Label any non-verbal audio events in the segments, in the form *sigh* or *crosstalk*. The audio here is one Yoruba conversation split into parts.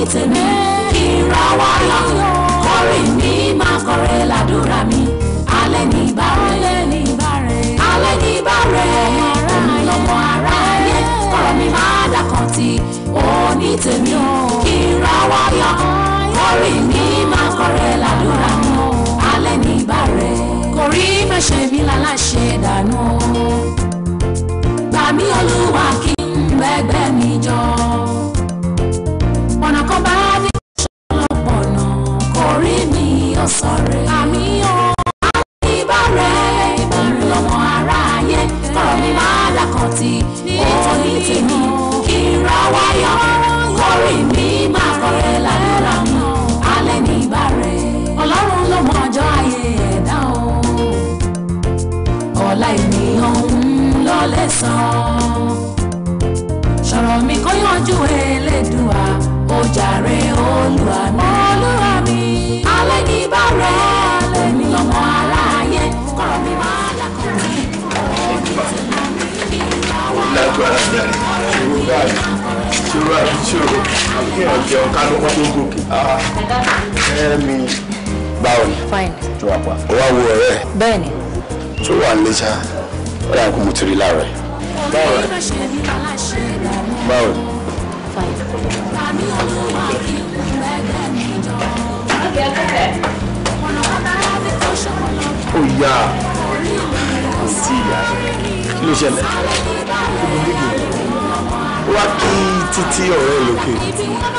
orí tèmi ìràwọ̀ ayọ̀ kórì mi máa kọrẹ́ ládùúrà mi alẹ́ ní ìbárẹ̀ alẹ́ ní ìbárẹ̀ ọmọ ara ayé kọ̀rọ̀ mi máa dàkọ̀ tí oní tèmi ìràwọ̀ ayọ̀ kórì mi máa kọrẹ́ ládùúrà mi alẹ́ ní ìbárẹ̀ kórì má ṣe mí láláṣẹ dànù gbà mí olúwa kí n bẹ́gbẹ́ mi jọ. sorry. wà nílé ṣá ó dà kó mo ti rí láàárọ̀ ẹ̀. báwo báwo. ó yá kò sí ìyá kí ló ṣẹlẹ̀ wá kí títí ọ̀rẹ́ lókè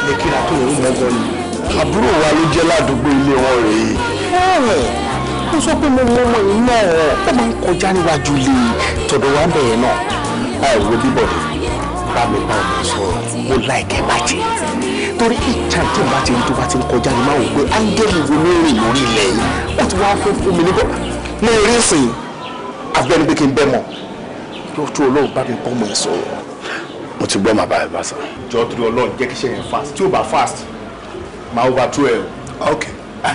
lè kíra tó ń mọ́gbọ́n ni àbúrò wa ló jẹ́ ládùúgbò ilé wọn rèé mo sọ pé mo mọ ọmọ yìí náà ó máa ń kọjá níwájú ilé tọ̀dọ̀ wa bẹ̀rẹ̀ náà àìwo bíbọ̀dé bá mi bá ọmọ sọ̀rọ̀ mo láìkẹ́ bàjẹ́ torí ìjà tó bá ti ń tó bá ti ń kọjá ni máa wò pé áńgẹ́lì wo ló rìn lórí ilẹ̀ yìí ó ti wá fún fún mi níbọ̀ ní eré ìsìn abẹ́ni pé kí n bẹ́ mọ̀ yóò tó olóhùn bá mi bọ́ ọmọ ẹ̀ sọ̀rọ̀. mo ti gbọ́ màbá ẹ̀ bá sọ. jọ torí Ọlọ́run jẹ́ kí iṣẹ́ yẹn fast tí ò bá fast máa overthrow ẹ o. ok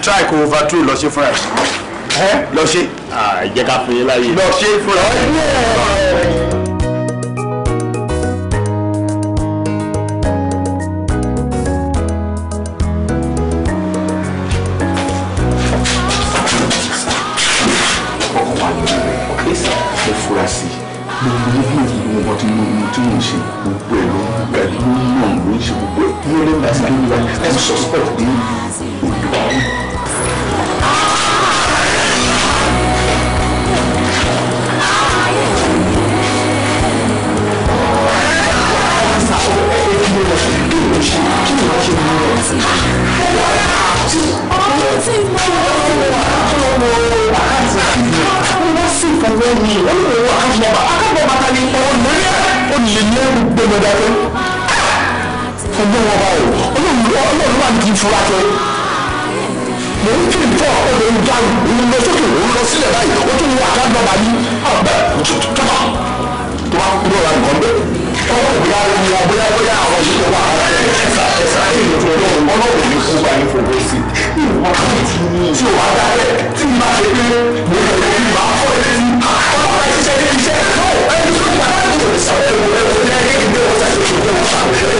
try kó overthrow lọ ṣe fúnra lọ ṣe. Ah, jẹ́ ká fún yín láyè. lọ ṣe fúnra rẹ̀. yín fòwò sí i ìwà tó ti ní tí ò wá dálẹ̀ tí n bá ṣe pé mo lè lọ bí màá fọ́ ilé tí ọlọ́pàá ṣiṣẹ́ ní iṣẹ́ náà ẹni tó ti padà tó lè sọ̀rọ̀ ẹ̀rọ ẹ̀rọ ní ayé ìgbé wọn ṣàṣẹ ṣòfò wọn ṣàṣẹ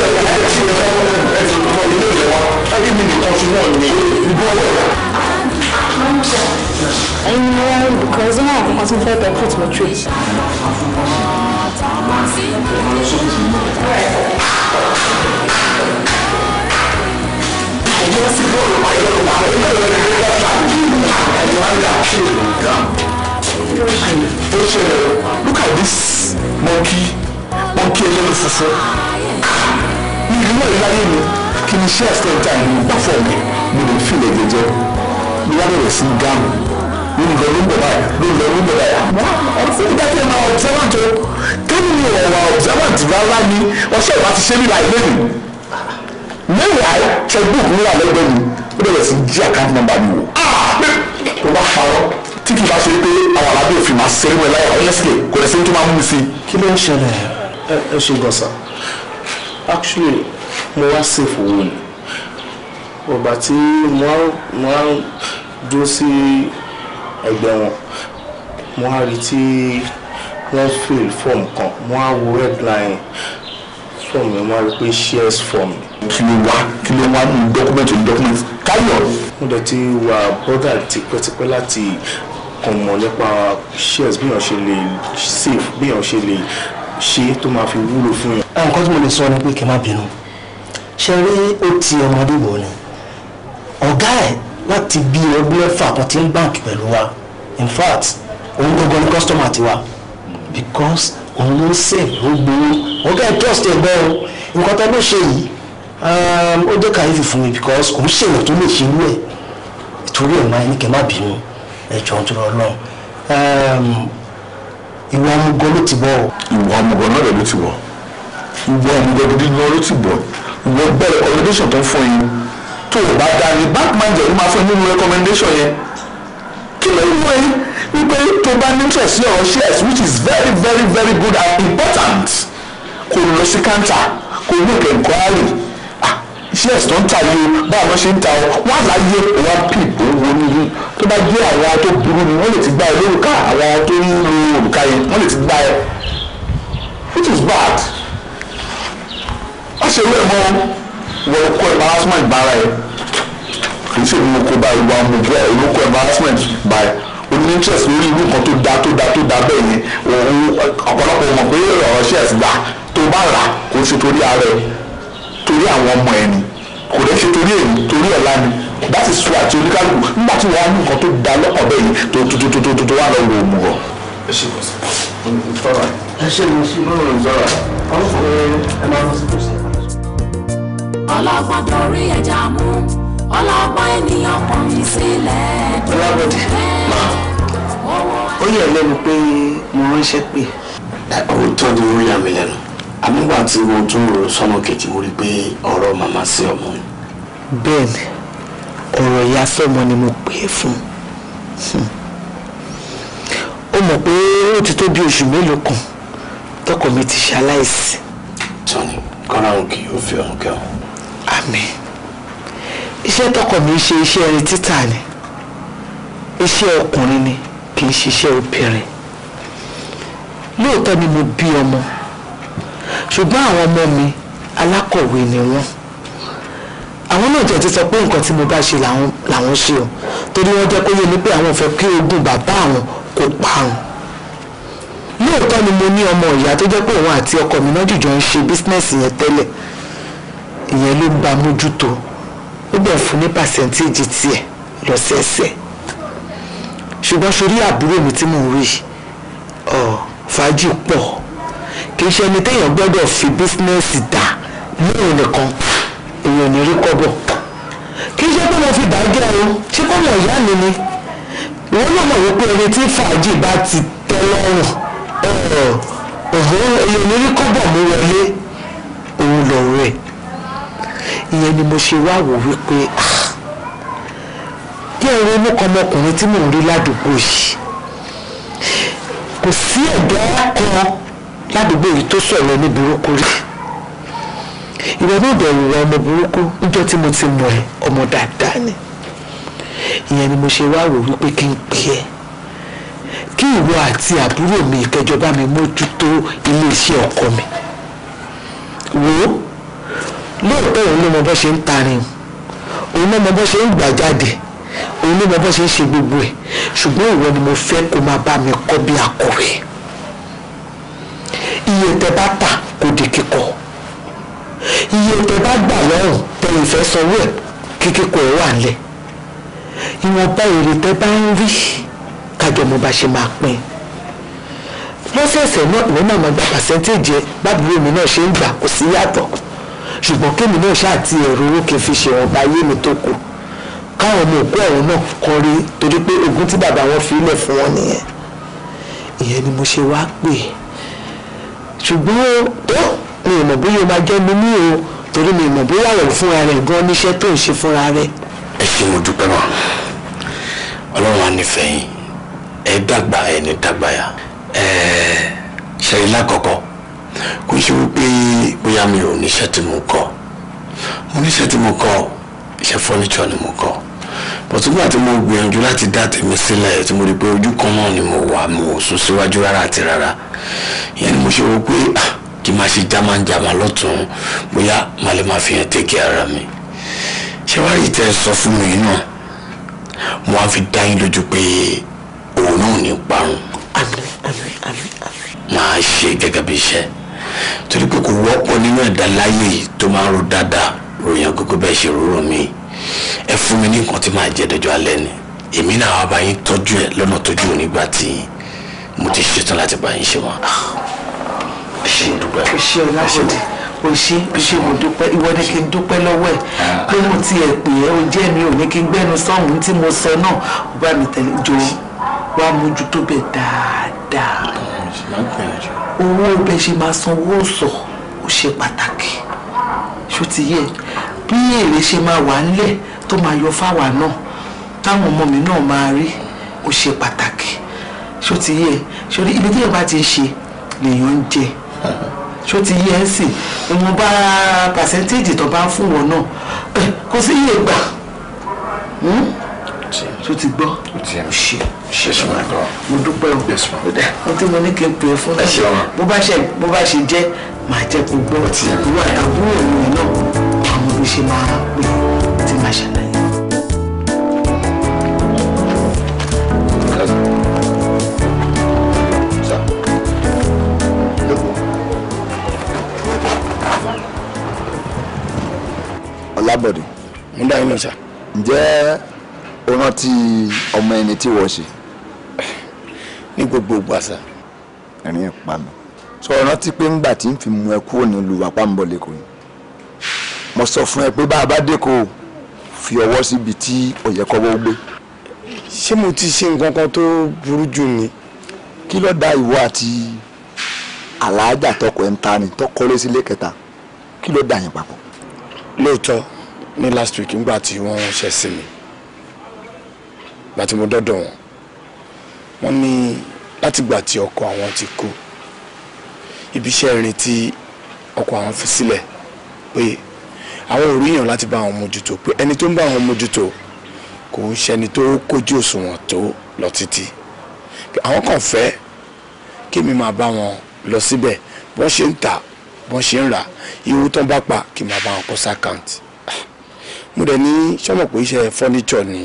ẹ̀yìn ni wọ́n because wọ́n àkọ́kọ́ tí mo fẹ́ bẹ̀ put my treat. Look at this monkey, monkey yellow fufu. Mi ìlú náà láyé mi, kí ni ṣé ẹ̀fọ́ ìta ìlú gbà fọ̀ mi? Mo lè fi lè jẹjẹ. Mi wá bẹ̀rẹ̀ sí gáàmù. Mo ń lọ ní bẹ̀rẹ̀ báyìí, mo ń lọ ní bẹ̀rẹ̀ báyìí. Ọ̀rọ̀ fún mi dákẹ́ máa observant o. Kí ni ìwọ̀n wa observant rárá ni ọṣẹ́ ìwà ti ṣe mí láì lẹ́yìn? meanwhile checkbook mi wà lẹ́gbẹ̀ẹ́ mi ó bẹ̀rẹ̀ sí jí account number mi wò. tó ah! bá parọ́ tí kì í bá ṣe pé àwọn alábẹ́ òfin máa ṣeré wọn láyà honestly kò lẹ́sẹ̀ tó máa mú mi sí. kí ló ń ṣẹlẹ̀ ẹ ṣe gọ̀sà actually mo wá safe owó ni ọba tí mo á dúró sí ẹgbẹ́ wọn mo á rí tí wọ́n fill form kan mo á wo headline fọ́ọ̀mù yẹn wọ́n á rí pé shares form. kí ló wá kí ló wá nínú dọ́kúmẹ̀ntì ní dọ́kúmẹ̀ntì káyọ̀. mo dẹ̀ ti wà bọ́dà tipẹ́tipẹ́ láti kàn mọ̀ nípa shares bí wọ́n ṣe lè save bí wọ́n ṣe lè ṣe tó máa fi wúlò fún yẹn. nǹkan tí mo lè sọ ni pé kí n má bínú ṣe rí ó ti ọmọdé bò ni ọ̀gá ẹ̀ láti bí ọdún mẹ́fà kan ti ń báǹkì pẹ̀lú wa in fact òun gbogbo ni kọ́sítọ́mà ti wa because òun ló ń sèv ó gbowó òun kẹ́ ẹ̀ trust ẹ̀ bẹ́ẹ̀ o nǹkan tó ló ṣe yìí um, ó jẹ́ kàyéfì fún mi because òun ṣèlè tó lè ṣe irú ẹ̀ ìtòrí ẹ̀ máa ní kẹ́ má bínú ẹ̀jọ̀ ń tọrọ náà um, ìwà ọmọgọ ló ti bọ̀ ìwà ọmọgọ náà rẹ̀ ló ti wọ̀ ìwà ọmọgọ gidi náà ló ti bọ̀ ìwọ bẹ̀rẹ̀ recommendation tó ń fún yín tó o bá dá ní back manager ló máa fún yín nínú recommendation yẹn kí ló ń wọ yín wípé tó bá ní interest sí ọ̀rọ̀ shares which is very very very good and important kò lọ sí counter kò make inquiry ah, shares tó ń ta yìí báwo ṣe ń ta ọ wọn àlàyé ìwà pìpò wo níyì tó bá jẹ́ àwọn tó burú ni wọ́n lè ti gba ẹ lórúkà àwọn tó ń lo òrùka yẹn wọ́n lè ti gba ẹ which is bad wọ́n ṣe wé mọ́ wọ́n kó embarrassment bára ẹ kì í ṣe ìlú kó bá ìwà ọmọ embarrassment bára ní interest lórí irú kan tó da tó da tó da bẹ́ẹ̀ yẹn òun ọ̀pọ̀lọpọ̀ mọ̀ pé ọ̀rọ̀ shares gbà tó bá rà kò ṣe torí ara torí àwọn ọmọ ẹ̀ ni kò dẹ́ ṣe torí èyí torí ọ̀la ni that is why ti oníkálukú nígbà tí wọ́n á ní nǹkan tó da lọ́kàn bẹ́ẹ̀ yẹn tó tó tó tó tó tó wà lọ́wọ́ òmù rọ̀. ẹ ẹja mú ọlọ́gbọ́n ènìyàn kàn mí sílẹ̀. ọlọ́gbọ́n máa ó yẹ lẹ́nu pé mo ránṣẹ́ pé. òótọ́ ni ó yà mí lẹ́nu àmúgbà tí mo tún rò sọ́nà kejì mo rí pé ọ̀rọ̀ màmá sí ọmọ mi. bẹ́ẹ̀ ni ọ̀rọ̀ ìyá sọ́mọ ni mo pè é fún hmm. ó mọ̀ pé ó ti tó bí oṣù mélòó kan tọkọ mi ti ṣaláìsí. tọ́ni kọ́ra òun kì yóò fi ọ̀run kẹ́wọ̀n. àmín iṣẹ́ tọkọ mi ṣe iṣẹ́ ẹni títà ni iṣẹ́ ọkùnrin ni kì í ṣiṣẹ́ obìnrin lóòótọ́ ni mo bí ọmọ ṣùgbọ́n àwọn ọmọ mi alákọ̀wé ni wọ́n àwọn náà jẹ́ ti sọ pé nǹkan tí mo bá ṣe làwọn ṣe o torí wọ́n jẹ́ kó yé mi pé àwọn fẹ́ kí ogún bàbá àwọn kò parun lóòótọ́ ni mo ní ọmọ ìyá tó jẹ́ pé òun àti ọkọ mi náà jùjọ ń ṣe bísínẹ́sì yẹn tẹ́lẹ̀ ìyẹn ló ń ba mójútó ó bẹ̀ fún ní pàṣẹ́ntéèjì tiẹ̀ lọ́sẹ̀ẹsẹ̀ ṣùgbọ́n sórí àbúrò mi tí mò ń rí ọ fàájì pọ̀ kì í ṣe ẹni téèyàn gbọ́dọ̀ fi bísínẹ́sì dà lóun nìkan èèyàn ní rí kọ́bọ̀ kì í ṣe pé mo fi dàgẹ́ o ṣé kọ́bọ̀ ìyá mi ni wọ́n lọ mọ̀ wípé eré tí fàájì bá ti tẹ́ lọ́rùn èèyàn ní rí kọ́bọ̀ mú wọlé òun lọ́ọ́ rẹ̀ ìyẹn ni mo ṣe wá wípé ah jẹ́ ronú kan ọmọkùnrin tí mò ń rí ládùúgbò yìí kò sí ẹ̀dọ́ kan ládùúgbò yìí tó sọ̀rọ̀ ní burúkú rí ìwọ náà bẹ̀rù rẹ ọmọ burúkú níjọ́ tí mo ti mọ̀ ẹ́ ọmọ dáadáa ni ìyẹn ni mo ṣe wá rò wípé kí n pè ẹ́ kí ìwọ àti àbúrò mi ìkẹjọba mi mójútó iléeṣẹ́ ọkọ mi wò ó lóòótọ́ òun ló mọ bó ṣe ń tarin òun ló mọ bó ṣe ń gbà jáde òun ló mọ bó ṣe ń ṣe gbogbo ẹ̀ ṣùgbọ́n ìwọ ni mo fẹ́ kó máa bá mi kọ́ bí akọ̀wé iye tẹ bá tà kò di kíkọ iye tẹ bá gbà lọ́rùn tẹ ìfẹ́ sanwó ẹ̀ kí kíkọ ẹ̀ wà lẹ̀ ìwọ̀nba èrè tẹ bá ń rí kájọ mo bá ṣe máa pín lọ́sẹ̀ẹ̀sẹ̀ náà ìwọ náà máa gba pàṣẹ́ntéèjì ẹ bábúrò mi náà ṣe ń gbà kò sí yàtọ̀ ṣùgbọ́n kémi náà ṣáà ti ẹ̀rọ owó kí n fi ṣe ìwọ̀nba ayé mi tó kù káwọn ọmọ òkú ọ̀hún náà kọ́ rí torí pé ogún tí bàbá wọn fi lẹ̀ fún wọn nìyẹn ìyẹn ni mo ṣe wá pè ṣùgbọ́n tó mi ò mọ̀ bóyá o máa jẹ́ mi ní o torí mi ò mọ̀ bóyá ọ̀rọ̀ fúnra rẹ̀ gan níṣẹ́ tó ń ṣe fúnra rẹ̀. ẹ ṣé mo dúpẹ́ mọ́ ọlọ́run á nífẹ̀ẹ́ yín ẹ dàgbà ẹ ní dàgbà ẹ ṣẹlẹ̀ lákọ̀ọ́kọ́ kò ṣe wípé bóyá mi ò níṣẹ́ tí mo kọ́ mo níṣẹ́ tí mo kọ́ iṣẹ́ fọ́nìṣọ́ ni mo kọ́ bọ̀túgbà tí mo gbìyànjú láti dá tèmi sílẹ̀ tí mo rí pé ojú kan náà ni mo wà mo ò sún síwájú rárá àti rárá ìyẹn ni mo ṣe rò pé ah, kí n máa ṣe jámánjámá lọ́tún bóyá má lè máa fi hàn tẹ́kẹ̀ ara mi ṣé wàá rí tẹ́ ẹ sọ fún mi náà mo wá fi dá yín lójú pé òun náà ò ní parun máa ṣe gẹ́gẹ́ bí iṣẹ́ torí pé kò wọ́pọ̀ nínú ẹ̀dá láyé tó máa ń ro dáadáa ròyìn àgógó bẹ́ẹ̀ ṣe rúrò míì ẹ fún mi ní nǹkan tí màá jẹ dọjọ́ alẹ́ ni èmi náà wá bá yín tọ́jú ẹ lọ́nà tójú nígbà tí mo ti ṣetán láti bá yín ṣe wọn. ṣe dúpẹ́ ṣe ọlábọ̀dé o ṣe ṣe mo dúpẹ́ ìwọ ni kí n dúpẹ́ lọ́wọ́ ẹ̀ ah. pé mo ti ẹ̀ pè é o jẹ́ mi ò ní kí n gbẹ́nu sọ́hún tí mo sọ náà ó bá mi tẹ̀lé jọ wá mójú tó bẹ̀ dáadáa owó bẹ ṣe máa san sọ ó ṣe pàtàkì ṣó ti yẹ bí èrè ṣe máa wà nílẹ̀ tó máa yọ fáwa náà táwọn ọmọ mi náà máa rí ó ṣe pàtàkì ṣó ti yẹ ṣó rí ibi tí èèyàn bá ti ṣe lèèyàn ń jẹ *laughs* ṣó ti yẹ ẹ́ sì ìwọ̀n bá pàṣẹ́ntéèjì tó bá ń fún wọn náà eh, kò sí iye gbà tó hmm? ti gbọ́ ṣe ṣe mo dúpẹ́ o mo tí mo ní kí n pè é fún mi bó bá ṣe jẹ́ màá jẹ́ kó gbọ́ àbúrò mi ṣe máa pè tí màá ṣàlàyé. Ọlábọ̀dé. mo dá yín lọ sá. ǹjẹ́ o rántí ọmọ ẹni tí wọ́n ṣe. ní gbogbo gbàsà. ẹ̀rín ẹ̀ pa mi. sọ rántí pé ńgbà tí ń fi mú ẹ kúrò nílùú àpámbọ̀lẹ̀ kò mo sọ fún ẹ pé bá a bá dé kó fi ọwọ́ síbi tí ọ̀yẹ́kọ́wọ́ gbé. ṣé mo ti ṣe nǹkan kan tó burú jù ni. kí ló dá ìwọ àti aláàjà tọkọ ẹ̀ ń ta ni tọkọ lé sílé kẹta kí ló dá yín papọ̀. lóòótọ́ ní last week ńgbà tí wọ́n ṣe sí mi gbà tí mo dọ́dọ̀ wọn wọ́n ní látìgbà tí ọkọ àwọn ti kú ibiṣẹ́ irin tí ọkọ àwọn fi sílẹ̀ pé àwọn ò ríyàn láti bá àwọn mójútó pé ẹni tó ń bá àwọn mójútó kò ń ṣẹni tó kójú òṣùwọ̀n tó lọ títí àwọn kàn fẹ́ kí mi máa bá wọn lọ síbẹ̀ bọ́n ṣe ń tà bọ́n ṣe ń rà irú tán bá pa kí máa bá wọn kọ́ sàkáǹtì mo dẹ̀ ní sọ́mọ̀ pé iṣẹ́ fọ́níṣọ̀ ni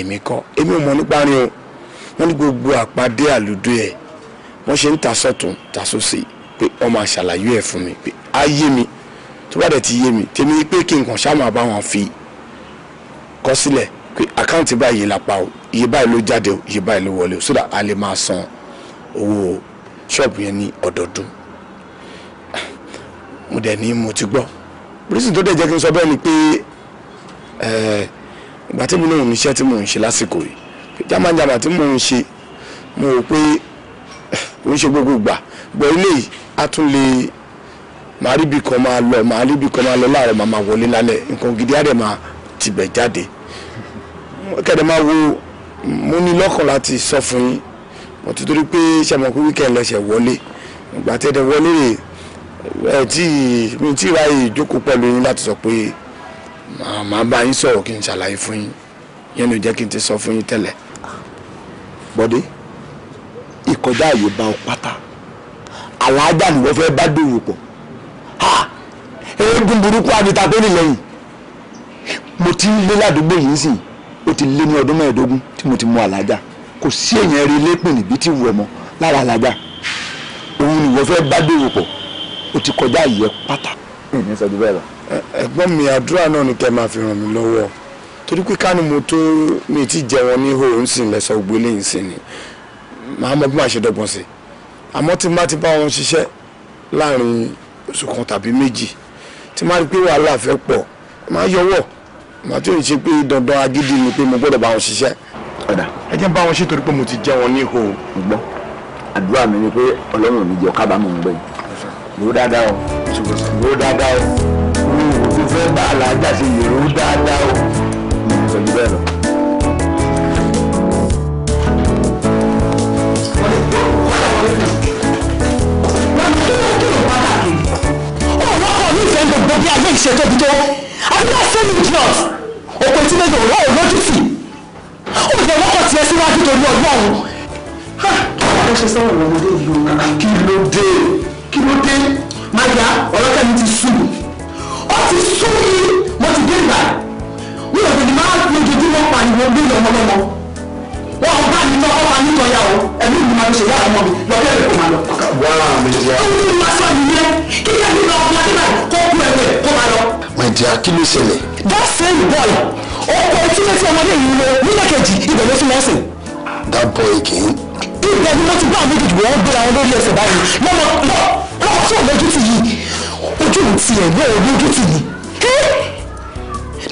èmi kọ́ èmi ò mọ̀ nípa rin o wọ́n ní gbogbo àpàdé àlùdó ẹ̀ wọ́n ṣe ń ta sọ́tún ta sósì pé wọ́n máa ṣàlàyé ẹ̀ fún mi pé ayé mi tó bá dẹ̀ ti yé mi tèmi pé kí nǹkan ṣáà máa bá fi kọ sílẹ̀ pé àkáǹtì báyìí la pa o iye báyìí ló jáde o iye báyìí ló wọlé o sódà a lè máa san owó ṣọ́ọ̀bù yẹn ní ọdọọdún mo dẹ̀ ní mo ti gbọ́ reason tó dẹ̀ jẹ́ kí n sọ bẹ́ẹ̀ ni pé eh, ìgbà tí mo náà níṣẹ́ tí mò ń ṣe lásìkò yìí jámàjámà tí mò ń ṣe mo rò pé kò ń ṣe gbogbo ìgbà bọ̀ ilé yìí á tún lè màá rí ibi kan máa lọ màá rí ibi kan máa lọ láàárọ̀ màá máa wọlé lálẹ́ nǹkan gidi àdè máa tìbẹ̀ jáde kẹ̀dẹ̀ máa wo mo ní lọ́kàn láti sọ fún yín mo ti torí pé sẹ́mi ọkùnrin wíkẹ́ lẹ́sẹ̀ wọlé ìgbà tẹ́tẹ̀ wọlé rèé ẹ tí mi tí ra ìjókòó pẹ̀lú yín láti sọ pé màá bá yín sọ̀rọ̀ kí n ṣàlàyé fún yín yẹn ló jẹ́ kí n ti sọ fún yín tẹ́lẹ̀ bọ́dé ìkọjá àyè bá ọ pátá àlàájá ni wọ́n fẹ́ bá dòwò pọ̀ eégún burúkú àdìta tó nílẹ̀ yìí mo ti ń lé ládùúgbò yìí sìn ó ti lé ní ọdún mẹ́ẹ̀ẹ́dógún tí mo ti mú alájà kò sí èèyàn rí lépìn níbi tí wù ọmọ lára alájà òun nìwọ fẹ́ bá dòwò pọ̀ ó ti kọjá ìyẹ́ pátá. ẹ̀gbọ́n mi àdúrà náà ni kẹ́ máa fi ràn mí lọ́wọ́ torí pé kánú mo tó mi ti jẹun ní ihò ń lẹ́sọ̀ ògbó lẹ́yìn sí ni màá mọ bí màá ṣe dọ́gbọ́n sí àmọ́ tí má ti bá wọn ṣiṣẹ́ láàrin oṣù kan tàbí méjì tí máa rí pé wàhálà fẹ́ pọ̀ máa yọwọ́ màá tí ò ní ṣe pé dandan agídí ni pé mo gbọ́dọ̀ bá wọn ṣiṣẹ́. ọ̀dà ẹ jẹ́ bá wọn ṣe torí pé mo ti jẹ́ wọn ní ihò. gbọ́ àdúrà mi ni pé ọlọ́run mi jẹ́ kábàámọ̀ ń gbẹ̀yìn. ìwọ dáadáa o ìwọ dáadáa o mi ò fẹ́ bá àlàájá ṣe yẹ̀rọ dáadáa o. ìrìn Catholic ṣe tóbi tó àbúrò sẹ́yìn idiot òpè tí méjì òwò òlójú tì ó bẹ̀rẹ̀ wọ́kọ̀ tiẹ̀ síwájú torí ọgbọ́n òun. ẹ ṣe sọ̀rọ̀ lọ́mọdé yìí o kí ló dé kí ló dé máa ya ọlọ́kẹ́mi ti sùn ó ti sún mi mo ti dé ìgbà mi ò gbèdì máa lójoojúmọ́ pariwo bí ọmọ lọ́mọ wọn bá mi tọ́ ọba nítọ́ ya o ẹ̀mí mi máa ṣe yàrá mọ́ mi lọ́dọ̀ ẹ̀rẹ́ kò máa lọ. wàá mi jẹ́. ó ní ma sọ nìyẹn kí ẹ ní lọ ọmọ nígbà kó kú ẹ̀wẹ̀ kó máa lọ. my dear kí ló that same boy ó kọ etí létí ọmọdé yìí lo nílẹ̀ kejì ibẹ̀ ló fi wọ́n sìn. that boy again. ibẹ̀ ni wọ́n ti bá àwọn méjèèjì wọ́n gbé àwọn lórí ẹsẹ̀ báyìí lọ́mọ lọ́mọ tí ò lójú ti yìí ojú mi ti ẹ̀ lọ́ọ̀ lójú ti yìí.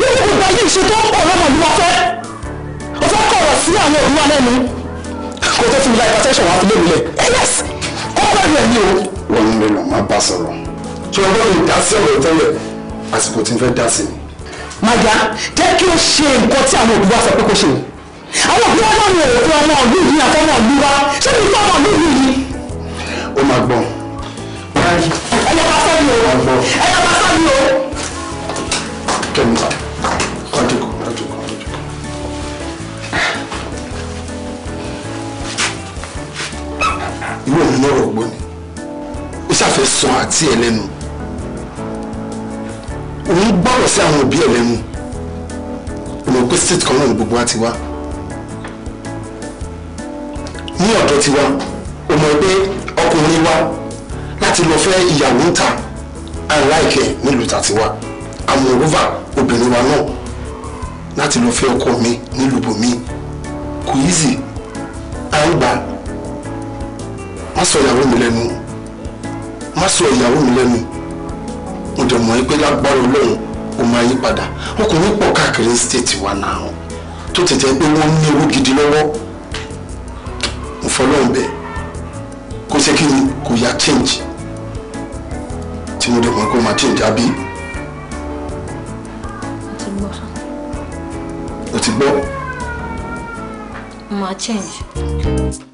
nínú gbogbo ayé ìṣètò ọ̀rọ̀ o fẹ́ kọ̀rọ̀ sí àwọn òbí wa lẹ́nu kò tó fún mi láì pàṣẹ wà á fi lé mi lẹ̀ ẹ eh, yẹs kó pẹ̀lú ẹ̀ ní o. wọ́n ń lè lọ máa bá sọ̀rọ̀ tí wọ́n bá mi dá sí ọ̀rọ̀ tẹ́lẹ̀ àsìkò tí n fẹ́ dá sí ni. màdá jẹ́ kí o ṣe nǹkan tí àwọn òbí wa sọ pé kò ṣe o àwọn òbí wa lọ́nà òfin ọmọ ìlú yìí àtọmọ ìlú wa ṣé kí n fọ́ ọmọ ìlú yìí. ó máa gbọ́n. ẹ̀yà bá sọ́ mi o ẹ̀yà bá sọ́ mi o. kẹ́mi kọ́ńtìkù. ìwé ìlú lọ́rọ̀ ọ̀gbọ́n ni ó ṣàfẹ́ sàn àti ẹ̀ lẹ́nu òun gbọ́rọ̀ sí àwọn òbí ẹ̀ lẹ́nu òun pé state kan náà ni gbogbo wa ti wá ní ọ̀dọ̀ tiwa ọmọ ẹgbẹ́ ọkùnrin wa láti lọ fẹ́ ìyàwó ń ta àìláìkẹ́ nílùú tàtiwa àmọ́ rúfà obìnrin wa náà láti lọ fẹ́ ọkọ mi nílùú bòmí kò yí sí à ń gbà á má sọ ìyàwó mi lẹ́nu má sọ ìyàwó mi lẹ́nu mo dẹ̀ mọ̀ pé lágbára ọlọ́run ó máa yí padà ọkùnrin pọ̀ káàkiri stéètì wa náà tó tẹ̀tẹ̀ pé wọ́n ní owó gidi lọ́wọ́ mo fọlọ́run bẹ́ẹ̀ kó ṣe kí ni kò yá change tí mo dẹ̀ mọ̀ pé ó máa change àbí. o ti gbọ́. máa change.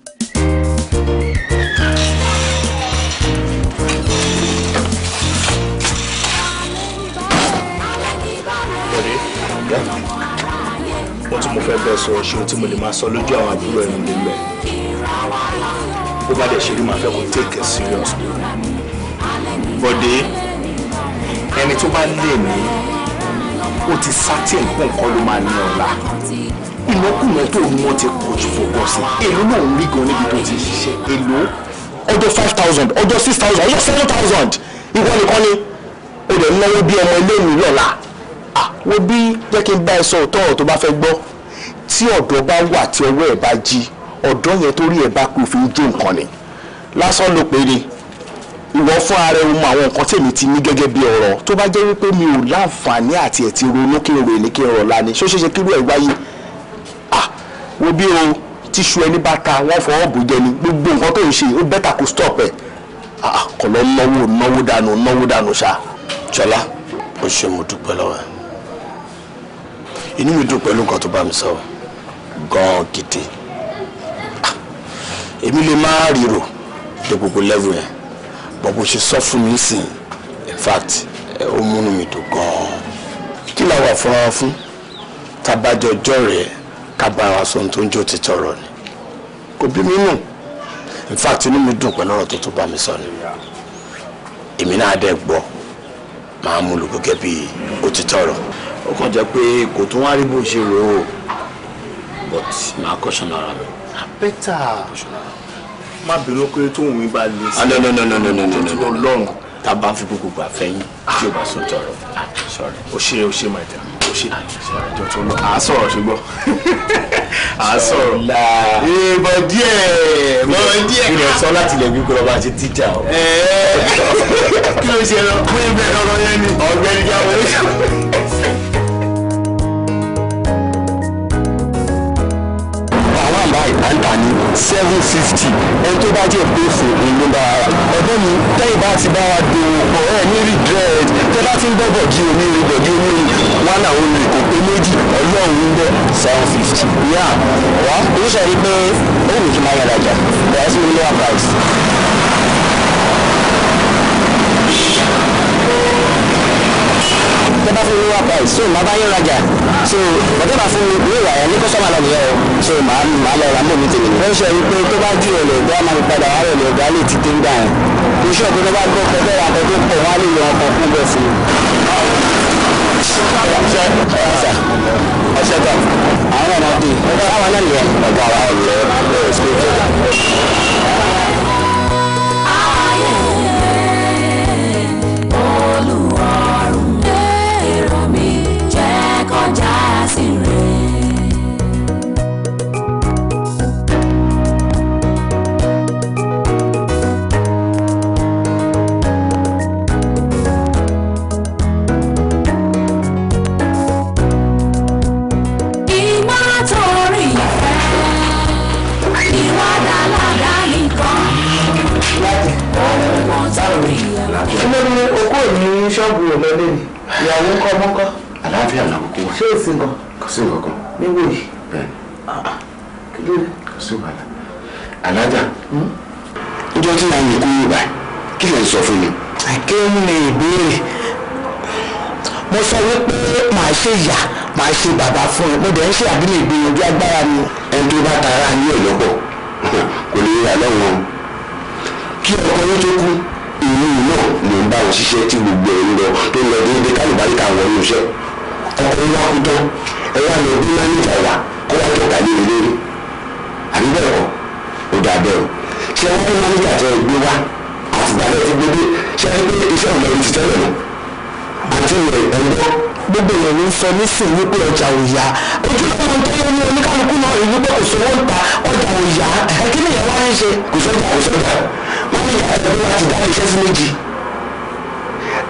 mo tún mo fẹ́ bẹ́ẹ̀ sọ ṣòro tí mo lè máa sọ lójú àwọn àbúrò ẹ̀rù nílẹ̀ bó bá dẹ̀ ṣe rí màá fẹ́ kó take it serious bọ́dé ẹni tó bá lè ní ó ti sá tí nǹkan kan ló máa ní ọ̀la ìnákùnrin tó ní wọ́n ti pọ̀ jù fòkọ̀ sí èló ló ń rí gan níbi tó ti ṣiṣẹ́ èló ọjọ́ five thousand ọjọ́ six thousand ọjọ́ seven thousand ìwọ nìkan ni ó lè náwó bí ọmọ ilé mi lọ́la. Ah, wo bí jẹ́ kí n bá ẹ sọ òótọ́ ọ̀rọ̀ tó bá fẹ́ gbọ́ tí ọ̀dọ́ bá wà tí ọwọ́ ẹ̀ bá jí ọ̀dọ́ yẹn tó rí ẹ̀ bá pé òfin jó nǹkan ni lásán ló pé ni ìwọ fún ara ẹ mọ àwọn nǹkan tèmi ti ní gẹ́gẹ́ bí ọ̀rọ̀ tó bá jẹ́ wípé mi ò láǹfààní àti ẹ̀ ti ronú kí n rò ní kí n rọ̀ lani ṣó ṣeé ṣe kí irú ẹ̀ wáyé ah wo bí o tíṣu ẹni bá ta wọ́n fọwọ́ bò jẹ ni gbogbo nǹkan tó ń ṣe ó bẹ́tà kó stop ẹ̀ ah, ah kọ̀ lọ́ náwó náwó dànù náwó dànù ṣá. ṣọlá ó ṣe mo dúpẹ́ lọ́wọ́ ẹ̀ inú mi dùn pẹ̀lú nǹkan tó bá mi sọ gan-an gidi ah, èmi lè má ríro dé gbogbo level yẹn bọ̀ bó ṣe sọ fún mi sìn in fact ó múnú mi dùn gan-an kí la wà fúnra fún tabajọ ọjọ́ rẹ̀ ká bá ara sọ ohun tó ń jó ti tọrọ ni kò bí mi in fact inú mi dùn pẹ̀lú ọ̀rọ̀ tó tó bá mi sọ ni èmi náà dẹ̀ gbọ́ màá mú lò gẹ́gẹ́ bí òtítọ́ rọ̀ ó kàn jẹ́ pé kò tún wá rí bó ṣe rò ó but màá kọ́ṣán ara mi. bẹ́tà má bínú pé tóun mi bá lè sí. Ah, no no no no no no no no lọ́run tá a bá fi gbogbo gbà fẹ́yìn tí o bá sọ tọrọ ah, o ṣe o ṣe maita o ṣe ah, jọ tó lọ à á sọ̀rọ̀ ṣùgbọ́n *laughs* à á sọ̀rọ̀ ìbọn díẹ̀ ìbọn díẹ̀ kí ló sọ láti lè gbígbó ọba àti tíjà o. kí ló ṣe lọ pé bẹ́ẹ̀ lọ́rọ̀ yẹn ni ọ̀gbẹ́ni jáwé. báyìí à ní seven fifty ẹni tó bá jẹ́ pé fún un ló bá ara ọ̀dọ́ mi tẹ́yìn bá ti bá wa dùn pọ̀ ẹ̀ ní regret tẹ́ bá ti ń bọ̀ bọ̀dí omi rí bọ̀dí omi rí wọn àwọn kò pé méjì ọlọ́run ń bẹ̀ seven fifty. yà wá oníṣẹ́ rí pé ó wù kí n máa yàrá jà bẹ́ẹ̀ sí ilé wa price. tẹ́ bá fún mi wá price so màá bá yín rajà so bàtẹ́ bá fún mi ní ìwà yẹn ní kọ́sọ́mà náà nìyẹn o so màá màá lọ ra mọ́ mi tèmi. wọ́n sọ wípé tó bá jù ọ̀lẹ̀ ọ̀gá máa padà wá ọ̀lẹ̀ ọ̀gá lè ti dé ń gbà yẹn. iṣẹ́ ọ̀gbìn bá gbọ́ pẹ̀lú àwọn akẹ́kọ̀ọ́ tó pọ̀ wọ́n á lè yan ọkọ̀ fún bẹ́ẹ̀ fún mi. àwọn ọ̀nà àbúrò lọ lẹ́nu ìyàwó ńkọ́ mọ́kọ́. àlàáfíà làkókò wa. ṣé o sì gan. kò sí nǹkan kan. níwò yìí. bẹ́ẹ̀ni. Ah, ah. kí ló dé. kò sí wàhálà. alájà. Hmm? ọjọ́ tí a yẹ kó yóò bá kí lè sọ fún mi. àkéwìn ni ìbéèrè mo sọ wípé màá ṣe ìyá màá ṣe bàbá fún ẹ mo dẹ̀ ń ṣe àbílẹ̀ ìgbìyànjú agbára mi. ẹni tó bá tara ní ọ̀lọ́pọ̀ kò lè ra lọ́wọ́ kí ọkọ yóò tó kú inú náà ló ń bá wọn ṣiṣẹ́ tí gbogbo ẹ̀ ń lọ tó ń lọ déédéé kálíbáríkà wọn ní iṣẹ́ ọkùnrin wa kú tán ẹ wá lọ bí mánìjà wa kó wá tọ̀ka ní ilé àbí bẹ́ẹ̀ kọ́ ó dà bẹ́ẹ̀ o ṣé wọ́n bí mánìjà tẹ ẹ gbé wá àtìgbàlẹ̀ ti gbé dé ṣé ẹ gbé iṣẹ́ ìlọrin ti tẹ́lẹ̀ lọ àti ìwẹ̀ ẹ̀gbọ́. gbogbo èèyàn ló ń sọ nísìnyí wípé ọjà ò yá ojú ọmọ tó yẹ ní oníkálukú náà èyí pé kò sówó ń ta ọjà ò yá kí ni ìyàwó ń ṣe kò sọ́jà kò sọ́jà ẹgbẹ̀rún láti dá iṣẹ́ sí méjì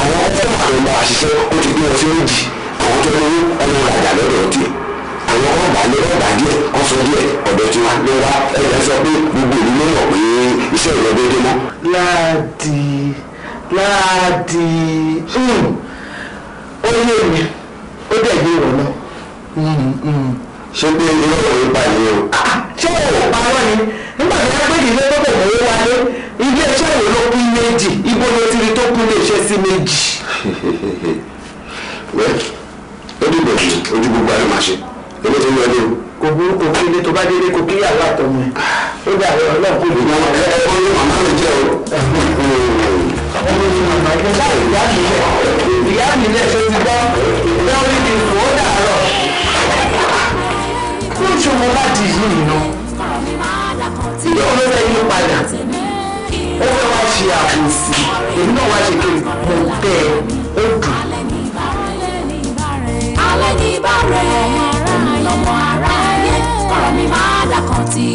àwọn ọkọ̀ àwọn àṣìṣe ó ti gbé wọn sí méjì àwọn tó lówó ọmọ ràjà lọ́dọ̀ tiẹ̀ àwọn ọba ló rọ̀bà díẹ̀ kó díẹ̀ ọ̀dọ̀ tiwa ló wá ẹ̀yà sọ pé gbogbo ìlú mọ̀ pé iṣẹ́ ìrọ̀lẹ́ dé mọ́. láàdì láàdì ó mi ó dẹ̀ gbé ìwọ̀n náà ṣé pé irọ́ òun pa ìyẹn o. Ah, ṣé òun parọ́ ni nígbà tí wọ́n gbé ìdílé tó kò iléeṣẹ́ wo ló pín méjì ibo ló ti rí tó pín iléeṣẹ́ sí méjì. wẹ́ẹ̀ ó dìbò ní ojú gbogbo àná máa ṣe èmi tó ń wọlé o. kò burú kò kí ilé tó bá délé kò kí yàrá àtọmọ ẹ ó dà rẹ Ọlọ́run kò lè ní ọmọ ẹ ẹ ọmọ màmá mi jẹ o. ọmọ mi màmá mi jẹ ìyá mi lẹ ìyá mi lẹ ṣe ti gbọ́ bẹ́ẹ̀ ó ní kí n kò ó dàárọ̀ kó ìṣòro bá di yìí nà tí yóò lọ bẹ yí padà ó fẹ́ wá ṣe àbòsí èmi náà wá ṣe kí mo tẹ ó dùn. alẹ́ ní bàrẹ̀ lọ́mọ ara ayé kọ̀rọ̀ mi máa dàkọ̀ tí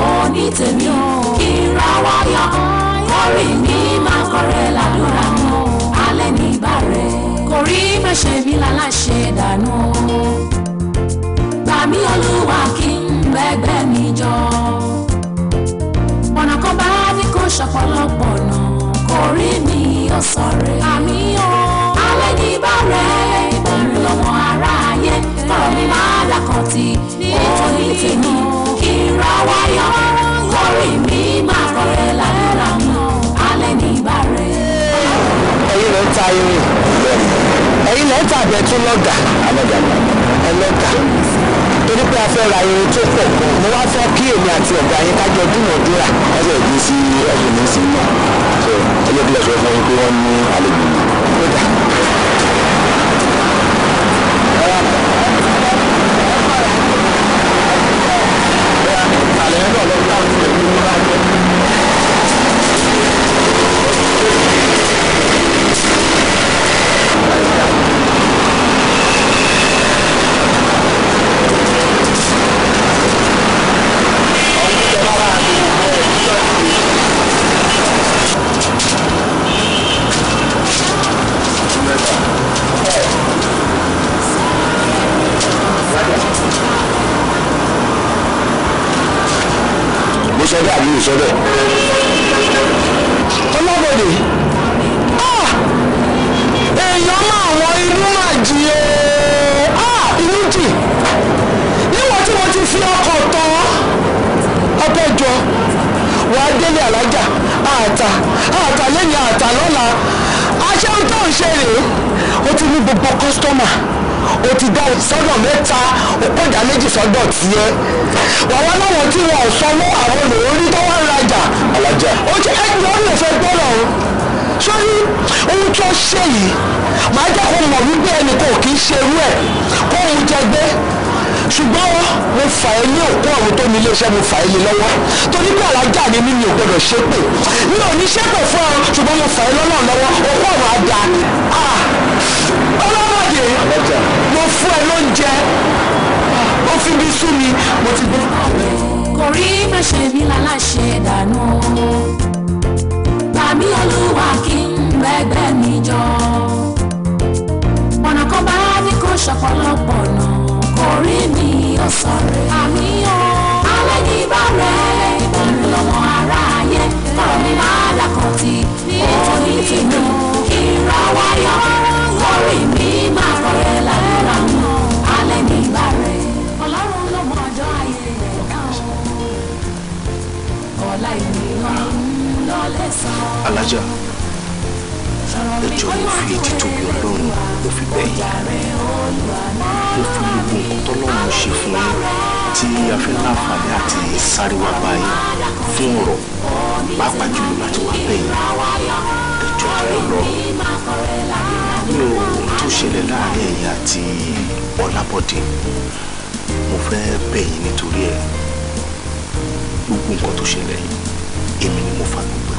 òní tèmi kí n ra wáyà orí mi máa kọ̀rẹ́ ládùúrà mọ́ alẹ́ ní bàrẹ̀ kò rí mẹ́ṣẹ̀ mi láláṣẹ dànù gbà mí olúwa kí n bẹ́gbẹ́ mi jọ ṣọ̀pọ̀lọpọ̀ nà kò rí mi ó sọ̀rẹ́. àmì o alẹ́ ní bàrẹ̀ òun lọ́mọ ara ayé tọrọ mi máa dàkọ̀tì òní tèmi kí n ra wáyọ̀ kórè mi máa kọ̀rẹ́ làdúrà mọ́ alẹ́ ní bàrẹ̀. ẹyin ló ń ta irin ẹ̀yin lẹ́ tàbí ẹtún lọ́gà ẹlọ́gà torí pé a fẹ́ ra irin tó pọ̀ gan mo wá fẹ́ kí èmi àti ọ̀gá yẹn ká jọ dúnàádúrà. wọ́n sì gbé sí ọkùnrin sí náà ṣe ẹjọ́ bí ẹ̀ṣọ́ fún yín pé wọ́n ní àlejò yìí. Thank you. mo àbí mi sọ ah! èèyàn máa wọ inú máa jí o ah! inú jì níwọ̀n tí mo ti fi ọkọ̀ tán ọpẹ́jọ wàá délé alájà àtà àtà lẹ́yìn àtà lọ́la àṣẹ ohun tó ń ṣe rèé ó ti ní gbogbo kọ́sítọ́mà ó ti dá sọ́dọ̀ mẹ́ta òpójà méjì sọ́dọ̀ tiẹ̀ wàá láwọn tí wọn ò sanwó àwọn olórí tó wá ń rajà ó ṣe ẹgbẹ́ ó lè fẹ́ gbọ́dọ̀ o sórí ohun tó ṣe yìí màá jẹ́ kó mọ̀ wípé ẹnì kan ò kì í ṣerú ẹ̀ kó òun jẹgbẹ́ ṣùgbọ́n mo fà é ní òkú ọ̀run tó ní iléeṣẹ́ mo fà é lé lọ́wọ́ torí pé alájà ni mí mi ò gbọdọ̀ ṣépè mi ò ní ṣépè fún ọ ṣùgbọ́n mo fà é lọ́nà lọ́wọ́ òkú ọ̀run á ah! ọlọ́mọdé mo fún ẹ lóúnjẹ ó fi bí sú mi mo ti gbọ́. kò rí má ṣe mí láláṣẹ dànù tàbí olúwa kí n gbẹgbẹ mi jọ ọ̀nà kan bá ní kó ṣọ̀pọ̀lọpọ̀ náà orí mi ó sọ̀rọ̀ àmì ọ̀ alẹ́ ní bàrẹ̀ ìbẹ̀rù lọ́mọ ara ayé ọ̀rọ̀ mi máa dàkọ̀tì ní ètò ìtìlú kí n ra wáyọ̀ mi máa kọ̀rẹ́ lálẹ́ làwọn. láǹfààní àti sáré wá báyìí fún ọ̀rọ̀ pàápàá jùlọ láti wá bẹ́yìn ẹjọ́ tó lọ nínú tó ṣẹlẹ̀ láàrin ẹ̀yìn àti Ọlábọ̀dé mo fẹ́ bẹ̀yìn nítorí ẹ̀ gbogbo nǹkan tó ṣẹlẹ̀ èmi ni mo fa gbogbo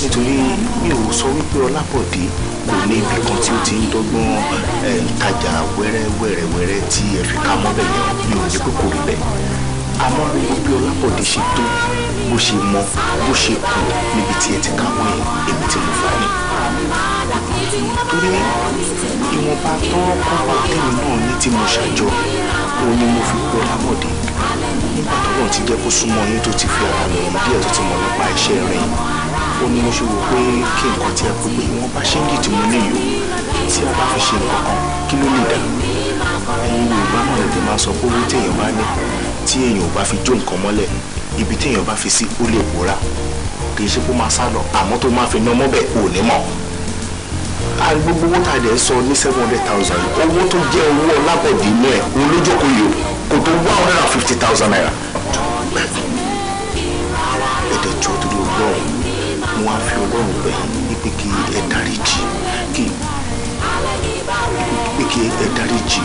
nítorí mi ò sọ wípé ọlábọ̀dé kò ní ibì kan tí ó ti ń dọ́gbọ́n tajà wẹ́rẹ́wẹ́rẹ́wẹ́rẹ́ tí ẹ fi ká mọ́ bẹ̀yẹn mi ò ní pé kò rí bẹ́ẹ̀ àmọ́ bí wípé ọlábọ̀dé ṣe tó bó ṣe mọ bó ṣe kù níbi tí ẹ ti káwọ́ ẹ̀ èmi tí mo fà ní. torí ìwọ̀nba tọ́rọ́ kọ́kọ́ tèmi náà ní tí mo ṣàjọ òun ni mo fi pé ọlábọ̀dé nígbà tó lọ́n ti jẹ́ kó súnmọ́ yín tó ti fi ara rẹ̀ díẹ̀ tó ti mọ̀ nípa iṣẹ́ rẹ̀ ó ní mo ṣe wò pé kí nǹkan tí ẹ kó pé wọ́n bá ṣe ń dìtì mú níyò tí a bá fi ṣe nǹkan kan kí ló lè dà ẹ̀yin Yorùbá náà lè máa sọ pé owó téèyàn bá ní tí èèyàn ò bá fi jó nǹkan mọ́lẹ̀ ibi téèyàn bá fi sí ó lè pòórá kì í ṣe kó máa sá lọ àmọ́ tó máa fi ná mọ́bẹ̀ ò ní mọ̀ gbogbo owó tá a lè sọ ní seven hundred thousand owó tó jẹ́ owó ọlábọ̀dé inú ẹ̀ olójókòó yòó o tó one hundred and fifty thousand naira. ẹ̀dẹ̀ jọ torí ọlọ́run mo á fi ọlọ́run bẹ̀ wípé kí ẹ dáríjì kí wípé kí ẹ dáríjì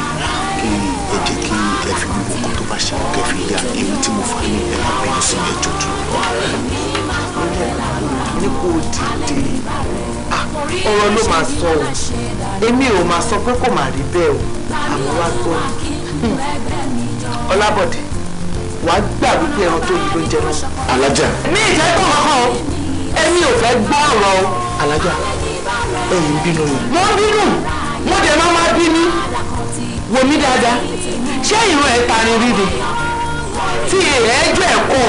kí ẹ jẹ́ kí ẹ fi gbogbo nǹkan tó bá ṣe kẹ́ fi yá èmi tí mo fà ní ẹ má bínú sí mi ẹjọ́ tó. ní kò dìde ah, ọ̀rọ̀ ló máa sọ ọ́ èmi ò máa sọ pé kò máa rí bẹ́ẹ̀ o àmọ́ wá gbọ́ ọlábọ̀dé wà á gbà wípé ẹran tó yìí ló ń jẹ náà. alájà. mi ì fẹ́ tó kankan o èmi ò fẹ́ gbọ́ ọ̀rọ̀ o. alájà ẹ̀yin bínú ni. mo ń bínú mo dẹ̀ máa máa bínú wò mí dáadáa ṣé ìran ẹ̀ tani ríro tí ẹjọ́ ẹ̀ kọ̀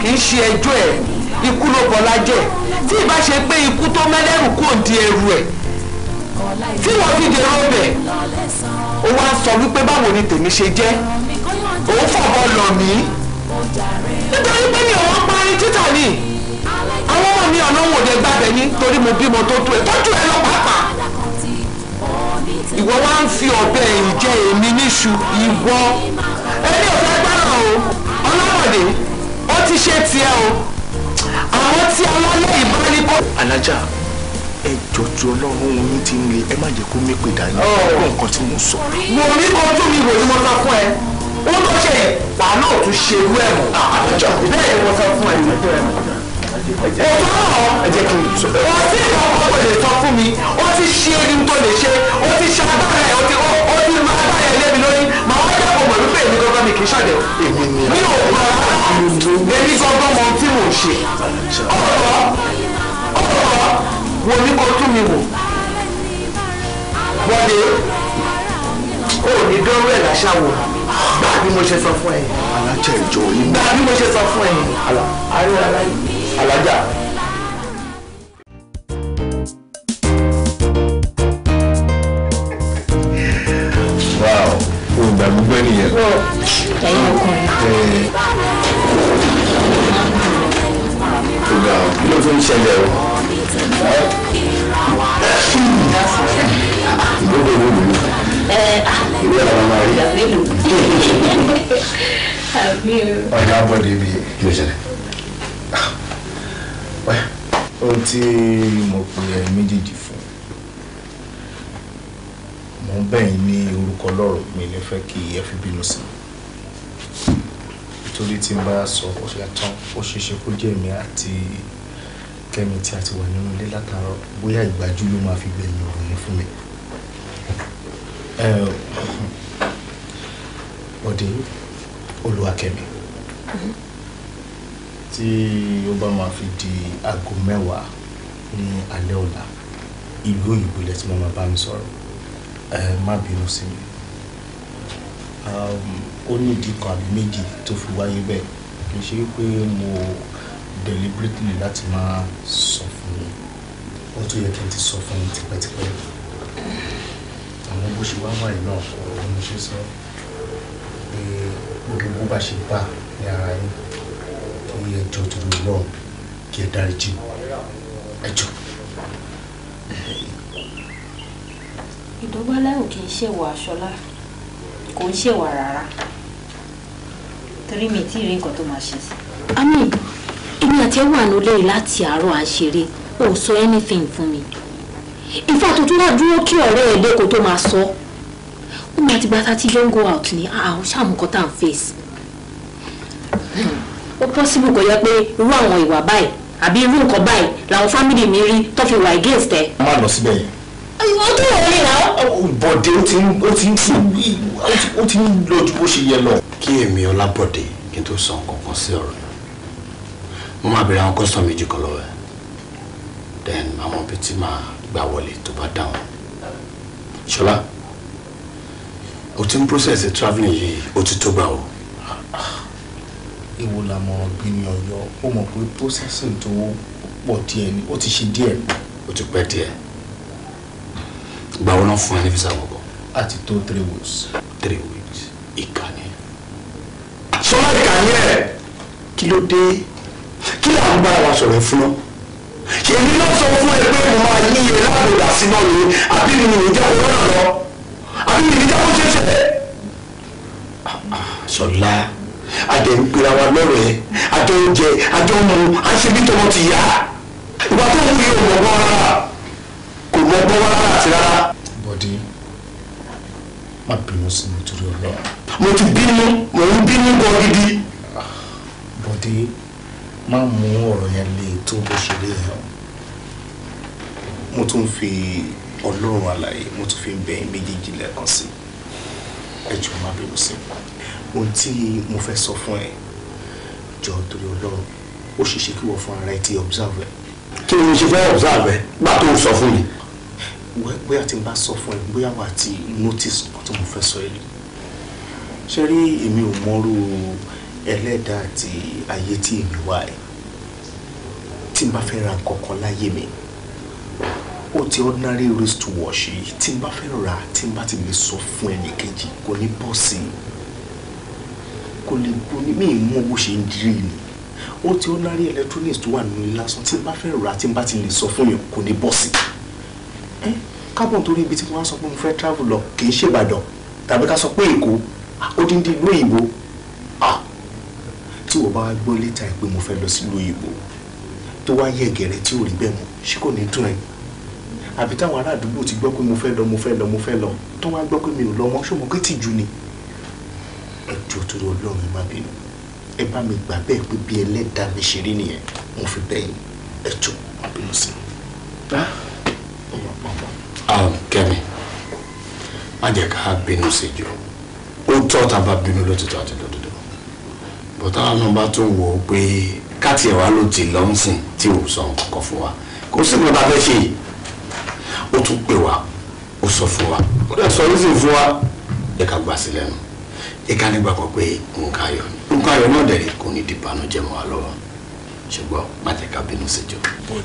kì í ṣe ẹjọ́ ẹ̀ ikú ló bọ́lá jẹ́ tí ìbá ṣe pé ikú tó mẹ́lẹ́rù kò di ẹrù ẹ̀ tí wọ́n fi dèrò bẹ̀ ó wá sọ wípé báwo ni tèmi ṣe jẹ́ òun fọ̀bọ lọ̀ mí nítorí pé mi ò wọ́n parí títà ni àwọn ọmọ mi ọ̀nà wò lè gbàgbẹ́ ní torí mo bímọ tó tó ẹ tọ́jú ẹ lọ pàápàá ìwọ wá ń fi ọ̀bẹ ìjẹ èmi níṣu ìwọ ẹni ò fẹ́ gbára o ọlọ́mọdé ó ti ṣe tiẹ̀ o àwọn tí alálẹ́ ìbárí kó. alájà ẹ jọjú ọlọ́run ohun yín ti ń le ẹ má jẹ́ kó mépè dání ọgbọ́n oh. nǹkan tí mo sọ. mo rí kan tó mi wò ni mo sọ fún ẹ ohun tó ṣe yìí wà náà tún ṣe irú ẹ̀ mọ́ ah, bẹ́ẹ̀ ni wọ́n sọ fún ẹ̀ òtún náà ọtí ìkan kan kò lè sọ fún mi ó ti ṣe ní tó lè ṣe ó ti ṣe agbára ẹ̀ ó ti ó kó tún mi wò wọlé kò ní dánwó ẹ̀ wò bí mo ṣe sọ fún ẹ. alájà ìjọ yìí. gbà bí mo ṣe sọ fún ẹ. ààrẹ alájà. wow o gbà gbogbo ènìyàn. ẹyin ọkùnrin. o gbà kí ló tún ń ṣẹlẹ̀ o. ìgbógun ìlú mi ìwé àwọn ọmọ rí ọ̀nà àbọ̀dé ibi kí ló ṣẹlẹ̀ ohun tí mo pè ẹ méjèèjì fún mo ń bẹ̀yìn ní orúkọ lọ́rọ̀ mi ní fẹ́ kí ẹ fi bínú sí nítorí tí n bá sọ ó ṣe tán ó ṣe ṣe kó jẹ́ èmi àti kẹ́mi tí a ti wà nínú ilé látàárọ̀ bóyá ìgbájú ló máa fi gbẹ̀yìn ọ̀rọ̀ yẹn fún mi. Bọ̀dé Olúwakẹ́mi tí ó bá máa fi di aago mẹ́wàá ní alẹ́ ọ̀la ìlú òyìnbó ilẹ̀ tí wọ́n máa bá mi sọ̀rọ̀ ẹ má bínú sí mi um, ó ní ìdí kan àbí méjì tó fi wáyé bẹ́ẹ̀ kì í ṣe pé mo deliberately láti máa sọ fún mi ó tún yẹ kí n ti sọ fún mi tipẹ́tipẹ́ bó ṣe wá báyìí náà ọ̀rọ̀ mo ṣe sọ pé gbogbo bó bá ṣe bá ní ara yín tó yẹ jọ tó lò lọ́ọ̀ kí ẹ dárí jì ẹ jọ. ìdọ́gbálẹ̀ ò kì í ṣèwà aṣọlá kò ń ṣèwà rárá torí mi tí ì rí nǹkan tó máa ṣe sí. àmì èmi àti ẹ wà nílé láti àárọ̀ àṣeré ò sọ anything fún mi ìfẹ́ àtúntò náà dúró kí ọ̀rẹ́ ẹ̀ lẹ́kọ̀ọ́ tó máa sọ ó máa ti gba thirty jọ ń go out ní àwọn sàmùkọ́ tá à ń face hmm. ó possible kò yẹ pé irú àwọn ìwà báyìí àbí irú nǹkan báyìí làwọn family mi rí tó fi wà against ẹ. a máa lọ síbẹ̀ yẹn. ìwọ tó wọ̀ ní ìlà. bọ̀dé ó ti ń ó ti ń ó ti ń lọ ju bó ṣe yẹ lọ. kí èmi ọlábọ̀dé kí n tó sọ nǹkan kan sí ọ̀rọ̀ yẹn mo máa bèrè àwọn kọ́sítọ̀ méjì kan lọ́wọ́ ẹ̀ then àwọn bíi ti máa gbà wọlé tó bá dáhùn ṣọlá o ti ń process traveling yìí o ti tó gbà o. ewu làmọ̀ ọ̀gbìn ni ọ̀yọ́ ó mọ̀ pé processing tó pọ̀ díẹ̀ ni ó ti ṣe díẹ̀. o ti pẹ́ díẹ̀ gbà wọ́n náà fún ẹ ní visa gbogbo. àti tó three weeks. three weeks ìkànnì. sọlá ìkànnì ẹ kí ló dé kí làwọn bá wa sọ̀rọ̀ ẹ fún ọ èmi náà sọ fún ẹ pé mo máa yí iye lápòdà síná mi àbí mi nìyí jẹ́ owó náà lọ àbí mi nìyí jẹ́ kó ṣe sọlá àjẹ ń pera wa lọ́rọ̀ ẹ̀ àjọ oúnjẹ àjọ mu àṣebí tọmọ ti yá ìgbà tó ń fi ọmọ gbọ́ rárá kò mọ gbọ́ rárá àti rárá. bọ́dí má bínú sí mi torí ọlọ́run. mo ti bínú mo ń bínú gan gidi. bọ́dí má mú ọ̀rọ̀ yẹn le tó bó ṣe rí yẹn mo tún fi ọlọ́run àlàyé mo tún fi ń bẹ̀ méjèèjì lẹ́ẹ̀kan sí ẹ jù má bẹ̀rù sí ohun tí mo fẹ́ sọ fún ẹ jọ torí ọlọ́run ó ṣe ṣe kí wọ́n fún ara ẹ ti observe ẹ. kí ni mo ṣe fẹ́ observe ẹ gbà tó ń sọ fún mi. bóyá tí n bá sọ fún ẹ bóyá wà á ti notice nǹkan tí mo fẹ́ sọ ẹ ṣe rí èmi ò mọ́rú o ẹlẹ́dàá àti ayé tí èmi wà ẹ̀ tí n bá fẹ́ ra nǹkan láyé mi ó ti ordinary wristwatch yìí tí n bá fẹ́ ra tí n bá ti lè sọ fún ẹnì kejì kò ní bọ́ sí i kò lè bọ́ ní mí mú owó ṣe ń dirí ni ó ti ordinary electronics tó wà nínú lásán tí n bá fẹ́ ra tí n bá ti lè sọ fún yàn kò ní bọ́ sí i ibi tí wọ́n á sọ pé mo fẹ́ travel lọ kì í ṣèbàdàn tàbí ká sọ pé èkó odindi ìlú òyìnbó bá gbọ́ létà pé mo fẹ́ lọ sílùú òyìnbó tó wá yẹ gẹ̀rẹ́ tí ò rí bẹ́ẹ̀ mọ́ ṣé kò ní dùn ẹ́ àbí táwọn ará àdúgbò ti gbọ́ pé mo fẹ́ lọ mo fẹ́ lọ mo fẹ́ lọ tó wá gbọ́ pé mi ò lọ mọ́ ṣó mo pé tìjú ni ẹjọ́ torí ọlọ́run má bínú ẹ bá mi gbà bẹ́ẹ̀ pé bí ẹlẹ́dàá mi ṣe rí nìyẹn mo fi bẹ́ẹ̀ yín ẹjọ́ má bínú sí i. Ah, kẹ́mi má jẹ́ ká bínú sí jù ó tọ́ ta bá bínú lótìtọ́ àti lọ́dún bọ́tà náà bá tún wò ó pé káàtì ẹ̀wá ló ti lọ́nsìn tí ò sọ nǹkan fún wa kò sí nǹkan tá a fẹ́ ṣe yìí ó tún pè wá ó sọ fún wa ó dẹ̀ sọ oríṣi fún wa ẹ ká gbà sí lẹ́nu ẹ ká nígbàgbọ́ pé nǹkan ayọ̀ nǹkan ayọ̀ náà dẹ̀rẹ̀ kò ní dìbànú jẹ́ mọ́ wa lọ́wọ́ ṣùgbọ́n májèká bínú síjọ. bòde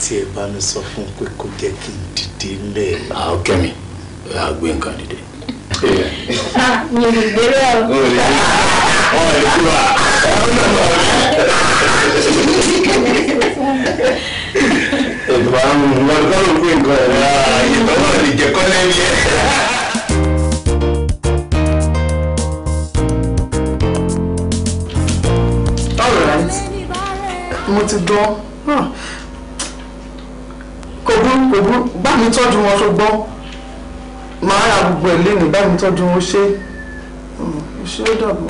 tí ẹ bá mi sọ fún pé kó jẹ́ kí n dìde ńlẹ̀. àwọn ah, kẹ́mi ẹ á gbé nǹkan dìde mi mo ti dán kò burú kò burú bá mi tọ́jú wọn ṣùgbọ́n màá ra gbogbo ẹ̀ lẹ́nu báyìí tọ́jú wọn ṣe ṣé ó dàbọ̀.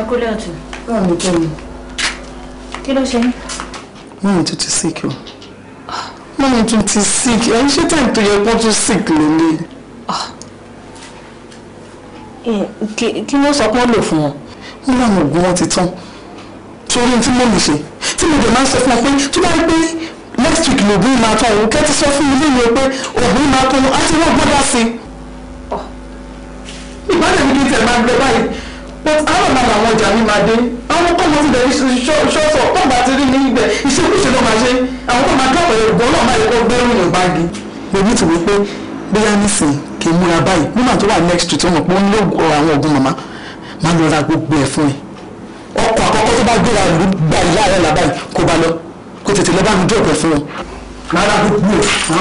ẹkúlẹ̀ ọ̀tún. báwo ni kẹ́mi. kí ló ṣe yín. mọ́mí tún ti sick o mọ́mí tún ti sick ẹ̀yin ṣé táyì tó yẹ kó tún sick lélẹ̀. kí ló sọ pé ó lò fún wọn. wọ́n láwọn oògùn wọn ti tán torí tí mọ́mí ṣe tí mo dẹ̀ máa ń sọ fún ọ pé tó bá rí pé next week lògùn máa tán òun kẹ́tí sọ fún mi lẹ́yìn o pé ògùn máa tán á ti wọ́n gbọ́dọ̀ sí i. Ah, ìbálẹ̀ mi kì í tẹ̀ máa gbẹ báyìí but àwọn náà làwọn ọjà mi máa dé àwọn kọ́ mo ti bẹ̀rẹ̀ ṣọ́ọ̀ṣọ́ tó bá ti rí ní ibẹ̀ ìṣekúṣe ló máa ṣe àwọn kọ́ máa kẹ́kọ̀ọ́ ẹ̀gbọ́n náà máa yẹ kó gbé rìn ìbági. bèbí ti wí pé bóyá nísìnyí kì í múra báyìí nígbà tó wà next week tó mọ̀ pé ó ń lé àwọn ògùn màmá máa lọ ra gbogbo ẹ̀ fún ẹ ọkọ̀ àkọ́kọ́ tó bá gbéra rú gbà ìyá rẹ̀ làbáyé kó ba lọ kó tètè lọ bá mi dọ̀pẹ̀ fún wọn. rárá kó kú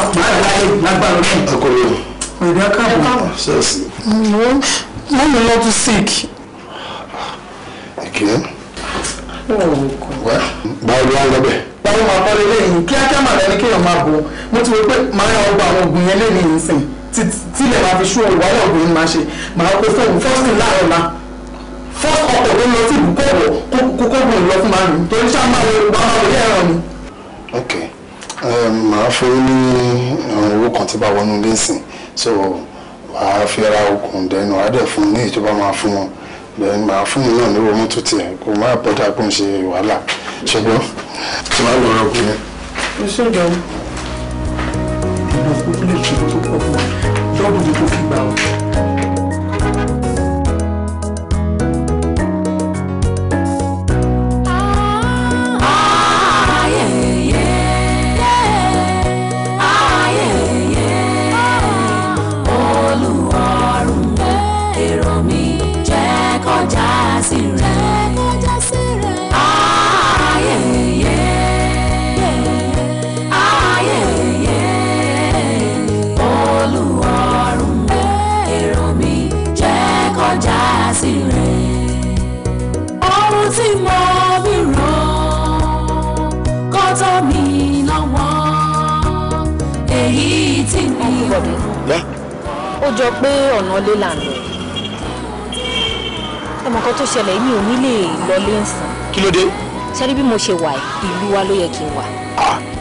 ò máa yà láyé lágbára náà. akọ̀wé o. ìdá káàbọ̀ ṣọ́ọ̀ṣì. mo mi lọ tún sick. ìkíni. báwo ló wá ń lọ bẹ́ẹ̀. báwo máa kọ́ lélẹ́ yìí kíákíá màá lẹ́ni kéèyàn máa bọ̀ mo ti wọ pé màá yà ọgbà àwọn ògùn yẹn lẹ́ni yìí sìn tílẹ̀ máa fi ṣú òwúwáyà ògùn yìí máa ṣe màá kó fóònù fọ́ọ̀sì láàárọ̀ náà first ọkọ̀ tó lọ sí ìbúkọ̀wọ̀ kókó mi lọ fún màmí torí sáà máa wo bá máa wọlé ẹ̀rọ mi. ok um, màá fún ní um, owó kan tí bá wọnú lẹ́sìn so wàá fi ra okùn dẹnu àádẹ́ fún ní ìjọba máa fún wọn lẹ́yìn màá fún mi náà ní owó mọ́tò tiẹ̀ kò má bọ́dà kó ń ṣe wàhálà ṣùgbọ́n tí wàá lọ rọ kùnú. ìṣèjọba ìdọ̀kú lè ṣe tó pọ̀ fún tó fi gbà ọ́. tó ṣẹlẹ̀ mi ò ní lè lọlé ń sìn. kí ló dé. sẹ́rí bí mo ṣe wà ìlú wa ló yẹ kí n wà.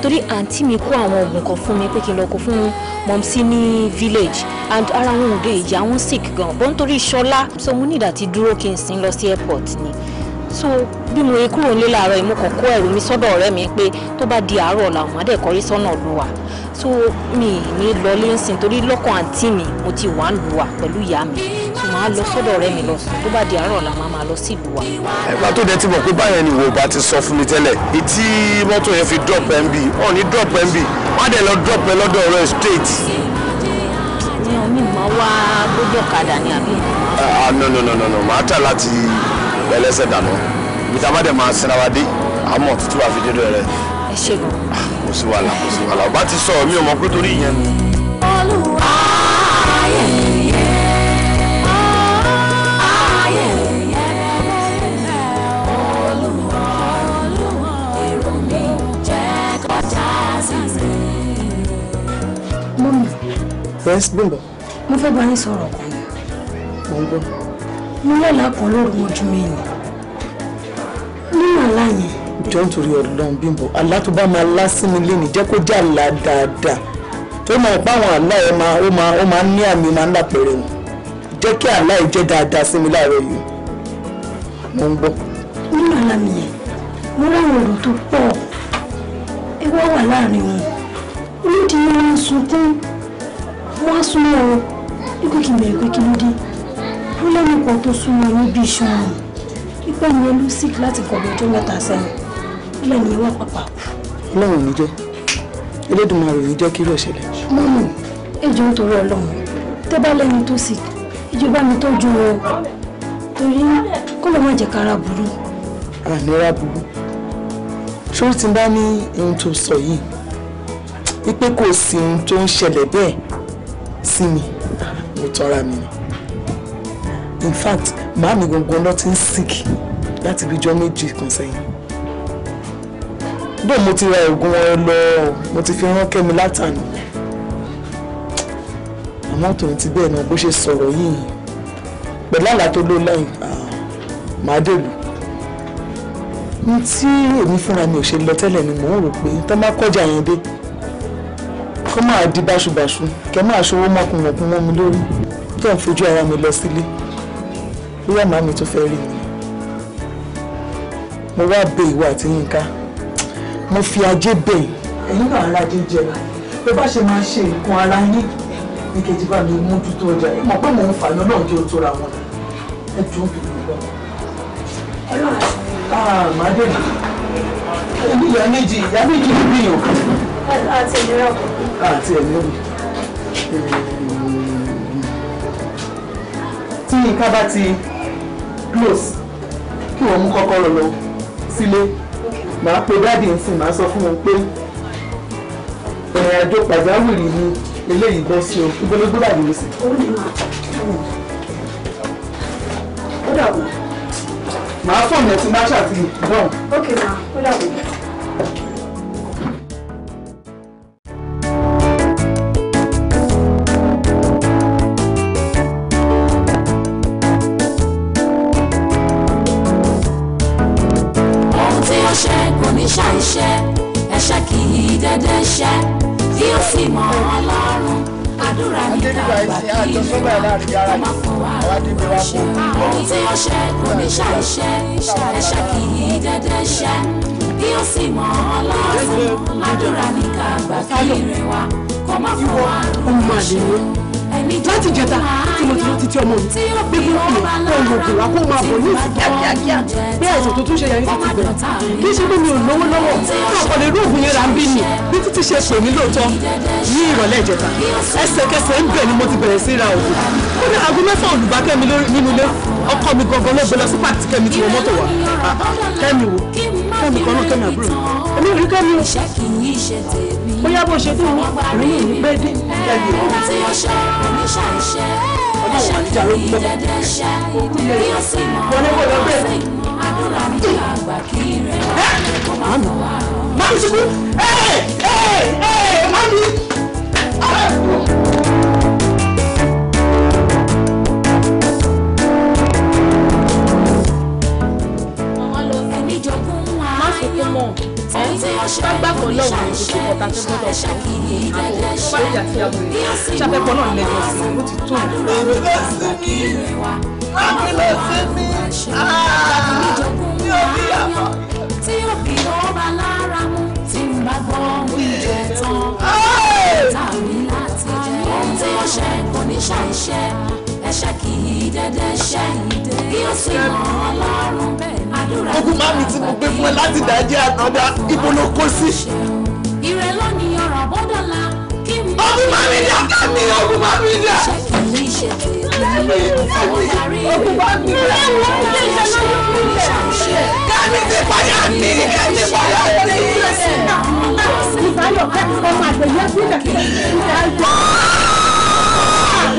torí àǹtí mi kó àwọn oògùn kan fún mi pé kí n lọ kó fún mọ̀mísí ní village and ara wọn ò dé ìjà wọn sick gan bọ́n torí ṣọlá so mo nídà ti dúró kí n sìn lọ sí airport ni so bí mo yẹ kúrò nílé àárọ̀ yìí mo kàn kó ẹrù mi sọ́dọ̀ ọ̀rẹ́ mi pé tó bá di àárọ̀ làwọn á dẹ̀ kọrí sọ́nà lu wa so mi ní lọlé ń sìn torí lọ́kàn àǹtí mi mo ti wà ń lu wa pẹ̀lú ìyá mi máa lọ sọ́dọ̀ ọ̀rẹ́ mi lọ tó bá di àárọ̀ la máa máa lọ sí ìlú wa. ẹ̀gbá tó dẹ ti mọ̀ pé báyẹn ni wòó bá ti sọ fún mi tẹ́lẹ̀ etí mọ́tò yẹn fi drop mb ọ̀ ní drop mb má dẹ̀ lọ drop ẹ lọ́dọ̀ ọ̀rẹ́ straight. ní omi máa wá lójú ọ̀kadà ni àbí. Ah, ah, no no no no no màá tà láti ẹlẹ́sẹ̀ dànù ibi tá a bá dẹ̀ máa sinra wa dé àmọ́ tútù àfi dé lọ rẹ. ẹ ṣe gan. Ah, kò sí wàhálà kò sí wàhálà ọba ti sọ ọ mi ò mọ pé torí ìyẹn ni. fence Bímbọ́. Mo fẹ́ bá yín sọ̀rọ̀ kan ni. Mo ń kan lóru ojú mi ni. Nínú àlá yẹn. Jọ nítorí Ọlọ́run Bímbọ́, àlá tó bá máa lá sí mi lénìí jẹ́ kó jẹ́ àlá dáadáa. Tó máa pa àwọn àlá máa ó máa ó máa ní àmì máa ń wọn. Jẹ́ kí àlá jẹ́ dáadáa sí mi láàárọ̀ yìí. Mo ń gbọ́. Nínú wọ́n á súnmọ́ o wípé kí n bẹ̀rẹ̀ pé kí ló dé púlẹ́mù kan tó súnmọ́ níbi iṣan ọ̀hún wípé ẹni ẹ ló sick láti kọ̀bí ọjọ́ mẹ́ta sẹ́yìn púlẹ́mù yẹn wà pàpà kù. ọlọ́run ò ní jẹ́ elédùnmarè ò ní jẹ́ kí irú ọ̀ṣẹ̀lẹ̀. mọ́mù ẹjọ́ ń torí ọlọ́run tẹ́ bá lẹ́ni tó sick ìjọba mi tọ́jú wọn torí kó ló má jẹ́ kára burú. àníra burú ṣó ti bá ní ohun tó sọ yìí wípé kò sí ohun tó ń ṣẹlẹ̀ bẹ́ẹ̀ sí mi mo tọ́ra mi in fact mommy mi go nothing sick láti bí ijọ́ méjì kan Don't motivate mo ti ra oògùn wọn lọ mo ti fi rán kẹ́mi látànà àmọ́ tòun ti bẹ́ẹ̀ náà bó ṣe sọ̀rọ̀ yìí pẹ̀lú àlá tó ló lẹ́yìn màá dèlù ní tí èmi fúnra mi ò ṣe lọ tẹ́lẹ̀ ni mò ń rò pé tó má kọjá yẹn dé kó máa di báṣubàṣu kẹ́ máa ṣòwò mọ̀kùnmọ̀kùn mọ́ mi lórí tó ń fojú ara mi lọ sílé bóyá màá mi tó fẹ́ rí mi mo wá bẹ ìwọ àti Yínká mo fi ajé bẹ yìí. ẹ̀yin náà aládé jẹ bó bá ṣe máa ṣe nǹkan ara yín ní kejì bá mi mú dúdú ọjà ẹ mọ̀ pé mò ń fàyọ náà jẹ́ òtó ra wọn ẹ jù ú bí mi lọ. màá dé èmi ìyá méjì ìyá méjì ń gbìyànjú àti ìlera kù. àti ìlera kù. tí nǹkan bá ti close kí wọ́n mú kọ́kọ́rọ́ lọ sílé màá pe dáàdì nsìn màá sọ fún wọn pé ìrìn àjò pàjáwìrì ni eléyìí bọ́ sí o ìgbélógbó dàbí lọ sí. ó dàbò. màá fọ̀nà tí má ṣàtìlẹ̀ náà. ok ma ó dàbò. ṣe kò ní ṣàìṣe ẹ̀ṣẹ̀ kì í dédé ṣe bí ó sì mọ Ọlọ́run ládùúrà ní ká gbà kí ire wa kó má fún wa lọ́wọ́ ṣe ẹni jẹta tí mo ti rántí tí ọmọ mi pé kó pè kó ń wá kó máa bọ̀ ní ìsìn kíákíá bí àìsàn tó ṣe yẹn títí bẹ̀rẹ̀ kì ṣe pé mi ò lówó lọ́wọ́ ọ̀pọ̀ lè rúùgùn yẹn ra ń bí ni bí títí ṣe pè mí lóòótọ́ ní ìrọ̀lẹ́ ìjẹta ẹsẹ̀kẹsẹ̀ ń bẹ̀ ni mo ti bẹ̀rẹ̀ sí ra òògùn kódà aago mẹ́fà olùbákẹ́mi nínú ilé ọkọ mi gangan ló gbé lọ sí pàtí kẹ́mi tí mo mọ́tò wà kẹ́mi wo kẹ́mi kan náà kẹ́mi àbúrò mi èmi rí kẹ́mi o bóyá bó ṣe dùn rí yìí ní pé dé kẹ́mi o. ọlọ́run wà níjà ló gbúdọ̀ wọlé wọlé ọgbẹ́ mi. mami mami ṣubú ẹ ẹ ẹ mami. kó mọ̀ ká gbàgbọ́ lọ́wọ́ ní oṣù kọta tó gbọ́dọ̀ fún un àpò lórí àti àbúrò ṣàfẹ́kọ̀ọ́ náà lẹ́jọ́ sí i ó ti tó nù. àbí ló ṣe mí mi ò bí àmọ́. tí òbí ọba lára mú tí ń bá gbọ́ wí jẹ tán tàbí láti jẹ ohun tí ó ṣe kò ní ṣàìṣe ẹ̀ṣẹ̀ kì í dédé ṣẹ́yìn dé bí ó sì mọ̀ ọ́ lọ́rùn bẹ́ẹ̀ ogun máa mi tí mo gbé fún ẹ láti dájẹ́ ànádá ibo ló kó sí. ìrẹ̀ ló ní ọ̀rọ̀ bọ́dọ̀lá kí mi. ogun máa mi dà ká mi ogun máa mi dà. ogun máa mi dà. kámi ti padà mi ni kámi padà mi. ìbálòpọ̀ ọmọ àgbẹ̀yẹ́ sílẹ̀ kí ẹ jọ.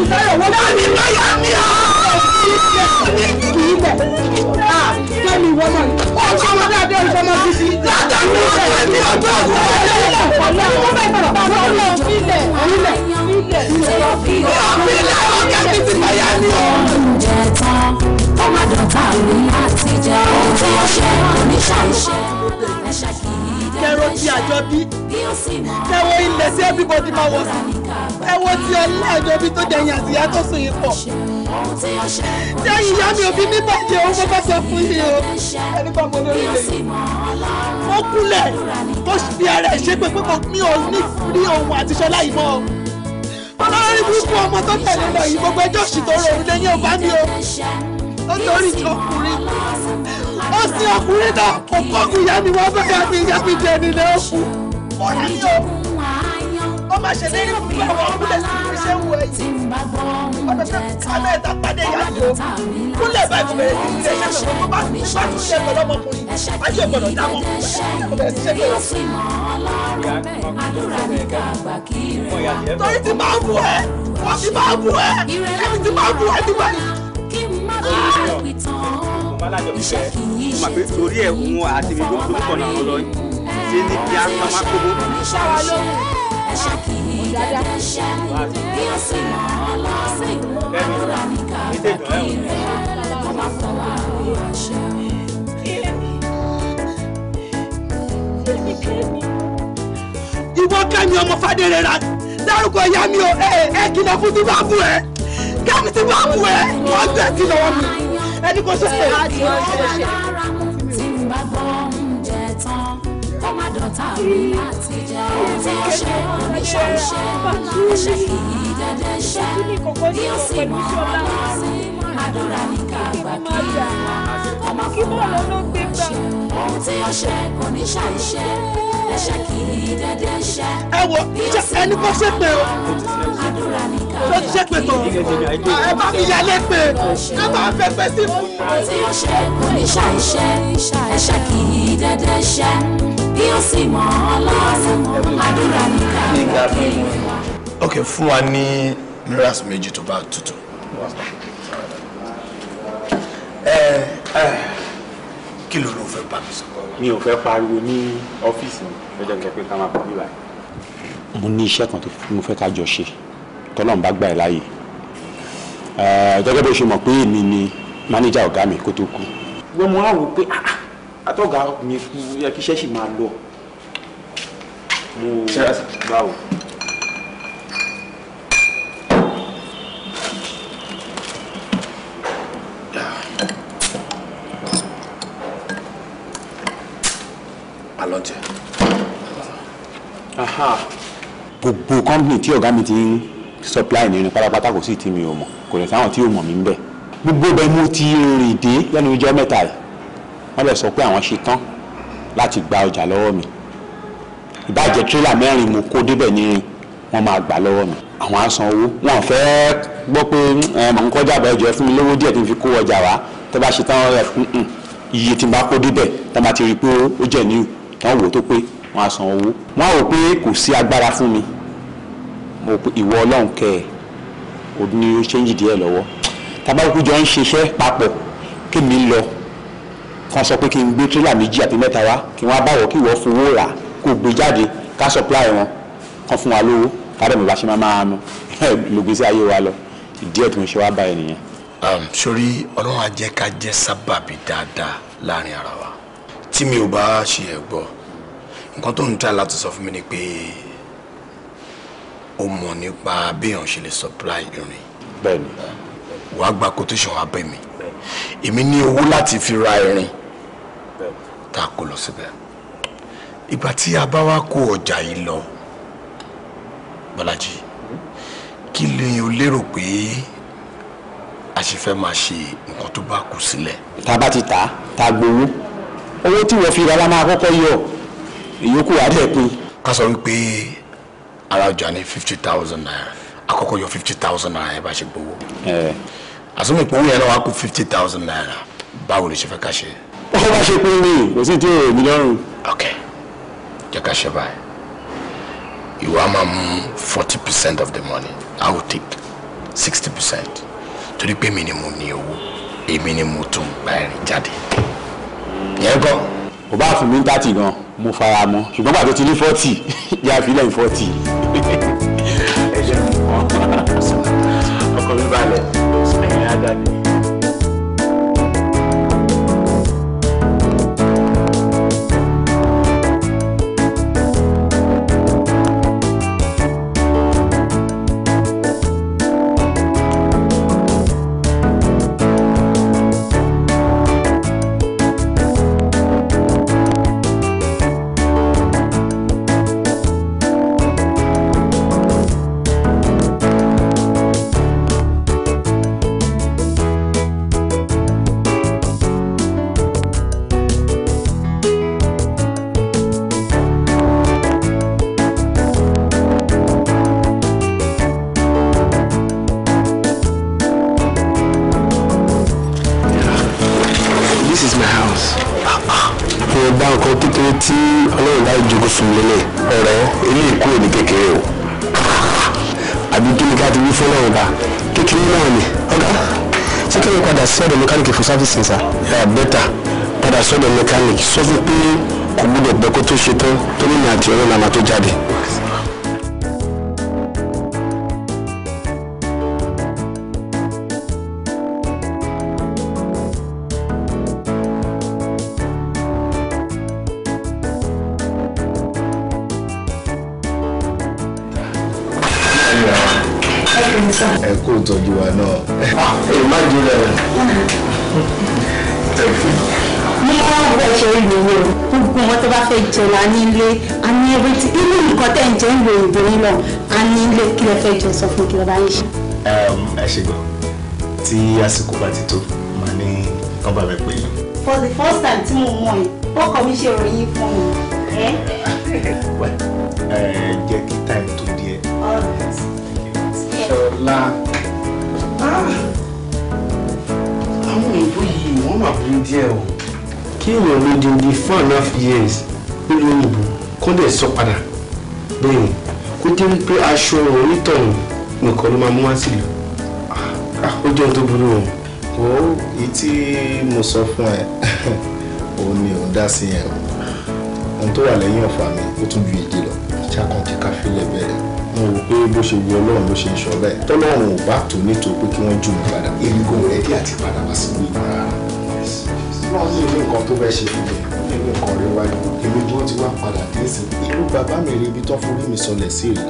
Bùsáyọ̀ wọlé. Dání báyà ni a. Kìí bẹ̀. Kẹ́mi wọlé. Ó ń sọmọ dáadé ìfọmọ títí. Látàkùn ọ̀sẹ̀ ní ọjọ́ ọ̀sẹ̀. Ọ̀lẹ́ ọ̀lẹ́ ọ̀lẹ́ ọ̀lẹ́ ọ̀fílẹ̀. Ọ̀fílẹ̀ ọ̀kẹ́ mi ti báyà ni o. Ó má dọ̀tà mi láti jẹ ohun tó ṣe oníṣàìṣe kẹrọ ti àjọbí kẹwọ ilẹ̀ sí everybody máa wọ̀ sí ẹwọ ti ọlá àjọbí tó jẹ àti ìyá tó sùn yìí pọ̀ ṣé ìyá mi ò fi bàjẹ́ òun mo bá fún yìí o ẹni bá mo lórí rẹ̀ mo kúnlẹ̀ tó fi ara ẹ̀ ṣe pé pé mo ní òun ní rí òun àti ṣọlá yìí mọ́ ọlọ́rin burúkú ọmọ tó tẹ̀lé lọ yìí gbogbo ẹjọ́ òṣì tó rọrùn lẹ́yìn ọba mi o ó torí ó sin ọkùnrin náà òkú ọkùnrin ìyá ni wọ́n bá yá bí ìyá bí jẹ nílé òkú. ó ní o ó máa ṣe lérí fún mi àwọn ọmọdé sì fi ń wọ ẹ̀yìn ọdọ tó kánà ẹta pàdé ìyá tó kúnlẹ̀ báyìí kò bẹ̀rẹ̀ sí ilé iṣẹ́ pẹ̀lú bá ti bá ti ṣe pẹ̀lú ọmọkùnrin ayé gbọ́dọ̀ dá wọn kò bẹ̀rẹ̀ sí ṣe pẹ̀lú ọmọkùnrin. torí ti máa bù ẹ wọ́n ti máa bù ẹ ẹni bàbá alájọ bíbẹ̀ ó mà pé torí ẹ̀ òun àti mi gbogbo orúkọ náà lọ ṣe ní kí á máa máa kóbó. ṣáwa lóhùn dáadáa. bí ó sì mọ ọlọ́sìn àdúrà ní kàkà kí ilé ọlọ́mọ fọwọ́ àwọn àṣà ìwọ kẹ́mi ọmọ fàdérera dárúkọ ìyá mi o ẹ kìlọ̀ fún tí bá bù ẹ kẹ́mi tí bá bù ẹ wọ́n gbẹ̀sí lọ́wọ́ mi ẹni kò sókè. ìwé alára mu ti ń bá gbọ́ oúnjẹ tán kó má dọ̀tá mi láti jẹ tí ó ṣe oníṣẹ́ iṣẹ́ ẹ̀ṣẹ̀ àdúrà ní ká gbà kí ọmọ fún wa ohun tí ó ṣe kò ní ṣàìṣe ẹ̀ṣẹ̀ kì í dédé ṣe. ẹ wo ẹni kò ṣe pé o tó ti ṣe pé tó ah, ẹ bá mi yálé pé ẹ bá fẹ́ pé sí fún mi. ohun tí ó ṣe kò ní ṣàìṣe ẹ̀ṣẹ̀ kì í dédé ṣe bí ó sì mọ̀ ọ́ lọ́wọ́ àdúrà ní ká gbà kí. ok fún wa ní mirrors méjì tó bá tutù. Wow kí ló ló fẹ́ bá mi sọ. mi ò fẹ́ pariwo ní ọ́fíìsì mi lọ́jọ́ kẹ́ pé ká máa bọ̀ níbà yìí. mo ní iṣẹ́ kan tó mo fẹ́ ká jọ ṣe tọ́lọ́run bá gbà ẹ́ láàyè gẹ́gẹ́ bó ṣe mọ̀ pé èmi ni mánéjà ọ̀gá mi kó tó kú. wọ́n mọ àwọn pé àtọ́gà ah, ah, mi kú yẹ kí iṣẹ́ sì máa lọ. mo báwo. gbogbo kọ́mpìnì tí ọ̀gá mi ti ń supply ní irin pátápátá kò sí tí mi ò mọ̀ kò lè sáwọn tí ò mọ̀ mí ń bẹ̀ gbogbo bẹ́ẹ̀ mo ti rìn dé lẹ́nu ijọ́ mẹ́ta yìí wọ́n lè sọ pé àwọn ṣe tán láti gba ọjà lọ́wọ́ mi ìbàjẹ́ tírélà mẹ́rin mo kó débẹ̀ ní irin wọ́n máa gbà lọ́wọ́ mi àwọn á san owó wọn fẹ́ gbọ́ pé mọ̀ ń kọjá àbẹ̀ ọjọ́ fún mi lówó díẹ̀ tí n fi kó ọjà wá tó bá ṣe tán mm, mm. iye tí n bá kó débẹ̀ tó bá ti rí pé ó jẹ̀ níyù tán wò tó pé wọ́n á san owó wọ́n á rò pé kò sí agbára fún mi mo pe ìwọ ọlọ́run kẹ́ ẹ̀ ò ní o ṣéǹjì díẹ̀ lọ́wọ́ tabakuku jọ ń ṣiṣẹ́ papọ̀ kí mi lọ kan sọ pé kí n gbé tírélà méjì àti mẹ́ta wá kí wọ́n á kí ìwọ fowó rà kó gbé jáde ká supply wọn kan fún wa lówó kárẹ̀ mi bá ṣe máa máa nu *laughs* lògbèsè ayé wa lọ ìdí ẹ̀ tó ń ṣe wá báyìí nìyẹn. Um, sórí ọlọ́run á ká jẹ́ sábàbí dáadáa láàrin ara wa tí mi ò bá ṣe ẹ̀ gbọ́ nǹkan tó ń tà láti sọ fún mi ni pé o mọ̀ nípa béèyàn ṣe lè supply irin. bẹ́ẹ̀ni. wàá gba quotation abẹ́ mi èmi ní owó láti fi ra irin tá a kó lọ síbẹ̀ ìgbà tí a bá wá kó ọjà yìí lọ Bọ́lájí kí ni o lérò pé a ṣe fẹ́ máa ṣe nǹkan tó bá kù sílẹ̀. tá a bá ti tà tá a gbowó owó tí wọ́n fi ra la máa kọ́kọ́ yọ ìyókù wa dẹ̀ pin. ká sọ wípé ara ọjà ní fifty thousand naira àkọ́kọ́ yọ fifty thousand naira ẹ bá ṣe gbowó. àsọmọ ìpínwó yẹn náà wá kú fifty thousand naira báwo ló ṣe fẹ́ ká ṣe. wọ́n bá ṣe pín ní kò sí tí ò ní ok jẹ́ ká ṣe báyìí ìwọ máa mú forty percent of the money i will take sixty percent torí pé mi ni mo ní owó èmi ni mo tún gba ẹ̀rìn jáde yẹn gan kò bá fún mi ní thirty gan mo fara mọ́ ṣùgbọ́n bàtò ti ní forty *laughs* yà fi lẹ́yìn forty. *laughs* ẹ ṣe ń mi balẹ̀ ẹ̀yìn ajá fún sáfìsì sá. yà bẹ́tà padà sọ́dọ̀ mẹkáníìkì sọ fún pé kò gbúdọ̀ gbẹ́ kó tó ṣe tán tó ní àti ọ̀rẹ́ làmà tó jáde. ẹ kó tọ́jú wa náà. fẹ́ jẹ la ní ilé a ní ẹbí inú nǹkan tẹ̀ ń jẹ́ ń lo ìbò yín lọ a ní ilé kí lẹ fẹ́ jẹ sọ fún kí bàbá yín ṣe. ẹ ṣe gan tí àsìkò bá ti tó màá ní kán bàbá pè é. for the first time tí mo mọ̀ ẹ́ ọkọ mi ṣe ròyìn fún mi. ẹ jẹ́ kí time tó díẹ̀. ṣọlá ah! àwọn òyìnbó yìí wọ́n máa bú díẹ̀ o. kí èèyàn ló di di four and a half years nílùú òyìnbó kó dẹ̀ sọ padà bẹ́ẹ̀ ni kó jẹ́ wípé aṣọ onítọ̀hún nìkan ló máa mú wá sílùú ah, ah, ó jẹ́ ohun tó burú o. wo èyí tí mo sọ fún ẹ *laughs* òun ni òun dá sí yẹn o ohun tó wà lẹ́yìn ọ̀fà mi ó tún ju ìdí lọ ìṣàkànjì káfílẹ̀ bẹ́ẹ̀ mo rò pé bó ṣe wù ọlọ́run ló ṣe ń sọ bẹ́ẹ̀ tọ́lọ́run ò bá tó nítorí pé kí wọ́n jù mí padà èmi kò rẹ́dí àti padà wá sí ìlú rárá. wọ́n ní ilé nǹkan tó fẹ́ ṣe fún mi nílò nǹkan rẹ wáyé èmi ni wọ́n ti wá padà dé sí ìlú bàbá mi rí ibi tó forí mi sọlẹ̀ sí rè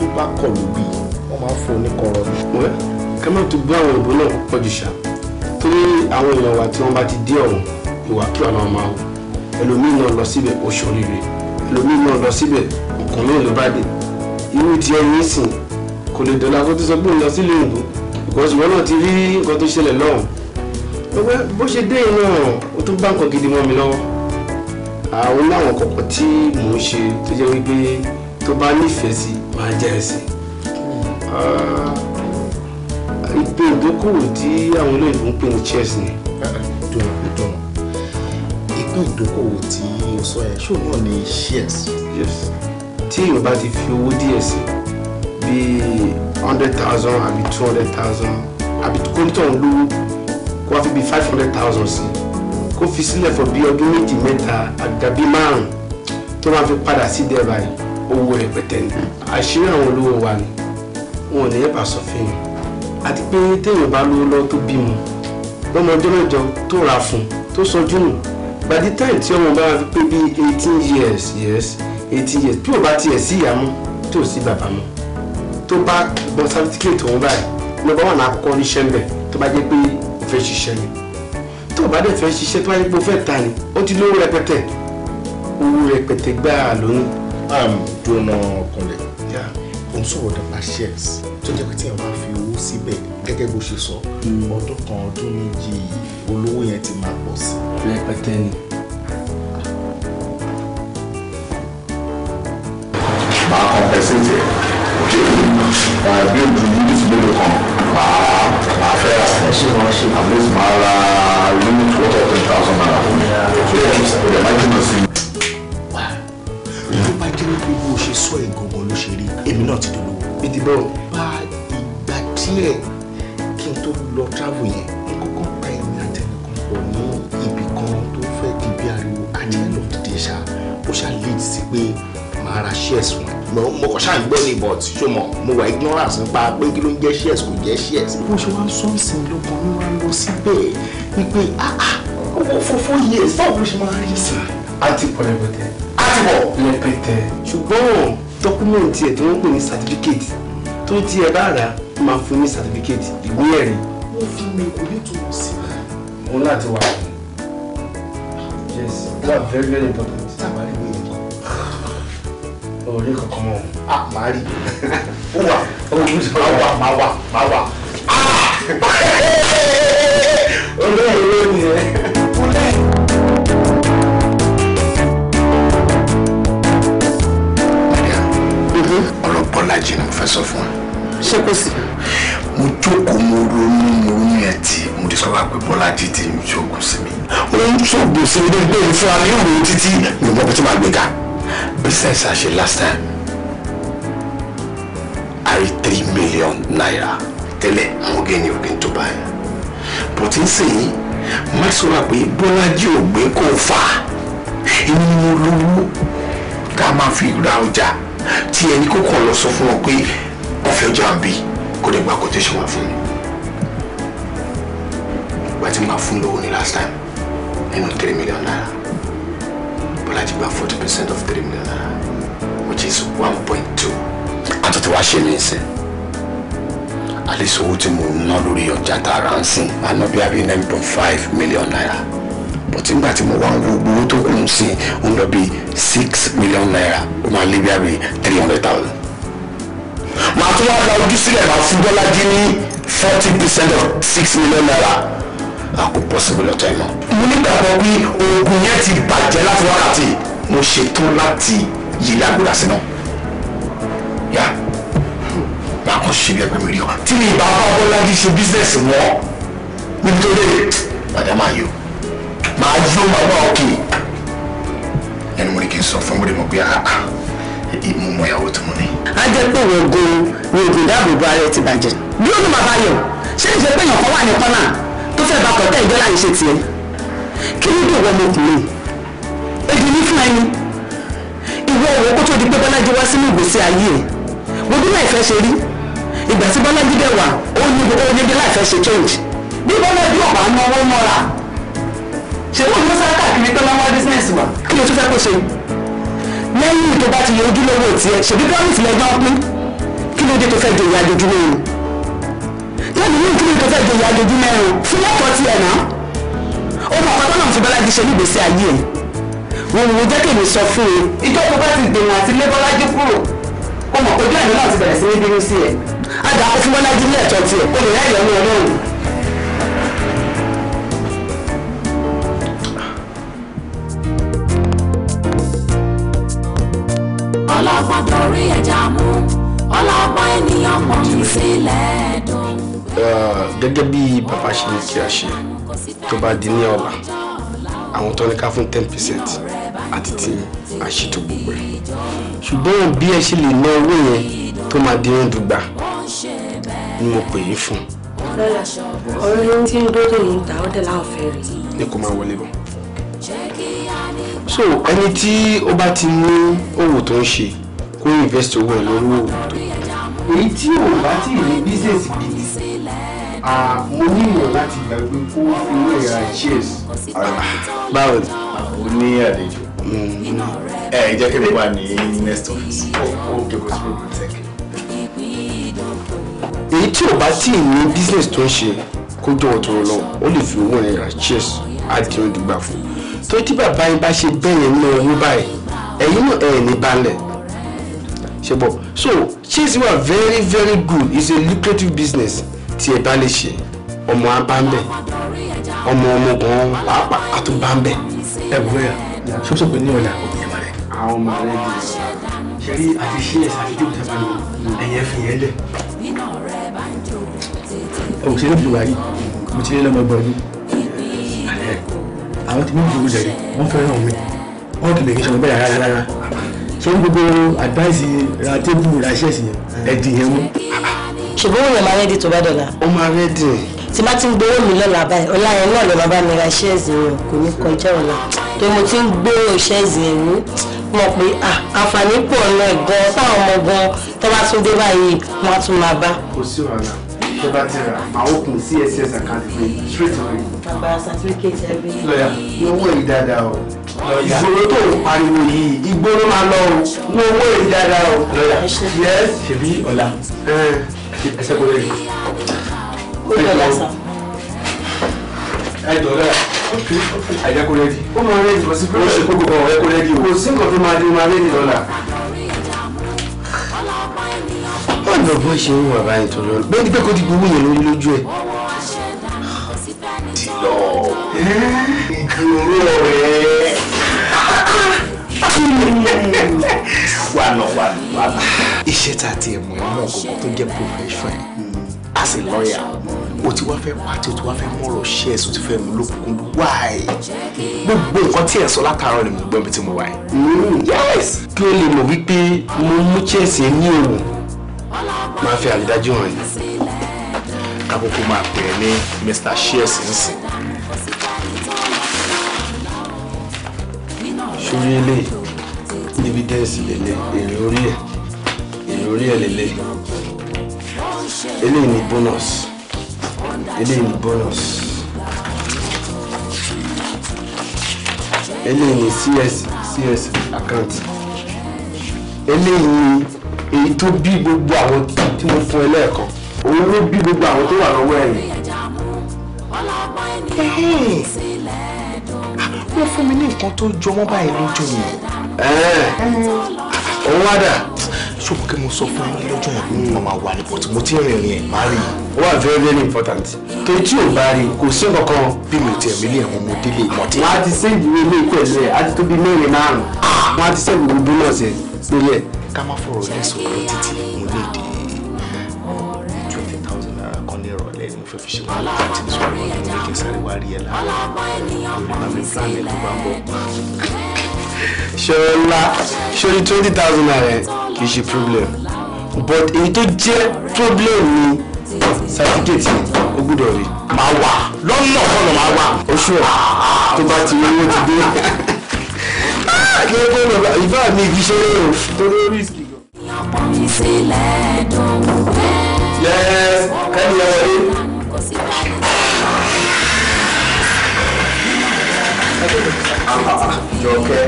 tó bá kọ̀ lóbi wọ́n máa fún un ní kọ̀rọ̀ ni. wẹ́ ká má tún bá àwọn ìbò náà pọ̀ jù ṣá torí àwọn èèyàn wa tí wọ́n bá ti dé ọ̀hún ìwàkiwà náà máa wò ẹlòmíì náà lọ síbẹ̀ oṣù oríire ẹlòmíì náà lọ síbẹ̀ nǹkan náà ló bá dé irú ti ẹyin sìn kò lè dọ̀la kó tó sọ pé òun lọ sílé òyìnbó because ìwọ náà ti rí nǹkan tó ṣẹlẹ̀ lọ́hùn-ún bó ṣe dé iná ó tún bá nǹkan gidi mọ́ mi lọ́wọ́. Ah, àwọn láwọn kọ̀ọ̀kan tí mò ń ṣe tó jẹ́ wípé tó bá nífẹ̀ẹ́ sí máa jẹ́ ẹ̀sìn ah, ìpè ìdókòwò tí àwọn olóyìnbó ń pè ní chess ni. ìpín ìdókòwò tí o sọ ẹ ṣó náà ni shares. tí èèyàn bá ti fi owó díẹ̀ sí bíi hundred thousand àbí two hundred thousand àbí kóńtọ̀ ń lówó kó wá fi bíi five hundred thousand sí i kó fi sílẹ̀ fún bí ọdún méjì mẹ́ta àgbàbí márùn tó máa fi padà sí dẹ́ba yìí owó rẹpẹtẹ ni àṣírí àwọn olówó wa ni wọn ò ní ẹ̀bà sọ fún mi àti pé téèyàn bá lówó lọ́wọ́ tó bímọ lọ́mọ ọjọ́ mẹ́jọ tó ra fún tó sọjú nù by the tí ọmọ bá pé bíi eighteen years yes eighteen years tí ò bá tiẹ̀ sí ìyá mọ́ tí ò sí bàbá mọ́ tó bá gbọ́n sátífíkẹ́tì òun báyìí lọ́ba wà ní àkọ́kọ́ oníṣẹ́ ń bẹ̀ tó bá jẹ́ pé òfin ṣiṣẹ́ ni tó bá dẹ̀ fẹ́ ṣiṣẹ́ tó wáyé pé o fẹ́ ta ni ó ti lówó rẹpẹtẹ owó rẹpẹtẹ gbáà lónìí. am dúnà ọkùnrin ò ń sọ̀rọ̀ nípa shares tó jẹ́ pé tí àwọn afi owó síbẹ̀ gẹ́gẹ́ bó ṣe sọ hmm. ọdún kan ọdún méjì olówó yẹn ti máa pọ̀ sí. rẹpẹtẹ ni. máa kọ̀ǹpẹ́sẹ̀tì ẹ̀ bí òdùnnú ní ìfúnlẹ̀ kan máa ṣé wọn ṣe àbúrò máa ra unit water ten thousand naira fún mi ṣé ẹ máa jìnnà sí. ló bá jẹ́ wípé bó o ṣe sọ ẹ̀ gangan ló ṣe rí èmi náà ti dolówó. ìdìbò bá ìgbà díẹ̀ kí n tó lọ travel yẹn kókó pa ẹ̀mí àtẹnukàn pọ̀ ní ibì kan tó fẹ́ di bí ariwo àti end of the day ṣá ó ṣá lead sí pé màá ra shares wọn mo kàn ṣáà ń gbọ́ ní but ṣó mọ̀ mo wà ignorance nípa pé kí ló ń jẹ́ shares kò jẹ́ shares. bó ṣe wá sọ́ọ̀sìn lóko ló wá lọ síbẹ̀ wípé owó fòfó yẹ báwo ló ṣe máa rí sí. àtìpọ̀ rẹpẹtẹ. àtìpọ̀ rẹpẹtẹ. ṣùgbọ́n dọ́kúmẹ̀ntì ẹ̀ tí wọ́n pè ní certificate tó ti ẹ bá rà máa fún ní certificate ìwé ẹ̀rí. wọ́n fún mi kò ní tòun sí. òun láti wà. yes that's very very important orí kankan mọ́ a máa rí ó wà máa wà máa wà máa wà olóòrò ló nìyẹn. ọ̀rọ̀ Bọ́lájí ni mo fẹ́ sọ fún ọ. ṣé kò sí. mo jókòó mo ronú mo ronú ẹ̀ tí mo ti sọ́wọ́ pé Bọ́lájí ti ń ṣoògùn sí mi. ó ń ṣoògùn sí mi débi pé ìfúnra mi ń rò títí mi ò mọ ibi tó gbé ga. Since I ṣe last time I three million naira Tell me how oge tó going to buy? But yí má my pé bọ́lájí ò gbé kó fà èmi ni mo lówó ká máa fi ra ọjà tí ẹni kókó lọ sọ fún wọn pé wọ́n fẹ́ ọjà bí kó lè gba quotation wá fún But ìgbà tí màá fún lówó last time I nínú three million naira. Bọ́lájí gba forty percent of three million naira which is 1.2. point two. àtúntò wá ṣe mí sí àlésò owó tí mo ná lórí ọjà tààrà ń sìn àná five million naira but in tí mo wá ń wo owó tó kù ń sìn six million naira ó will be bí abí three hundred thousand. màá tún wá gba ojú sílẹ̀ máa fún Bọ́lájí ní forty of six million naira a kò possible lọ́jọ́ iná. mo nígbàgbọ́ wí oògùn yẹn ti bàjẹ́ láti wákàtí mo ṣètò láti yílé àgbèrè àsìnà yá bá a kò ṣe bí ẹgbẹ́ mi rí o tí mi bá bá ọlọ́dún ṣe bísíǹsì wọn níbi tó dé padà máa yọ máa yọ máa wá òkè ẹnu mo ní kí n sọ fún wọlé mo pé àá ah, ah, ìmú mọ ìyàwó tó mo ní. a jẹ́ pé oògùn oògùn dáàbò bo ara ẹ ti bàjẹ́ bí ó ní bàbá yọ ṣé ìṣe pé èèyàn kan wà ní kọ́nà fẹ́ bá tọ̀tẹ̀ ìjọ́ láì ṣe tiẹ̀ kí ló dé ìwọ ọmọkùnrin èdè ní fún ẹni ìwọ òwò kó tó di pé bọ́lájí wá sínú ìgbésí ayé ẹ̀ wo bí láì fẹ́ ṣe rí ìgbà tí bọ́lájí dẹ̀ wà ó ní ó ní bí láì fẹ́ ṣe change bí bọ́lájí ọ̀pá ń náwó mọ́ra ṣé wọ́n mú sára káàkiri tó lọ́wọ́ bísíǹsì wa kí ló tún fẹ́ kó ṣe lẹ́yìn tó bá ti yọ ojúlówó tiẹ̀ ṣèbí promise lẹ́gbọ́n pín kí ló dé tó fẹ́ jòyè àjòjúmọ́ tẹ́lẹ̀ ní ìdílé tó fẹ́ jẹ ìyá dojú mẹ́rin fún ọkọ̀ tí ẹ̀ náà ó mọ ọ̀pá tọ́nà fi bọ́lájí ṣe nígbèsí ayé ẹ̀ wọn ò jẹ́ kí èmi sọ fún un ìjọba bá ti dènà àti lé bọ́lájí kúrò ó mọ̀ pé bí náà ti bẹ̀rẹ̀ sí ní bínú sí ẹ̀ àdá kó fún bọ́lájí ní ẹ̀tọ́ tiẹ̀ kó lè ráyè ọmọ ọlọ́run. ọlọ́gbọ́n torí ẹja mú ọlọ́gbọ́n ènìyàn pọ̀ sílẹ̀ dùn gẹ́gẹ́ bí bàbá ṣe ní kí a ṣe tó bá di ní ọ̀la àwọn tó ní ká fún ten percent àti tí a gbogbo ẹ̀ ṣùgbọ́n bí ẹ ṣe lè ná owó yẹn tó máa di ohun dùgbà ni mo pè é fún. lọ́la ọ̀rọ̀ ló ń ń dóde yìí ta ó dẹ̀ láwọn fẹ́ rí. ní kó máa wọlé bọ̀. so ẹni tí ó bá ti ní òwò tó ń ṣe kó invest owó ẹ̀ lórí òwò tó. èyí tí ò bá tí ì ní bísíǹsì Ah, mo ní ìmọ̀ láti gbàgbé kó inú ìra cheers. báwo ni. o ní àlejò mm-hmm. ẹ jẹ́ kí mi wà ní next office. ó dògò sí ọ̀gbìn tech. èyí tí ò bá tí ì ní business tó ń ṣe kó jọ̀wọ́ tó lọ ó lè fi owó rẹ̀ ra cheers á di oúnjẹ gbà fún un tó tí bàbá yín bá ṣe bẹ́ẹ̀ yẹn ní ọwọ́ báyìí ẹ̀yin náà ẹ̀ ní balẹ̀ ṣe bọ̀ so cheese wa very very good it's a lucrative business tí ẹ bá lè ṣe ọmọ á bá ń bẹ̀ ọmọ ọmọ gan pàápàá a tún bá ń bẹ̀. ẹ wọ ẹ ṣọṣọ pé ní ọ̀la òbí ẹ máa rẹ. àwọn ọmọ rẹ di ṣe rí àti ṣe ẹsẹ àti jókòó sábà lọ ẹyẹ fi yẹn lẹ. ẹ ò ṣe lè fi wá yìí mo ti lé lọmọ ẹgbẹ́ ọdún àwọn tí mo ń dúró jẹrìí wọn fẹ́ràn mi wọn kì í lè kí sọmọ bẹ́ẹ̀ rárá rárá ṣé gbogbo advice ra tébù ra ṣẹ́ẹ̀sì yẹn ẹ yẹn mú ṣùgbọ́n òun yẹn máa rẹ́dì tó bá dọ̀la. ó máa rẹ́dì. tí bá ti ń gbowó mi lọ́la báyìí ọ̀la yẹn náà lè bàbá mi ra ṣẹ́ẹ̀sì yẹn kò ní kọjá ọ̀la tó mo ti ń gbowó ṣẹ́ẹ̀sì yẹn ní mọ̀ pé àǹfààní pọ̀ ọ̀nà ẹ̀gbọ́n táwọn ọmọ gan tó bá tún dé báyìí wọ́n á tún máa bá. kò sí wàhálà tó bá ti rà máa ó kún css account fún yín straight away. bàbá certificate ẹ bí. lọ́yà owó yìí o ìgboro tó ń pariwo yìí ìgboro máa lọ o owó yìí dáadáa o. lọ́yà ṣebí ọ̀la ẹsẹ̀ kò lè rí. ó jọ lásán. ẹ jọ lẹ́yà àìjẹ́ kò lè ó máa rẹ́ ìdìbò sí pé ó ṣe kókó kan ọ̀rẹ́ kò lè o. kò sí nǹkan tó máa di máa rẹ́ ìdìbò là. ó lọ bó ṣe ń wà báyìí tó lọ bẹ́ẹ̀ ni pé kò ti gbowó yẹn lórí lójú ẹ̀. dìlọ ìdúró rẹ̀ wà lọ wà lọ wà lọ iṣẹ́ tá a ti mọ̀ ẹ́ mọ̀ kókó tó jẹ́ profession as a lawyer o ti wá fẹ́ pàtí o ti wá fẹ́ mọ̀rọ̀ ṣe ẹ̀sùn ti fẹ́ mú lókun wáì gbogbo nǹkan tí ẹ̀ sọ látàárọ̀ ni mo gbọ́ ibi tí mo wà yìí. Mm. yes kí o lè mọ̀ wípé mo mú chelsea ní òwò máa fi àrídájú hàn yìí kákòókò máa pè é ní mr shears nsìn. ṣúrí eléyìí evidence lè lè èrè orí ẹ̀ orí ẹ̀ lélẹ̀ eléyìí ni bonus eléyìí ni bonus eléyìí ni cs cs account eléyìí ni èyí tó bí gbogbo àwọn tí mo fún ẹ lẹ́ẹ̀kan òun ló bí gbogbo àwọn tó wà lọ́wọ́ ẹ̀yìn wọ́n fún mi ní nǹkan tó jọmọ́ báyìí lójú mi. òun wá dà ṣùgbọ́n kí mo sọ fún yín lọ́jọ́ wọn ní ọmọ wa ni bọ̀tí mo ti rìn rìn má rí i. ó wà very very important torí tí ò bá rí i kò sí kankan. bí mi ò tiẹ̀ mi lé àwọn ọmọdé lè mọ̀tí. wọ́n á ti sẹ́yìn ìwé ilé pẹ̀lú ẹ̀ á ti tó mẹ́rin márùn-ún wọ́n ah! á ti sẹ́yìn ìwé náà sẹ́ lórí ẹ̀. ká má fọ̀rọ̀ ní sọ̀rọ̀ títí mo lè dé twenty thousand naira kan ní ìrọ̀lẹ́ ni mo fẹ́ fi ṣe wàhálà àti ṣọlá ṣọlí twenty thousand naira kì í ṣe problem but èyí tó jẹ́ problem ni certificate ó gbúdọ̀ rí. máa wà lọ́nà ọ̀nà máa wà. oṣù ẹ̀ tó bá ti rí owó ti dé. Ah, lọ́gbọ́n náà ìbá mi fi ṣe é tó ló rí ìsìkì. yẹ́ẹ́ kẹ́ni ẹ wọlé. Ah, ah, ah jọkẹ́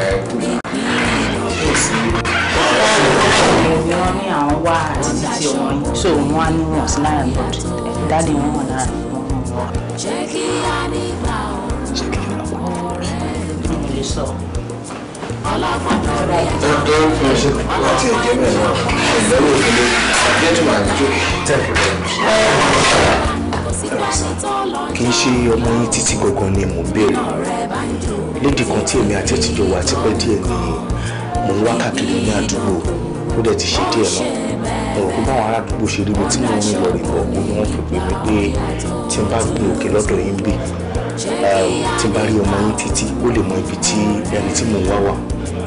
ẹ̀ kò so wọ́n á ní wọn sí náírà thank you very much kì í ṣe ọmọ yín títí gangan ni mò ń béèrè lédi kan tí èmi àti ẹtìjọ wà tipẹ́ díẹ̀ ni mò ń wá ní àdúgbò ó dẹ̀ ti ṣe díẹ̀ náà mo báwọn ará ṣe rí mi tí mo ń lọ rìn bọ̀ mo ní wọ́n fi pè mí pé tí n bá gbé òkè lọ́dọ̀ yín bì tí n bá rí ọmọ yín títí ó lè mọ ibi tí ẹni tí mò ń wá wà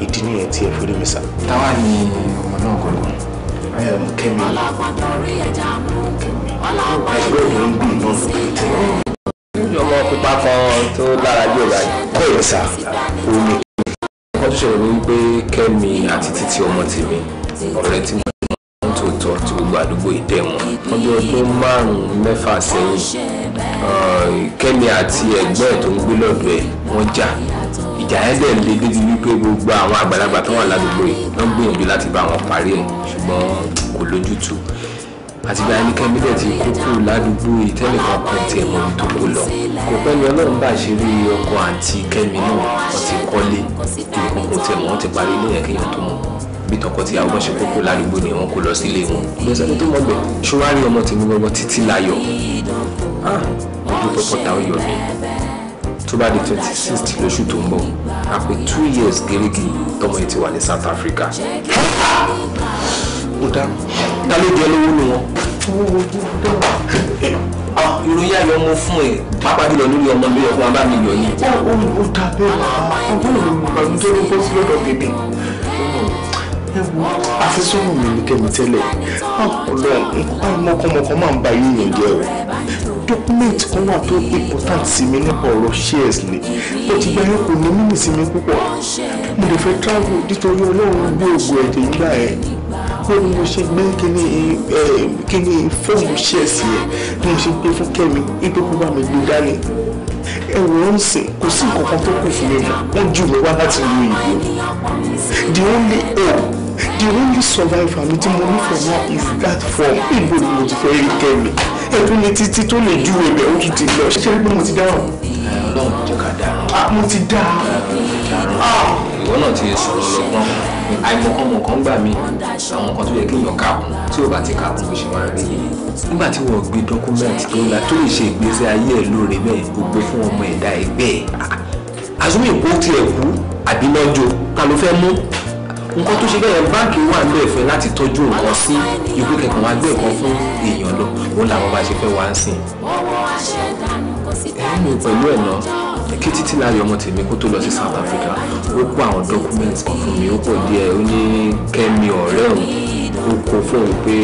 ìdí nìyẹn tí ẹ fi rí mi sá. táwa ni ọmọ náà gọ̀ọ́gọ̀ Kẹ́mi aláàpá ìlú òyìnbó ń ọmọ pupa kan tó lára bí ọ̀la yìí. bẹ́ẹ̀ sà ó wọ́n tún ṣẹlẹ̀ ní kẹ́mi àti títí ọmọ tèmi ọ̀rẹ́ tí mo mọ̀ ń tó tọ́ tí gbogbo àdúgbò ìdẹ́ wọn. wọ́n ọdún márùn-ún mẹ́fà sẹ́yìn kẹ́mi àti ẹ̀gbọ́n ẹ̀ tó ń gbé lọ́dọ̀ ẹ̀ wọ́n jà ìjà yẹn dẹ̀ le débi wípé gbogbo àwọn àgbàlagbà tó wà ládùúgbò yìí wọ́n gbìyànjú láti bá wọn parí ẹ̀ ṣùgbọ́n kò lójútùú àtìgbà ẹnikẹ́ni bẹ́ẹ̀ ti kókó ládùúgbò ìtẹ́nìkan kan ti ẹ̀mọ́ mi tó kó lọ kò pẹ́ ni ọlọ́run bá ṣe rí ọkọ̀ àǹtí kẹ́mi náà wọ́n ti kọ́lé ìgbọ̀n kò tiẹ̀ mọ́ wọ́n ti parí ilé yẹn kéèyàn tó mọ́ bí tọkọtìyàwó bá ṣe kókó ládùúgbò ni wọ́n kó lọ sílé wọn gbèsè tó mọ̀ gbẹ̀ ṣùwárí ọmọ tèmi gbọ́gbọ́ títí láyọ̀ ah, mo dúpẹ́ pọ́tà ọyọ̀ mi tó bá di twenty sixth lóṣù tó ń bọ̀ àpè two years gẹ́gẹ́ tọmọ yìí ti wà ní South Africa kò dáhùn ta ló jẹ lówó nu wọn. Ah, ìròyìn ayọ̀ mo fún ẹ pápá jùlọ lórí ọmọ mi ọkùnrin abá mi yọ yìí. ó ta bẹ́ẹ̀ wá ọgbọ́n ìgbàlódé tó ní kó sí lọ́dọ̀ bèbè àfisọ́nù mi ní kẹ́mi tẹ́lẹ̀ ah, ọlọ́run nípa máa ń ba yíyan jẹ́ o dọ́kúmẹ̀ntì kan wà tó important sí mi nípa ọ̀rọ̀ shares ni bó ti gbẹ́rẹ́ kò ní mímì sí mi púpọ̀ mo lè fẹ́ travel nítorí ọlọ́run gbé ògùn ẹ̀jẹ̀ yíyá ẹ̀ ó ní mo ṣe gbé kíní kíní fóònù ṣẹ̀ sí ẹ ni mo ṣe gbé fún kẹ́mi ibi kó mi gbé dání ẹ̀rọ ń sìn kò sí nǹkan tó kù fún mi mọ́ wọ́n jù mí wá láti lu ìlú the only hope the only survivor mi tí mo nífẹ̀ẹ́ náà is that form ibo ni mo ti fẹ́ rí kẹ́mi ẹ̀dùn ni títí tó lè ju ẹ̀bẹ̀ ó tún ti lọ ṣé pé mo ti dáhùn. ọlọ́run jẹ́ ká dáa. Ah, mo ti dáa ìwọ náà ti sọ̀rọ̀ lọ́gbọ́n àìmọ̀kànmọ̀kàn gbà mí àwọn nǹkan tó yẹ kí èèyàn kàkún tí ò bá ti kàkún bó ṣe máa rí nígbà tí wọ́n gbé dọ́kúmẹ́ǹtì tó la tó lè ṣe ìgbésẹ̀ ayé ẹ̀ lóore bẹ́ẹ̀ gbogbo fún ọmọ ẹ̀dá ẹgbẹ́ ẹ̀ àzúmí ìkó tiẹ̀ kú àbí lọ́jọ́ ká ló fẹ́ mú nǹkan tó ṣe bẹ́ẹ̀ báńkì wà ń bẹ̀ fẹ́ láti tọ́jú nǹkan sí ikú kẹkàn wá gbé nǹkan fún èèyàn lọ òun làwọn bá ṣe fẹ́ wá ń sìn. ẹ̀ ń mi pẹ̀lú ẹ̀ náà kí títí láàyè ọmọ tèmi kó tó lọ sí South Africa ó kó àwọn documents kan fún mi ó pọ̀ díẹ̀ ó ní kẹ́mi ọ̀rẹ́ òun ó kó fóun pé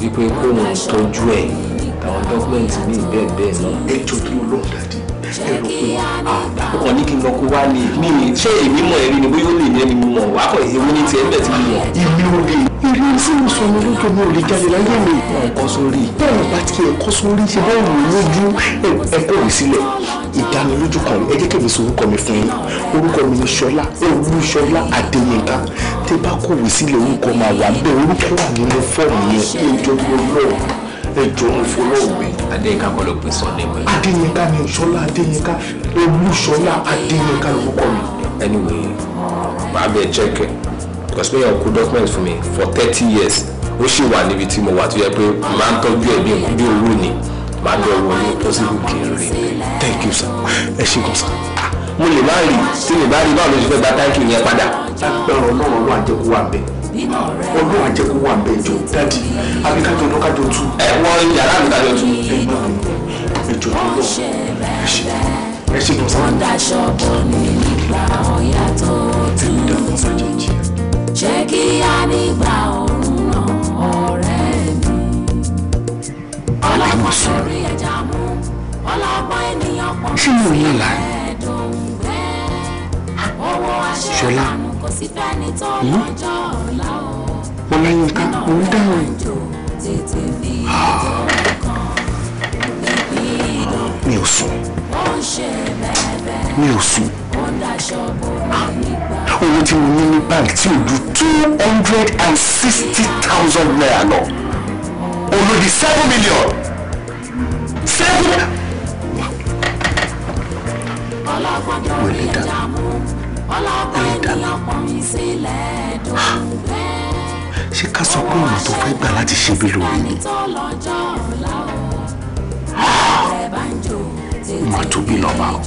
wípé kóun tọ́jú ẹ̀ àwọn documents mi bẹ́ẹ̀ bẹ́ẹ̀ lọ. ẹ jọ tó lóun dàdí ẹ̀rọ pé ọkọ̀ ní kí n lọ kó wá ní mi ṣé èmi mọ̀ ẹ̀rí ni bóyá ó lè ní ẹni mo mọ̀ wákọ̀ èwo ní tiẹ̀ níbẹ̀ tí mo mọ̀. ìlú òde ìlú tí mo sọ ní lójú mi ò lè jáde láyé mi. ọkọ sórí. bẹ́ẹ̀ bá ti ẹ̀kọ́ sórí ṣe bẹ́ẹ̀ wò lójú ẹ̀kọ́ rẹ̀ sílẹ̀ ìdánilójú kan ẹ jẹ́ kẹ́mi sọ orúkọ mi fún yín orúkọ mi ni ṣọlá olúṣọlá adéyínká tẹ bá kọ̀wé sílẹ̀ orúkọ máa wà ń bẹ orúkọ wà nínú fọ́ọ̀mù yẹn ní ìjọba ọlọ́run ẹjọ́ ìfọlọ́wé. adéyínká kọ́ ló pe sunday mọ́. adéyínká ni ìṣọlá adéyínká olúṣọlá adéyínká lórúkọ mi. anyway màá bẹ chẹ́kẹ̀ because mayor kó document fún mi for thirty years ó ṣì wà níbi tí mo wà tó yẹ pé màá ń tọ́jú ẹ̀ bí owó ni màá lọ wọ ní possible kiri. thank you sir ẹ ṣe kàn sir. Ah, mo lè má rí tí mi bá rí báwo ló ṣe fẹ́ gba táǹkì yẹn padà. lágbára ọlọ́run wà jẹ́ kó wà bẹ́ẹ̀ ọlọ́run àjẹkù wà bẹ́ẹ̀ jọ dáàdì abíkájọ ọdún kájọ tú. ẹ wọ yàrá mi kájọ tú. ẹ gbà mí ẹjọ ọlọ́run ẹ ṣe ẹ ṣe lọ sáwọn. ọ̀dàṣọ bò ní nígbà ọ̀yà tó tú jẹ́ kí á nígbà ọ̀run náà ọ̀rẹ́ mi. ọlọ́pàá sọ̀rọ̀ ọlọ́pàá ènìyàn pọ̀ sí ẹ̀dùn bẹ́ẹ̀ kò sí fẹ́ni tó hmm? lọ́jọ́ ọ̀la o. ọ̀làyínká ò ń dáhùn. mi ò sùn. mi ò sùn. Ah! owó tí mo ní ní báńkì tí ò ju two hundred and sixty thousand naira lọ olódi seven million seven. ọlọ́gbọ́n tó ìdáná ṣé ká sọ pé ọ̀nà tó fẹ́ gbà láti ṣe bí lórí ni mà tó bí lọ́ba o.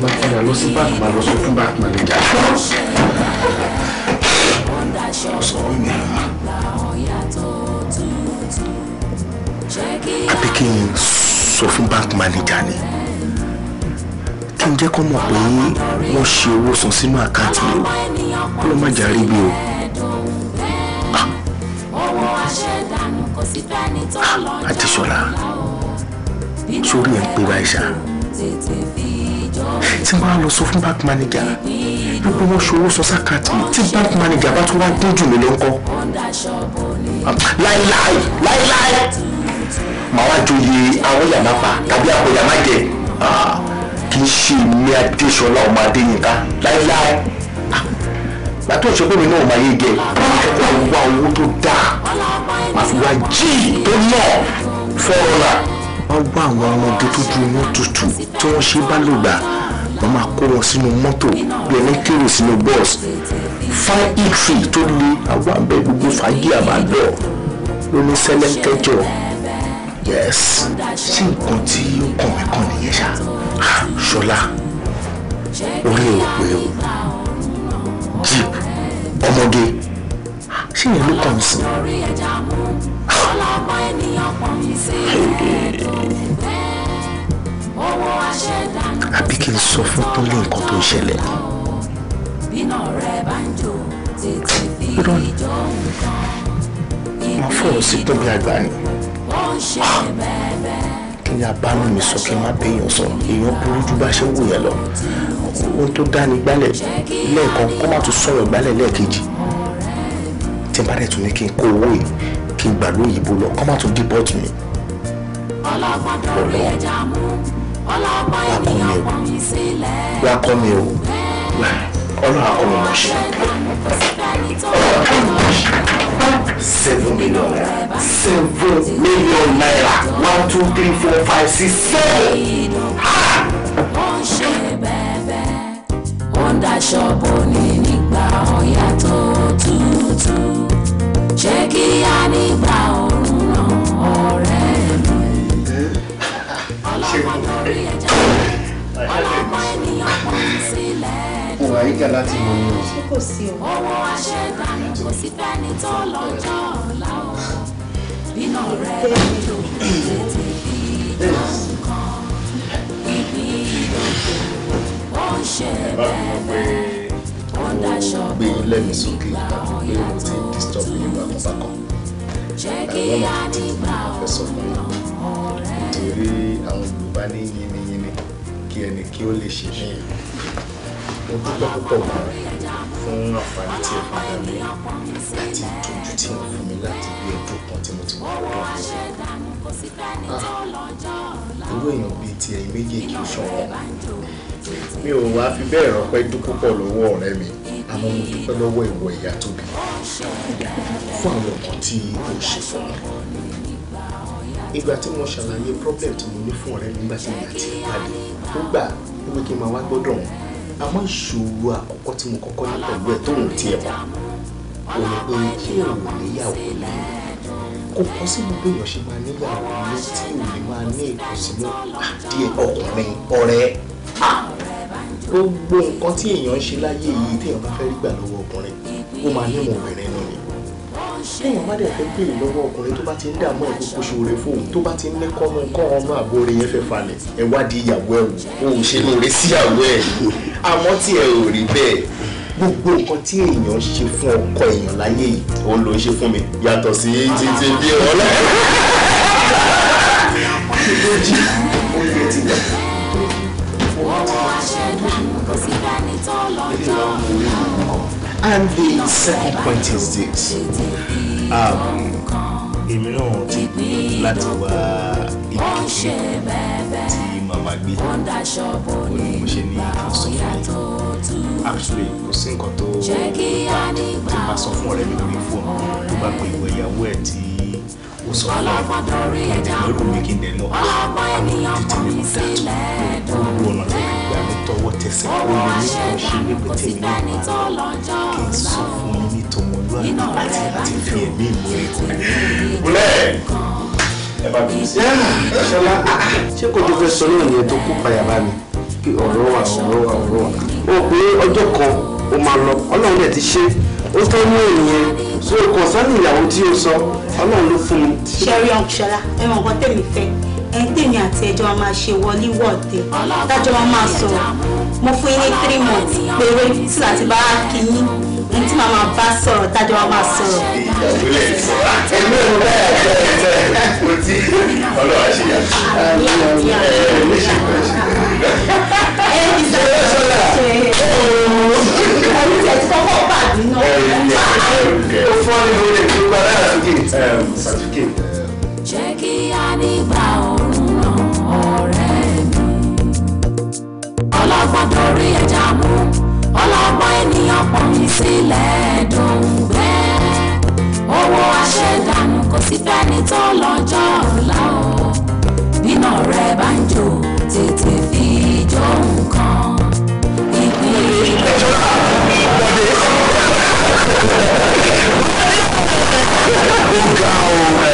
má ti yà lọ sí báàkì máa lọ sọ fún báàkì manager. sọ wí mi rà. àbí kí n sọ fún báàkì manager ni kí n jẹ́ kó mọ̀ pé wọ́n ṣe owó san sínú àkáǹtì mi o kó ló má jà rí gbé o. Ah, àdìsọ́lá sórí ẹ̀ ń pè báyìí ṣá tí wọ́n á lọ sọ fún bank manager wípé wọ́n ṣe owó sákàtì tí bank manager bá tún wá dé jù mí ló láíláí láíláí màá wá joyè àwọn yàrá pa tàbí àpò yàrá jẹ. Ah kì í ṣe èmi adéṣọlá ọmọ adéyínká láíláí látọ̀ ṣe mi náà máa yé jẹ wá wá owó tó dáa máa jí tó náà fọ́ọ̀rọ̀là wọ́n gbọ́ àwọn ọmọdé tó ju inú tutù tí wọ́n ṣe bá lògbà wọ́n máa kó wọn sínú mọ́tò bí ẹni kéré sínú bọ́ọ̀sì fa ife tó le àwọn abẹ gbogbo fàájì àbádọ́ lóní sẹ́lẹ̀ kẹjọ yẹ́sì sí nǹkan tí ó kàn mí kàn nìyẹn ṣáà ṣọlá orí òpè o jeep ọmọge ṣé yẹn ló kàn sí. àbí kí n sọ fún Kúnlé nǹkan tó ń ṣẹlẹ̀ irọ́ ni wọ́n fọ̀rọ̀ sí tóbi àgbà ni tí a bá rán mi sọ kí n má bẹ èèyàn sọ̀rọ̀ èèyàn burú ju bá ṣe wù yẹn lọ ohun tó dání gbálẹ̀ lẹ́ẹ̀kan kó má tún sọ̀rọ̀ gbálẹ̀ lẹ́ẹ̀kejì tí n bá dẹ̀ tún ní kí n kó owó yìí kí n gbà lóyìnbó lọ kó má tún deport mi. ọlọ́pàá torí ẹja mú ọlọ́pàá wàá kọ́ mi o ọlọ́pàá kọ́ mi mọ̀ ṣe seven million naira seven million naira one two three four five six seven. ó ní nígbà ọ̀yà tó tútù ṣé kí á nígbà òórùn náà ọ̀rẹ́ mi. ọlọ́pàá lórí ẹ̀. Àyíká láti mọ ní ọ̀sẹ̀. Kò sí o. Owó aṣẹ́dàní kò sí fẹ́ni tó lọ́jọ́ ọ̀la o. Bínú rẹ̀ nílò tètè bí kankan. Ibi ìdókè ó ń ṣe bẹ́ẹ̀ ó daṣọ bọ̀ nígbà ọ̀yà tó tó. Jẹ́ kí àdìgbà ọ̀nà ọ̀rẹ́. Torí àwọn Yorùbá ní kí ẹni kí ó lè ṣe ní mo dúpẹ́ púpọ̀ fún àǹfààní tí ẹ fún gbà mí láti tọ́jú tí mo fún mi láti bí ọdún kan tí mo ti wà lọ́dọ̀ mi. Ah, irú èèyàn bíi ti ẹ̀yin méjèèjì ó ṣọ̀wọ́n mi ò wá fi bẹ́ẹ̀ rọpẹ́ dúpọ̀ lọ́wọ́ ọ̀rẹ́ mi àmọ́ mo dúpẹ́ lọ́wọ́ ìwọ ìyá tóbi fún àwọn nǹkan tí o ṣe fún mi. ìgbà tí mo ṣàlàyé problem tí mo ní fún ọ̀rẹ́ mi nígbà tí mo àti ìpàdé ó gbà ó pé kí n máa wá gbọ́dọ̀ wọn àmọ́ ìṣòro àkọ́kọ́ tí mo kọ́kọ́ ní pẹ̀lú ẹ̀ tóun tiẹ̀ mọ́ òun pé kí èrò níyàwó ní kò kọ́ sí gbogbo èèyàn ṣe máa níyàwó ní tí ò ní máa ní ìkùnsínú ah, díẹ̀ ọkùnrin ọ̀rẹ́ ah, gbogbo nǹkan tí èèyàn ń ṣe láyé yìí tí èèyàn bá fẹ́ rí gbà lọ́wọ́ ọkùnrin ó máa ní ìmọ̀ obìnrin téèyàn bá dẹ̀ fẹ́ béèrè lọ́wọ́ ọkùnrin tó bá ti ń dààmú ẹ̀ kókó ṣòro fóun tó bá ti ń ní kọ́ ọmọ àbò rẹ̀ yẹn fẹ́ falẹ̀ ẹ wádìí ìyàwó ẹ̀ wò ó ṣe lóore síyàwó ẹ̀ àmọ́ tí ẹ ò rí bẹ́ẹ̀ gbogbo nǹkan tí èèyàn ṣe fún ọkọ èèyàn láyé yìí òun ló ń ṣe fún mi yàtọ̀ sí títí bí ọlọ́ And the second point is this. Um, èmi náà ti gbìyànjú láti wá ibi kékeré tí màmá gbé òní mo ṣe ní kí n actually kò sí nǹkan tó bá ti bá sọ fún ọ̀rẹ́ mi lórí fóònù tó bá pe ìwọ ìyàwó ẹ̀ tí ó sọ fún ọ kí n dẹ̀ lọ́rù mi kí n dẹ̀ mọ́ àwọn títí mi kò dáa gbogbo ọ̀nà tó fi gbà mí tọwọ́ tẹsẹ̀ ó lè ní kò nípa tèmi nípa kí n sọ fún yín nítorí àti àti fi èmi ṣé kò tó fẹ́ sọ náà nìyẹn tó kó payà bá mi? ọ̀rọ̀ wà ọ̀rọ̀ wà ọ̀rọ̀ wà. O pé ọjọ́ kan o máa lọ, Ọlọ́run dẹ̀ ti ṣe é, ó mú ènìyàn. So kọ̀sánì ìyàwó tí o sọ, Ọlọ́run ló fún mi. Ṣé ọ̀ṣọ́lá, ẹ̀wọ̀n kan tèmi fẹ́ ẹ̀ń àti ẹjọ́ máa ṣe wọlé wọ̀de dájọ́ wọn máa sọ̀rọ̀ mo fún yín ní three months péré tí láti bá kí yín ẹ̀ń tí màmá bá sọ̀rọ̀ dájọ́ wọn máa sọ̀rọ̀. ìyàwólẹ̀ ẹ̀mí ò bá yàtọ̀ ẹ̀jẹ̀ mo ti ọlọ́wà ṣe yàtọ̀ ẹ̀ ní ṣe pẹ̀ ṣe. ẹ ní sọ̀rọ̀ sọ̀rọ̀ ṣe ẹ̀rù tẹ̀ tí kọ́kọ́ bàdí náà. ẹ̀rù tẹ̀ tí kọ́kọ́ bàdí náà. ó fọ́ ní jẹ́ kí a nígbà ọ̀run ràn ọ̀rẹ́ mi. ọlọ́gbọ́n dorí ẹja mú ọlọ́gbọ́n ènìyàn pọ̀ mí sílẹ̀ dòǹgbẹ́. owó aṣẹ́dànù kò sí fẹ́ni tó lọ́jọ́ ọ̀la o. bínú rẹ̀ bá ń jò tètè fi jó nǹkan. ìpínlẹ̀ ìjọba ìpàdé. ó ga ọ̀rẹ́.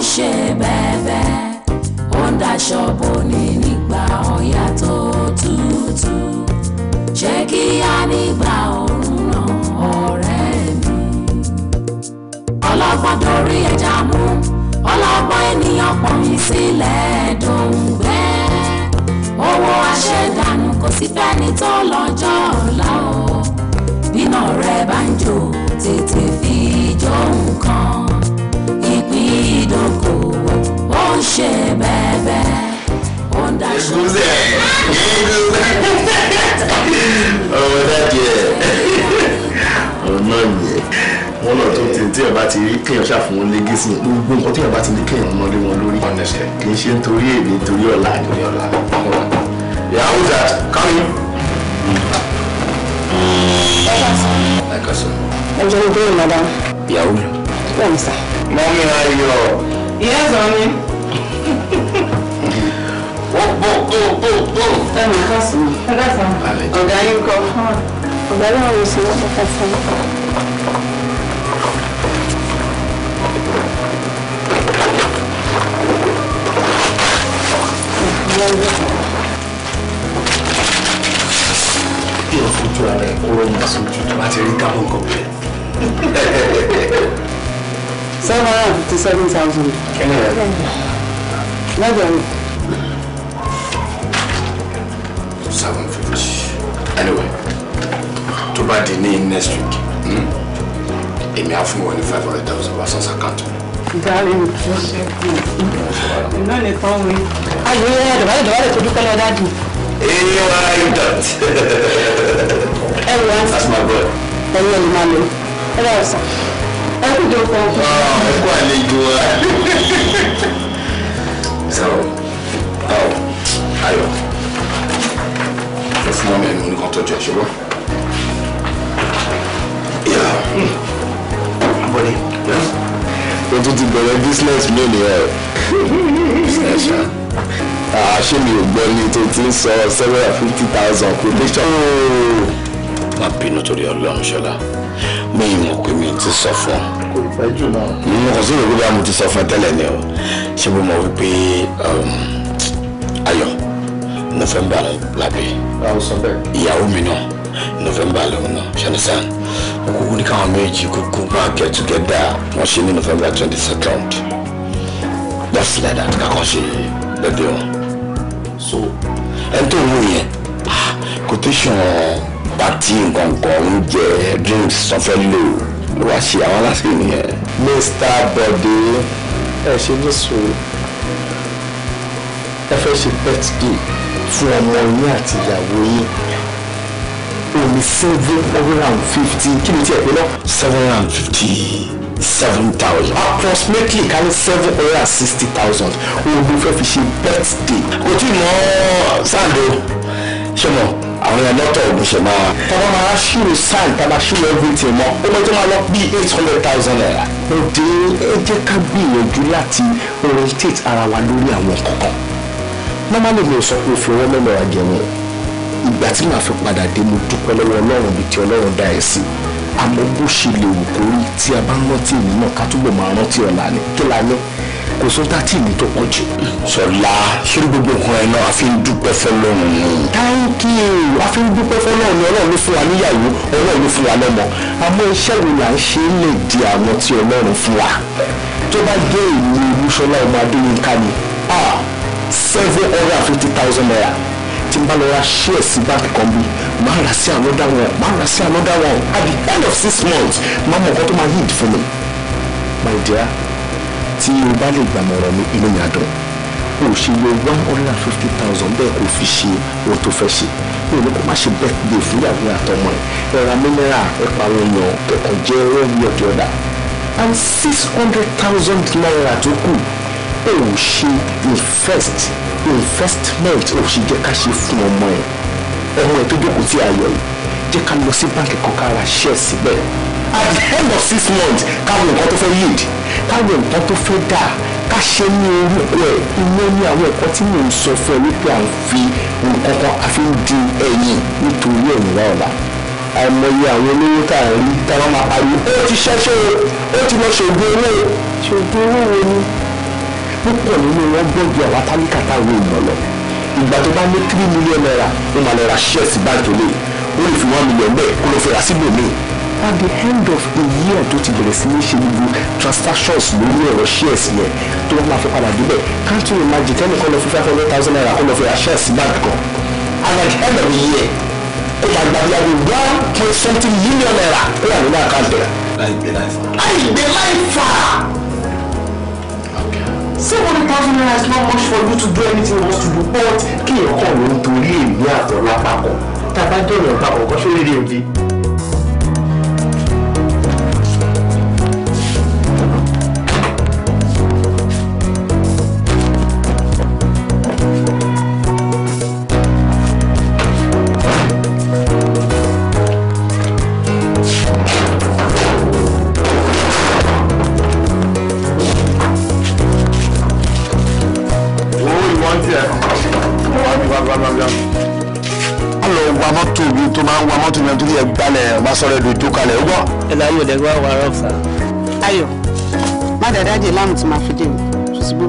ń ṣe bẹ́ẹ̀bẹ́ ó ń daṣọ boni nígbà ọ̀yà tó tútù ṣé kí á nígbà òórùn náà ọ̀rẹ́ mi. ọlọ́gbọ́n dorí ẹja mú ọlọ́gbọ́n ènìyàn pọ̀ mí sílẹ̀ dòǹgbẹ́ owó aṣẹ́dànù kò sí fẹ́ni tó lọ́jọ́ ọ̀la. ọmọ dáàdi ẹ ọ̀nà yẹn wọn náà tó ti tí ẹ bá ti rí kéèyàn ṣàfihàn légé sí gbogbo nǹkan tí ẹ bá ti rí kéèyàn mọ lé wọn lórí kì í ṣe nítorí èdè nítorí ọ̀la nítorí ọ̀la yahoo dat kánú. ẹjọ́ ló dé madam. yahoo. bẹ́ẹ̀ ni sà. mọ́mí ayọ̀. yes mọ́mí. *laughs* bò bò bò bò. ẹnì kan sùn ọ̀gá sùn ọ̀gá yín kọ́ ọ̀gá náà wò sí ọ̀gá sùn. kí o fojú ara ẹ kúrò ní aṣojú tó bá ti rí káwọn nǹkan bẹ́ẹ̀. seven hundred to seven thousand. kẹ́lẹ́ rẹ̀ lọ́dọ̀ rẹ̀. bá di ní next week hmm, èmi á fún wọn ní five hundred thousand wá sọ́sà kàtó. ìdarí mi kì í ṣe kú iná lè tán mi. ayò yẹn dọ̀bálẹ̀ dọ̀bálẹ̀ tó dúpẹ́ lọ dájú. èèyàn ara yóò dàt. ẹ wọ ẹ ẹyẹ lè máa lò ẹ lọ sàn ẹ kú jọ pọ. Ah, ẹ kú àlejò wa. sọ̀rọ̀ báwo oh, ayọ̀ ẹ fún ọmọ ẹni oníkan tọ́jú ẹ̀ ṣùgbọ́n. Yeah. O tún ti bẹ̀rẹ̀ business mi nìyẹn. Business ṣá. Àṣé mi ò gbọ́ ni tó ti ń sọ seven hundred fifty thousand quotation. Má bínú torí Ọlọ́run ṣọlá. Mi ì mọ̀ pé mi ti sọ fún ọ. Kò fẹ́ jù náà. Mo kàn sí ìròyìn bí mo ti sọ fún ẹ tẹ́lẹ̀ ni o. Ṣé mo mọ̀ wípé um, ayọ̀ November lábẹ́. Ìyàwó mi náà November lòun náà ṣe ní sáà kúkú ní káwọn méjì kúkú máa get together wọ́n ṣe ní November 22nd? That's like that kakọ́ ṣe lọ́dẹ wọn. so ẹni tó ń wò yẹn ah, quotation pati nkankan oúnjẹ drinks sanfẹ lò ló wá ṣe àwọn aláṣẹ nìyẹn. Mr. Bode ẹ ṣe ní sùúrù ẹ fẹ́ ṣe birthday fún ọmọ yín àti ìyàwó yín ó ní seven hundred and fifty kí ni tí ẹ pé náà. seven hundred and fifty seven thousand. approximately ká ní seven hundred and sixty thousand òun ló fẹ́ fi ṣe birthday. kò tí ì mọ sáàdó ṣe mọ àwọn ẹ̀ lọ́tọ̀ ò ní ṣe máa. tọ́wọ́ máa ṣírò sáàn tàbá ṣírò everything mọ́ ó mọ́ tó máa lọ bí eight hundred thousand naira. ó dé ẹ jẹ́ ká gbìyànjú láti orientate ara wa lórí àwọn kankan. normally mi ò sọ pé òfin wọn mẹ́mọ̀ra jẹun ìgbà tí màá fi padà dé mo dúpẹ́ lọ́wọ́ ọlọ́run bíi ti ọlọ́run dá ẹ sí àmọ́ bó ṣe lè wù kó rí tí a bá ń rántí èmi náà ká túbọ̀ máa rántí ọ̀la ni kí la ní kò sọ dátì mi tó pọ̀ jù. sọlá sórí gbogbo nǹkan ẹ náà a fi ń dúpẹ́ fọlọ́run ni. thank you a fi ń dúpẹ́ fọlọ́run ni ọlọ́run ló fún wa níyàwó ọlọ́run ló fún wa lọ́mọ àmọ́ iṣẹ́ wo là ń ṣe é lè di àwọn tí ọlọ́run fún wa tó bá jẹ́ èmi olúṣọlá ọmọ adéyínká ni ah, seven hundred and fifty thousand naira tí n bá lọ ra ṣíẹ̀ sí báńkì kan bí máa rà sí another one máa rà sí another one at the end of six months máa mọ nǹkan tó máa yíìd fún mi. my dear tí o bá lè gbàmọ̀ràn mi inú mi á dùn o ṣe lo one hundred and fifty thousand bẹ́ẹ̀ kò fi ṣe ohun tó fẹ́ ṣe mi ò ní kó má ṣe birthday fún ìyàwó àtọmọ ẹ ẹra mineral ẹ pàrọ̀ kẹ̀kọ́ jẹ́ ẹrẹ́ mi ọ̀dẹ̀ ọ̀dà and six hundred thousand naira tó kù ò ṣe invest investment ò ṣe jẹ́ ká ṣe fún ọmọ ẹ̀ ọmọ ẹ̀ tó jókòó tí a yọ yìí jẹ́ ká lọ sí báńkì kan ká ra ṣẹ́ẹ̀ síbẹ̀ at the end of six months káwọn nǹkan tó fẹ́ yield káwọn nǹkan tó fẹ́ dà ká ṣe ní orúkọ ẹ̀ iná ní àwọn ẹ̀kọ́ tí mò ń sọ fún ẹ wípé à ń fi nǹkan kan àfi ń di ẹ̀yìn nítorí ẹ̀yìn náà ọ̀la àìmọye àwọn olówó tá a rí táwọn máa pariwo ó ti ṣẹ́ṣẹ́ o ó ti lọ ṣògbó owó ṣògbó owó wo ni púpọ̀ nínú wọn gbọ́dọ̀ àwa tálíkàtà ìwé ìmọ̀lẹ̀ ìgbà tó bá ní three million naira ó máa lọ ra shares báyìí tó ó lè fi one million bẹ́ẹ̀ kó lọ fẹ́ ra síbòmí at the end of the year tó ti bẹ̀rẹ̀ sí ní ṣe gbogbo transactions lórí ẹ̀rọ shares yẹn tó wọ́n máa fi padà débẹ̀ káàtó ìmájì tẹ́lẹ̀ kọ́ lọ fi five hundred thousand naira kọ́ lọ fi ra shares bank kan at the end of the year ó máa gba bí aago one point something million naira ó wà nínú àkáǹtì rẹ̀. láì gbé láì fà. láì gbé láì fà seven thousand naira is not much for you to do anything you want to do but kí èèyàn kàn ló ń torí èmi àtọ̀ lápapọ̀ tàbá dọ̀rọ̀ ìpapọ̀ kan ṣó rere òde. bá sọ̀rọ̀ ẹ̀dùn tó kalẹ̀ ó gbọ́. ẹ̀là ayọ̀ lẹ́gbẹ́ wa wà rọ́ọ̀sà. ayọ̀ má dàda jẹ láàmù tí màá fi dé mi ṣùṣùbù.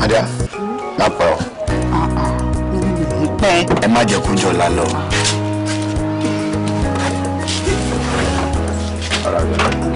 madam má pa ọ. ẹ má jẹ kújọ lálọ. Thank you.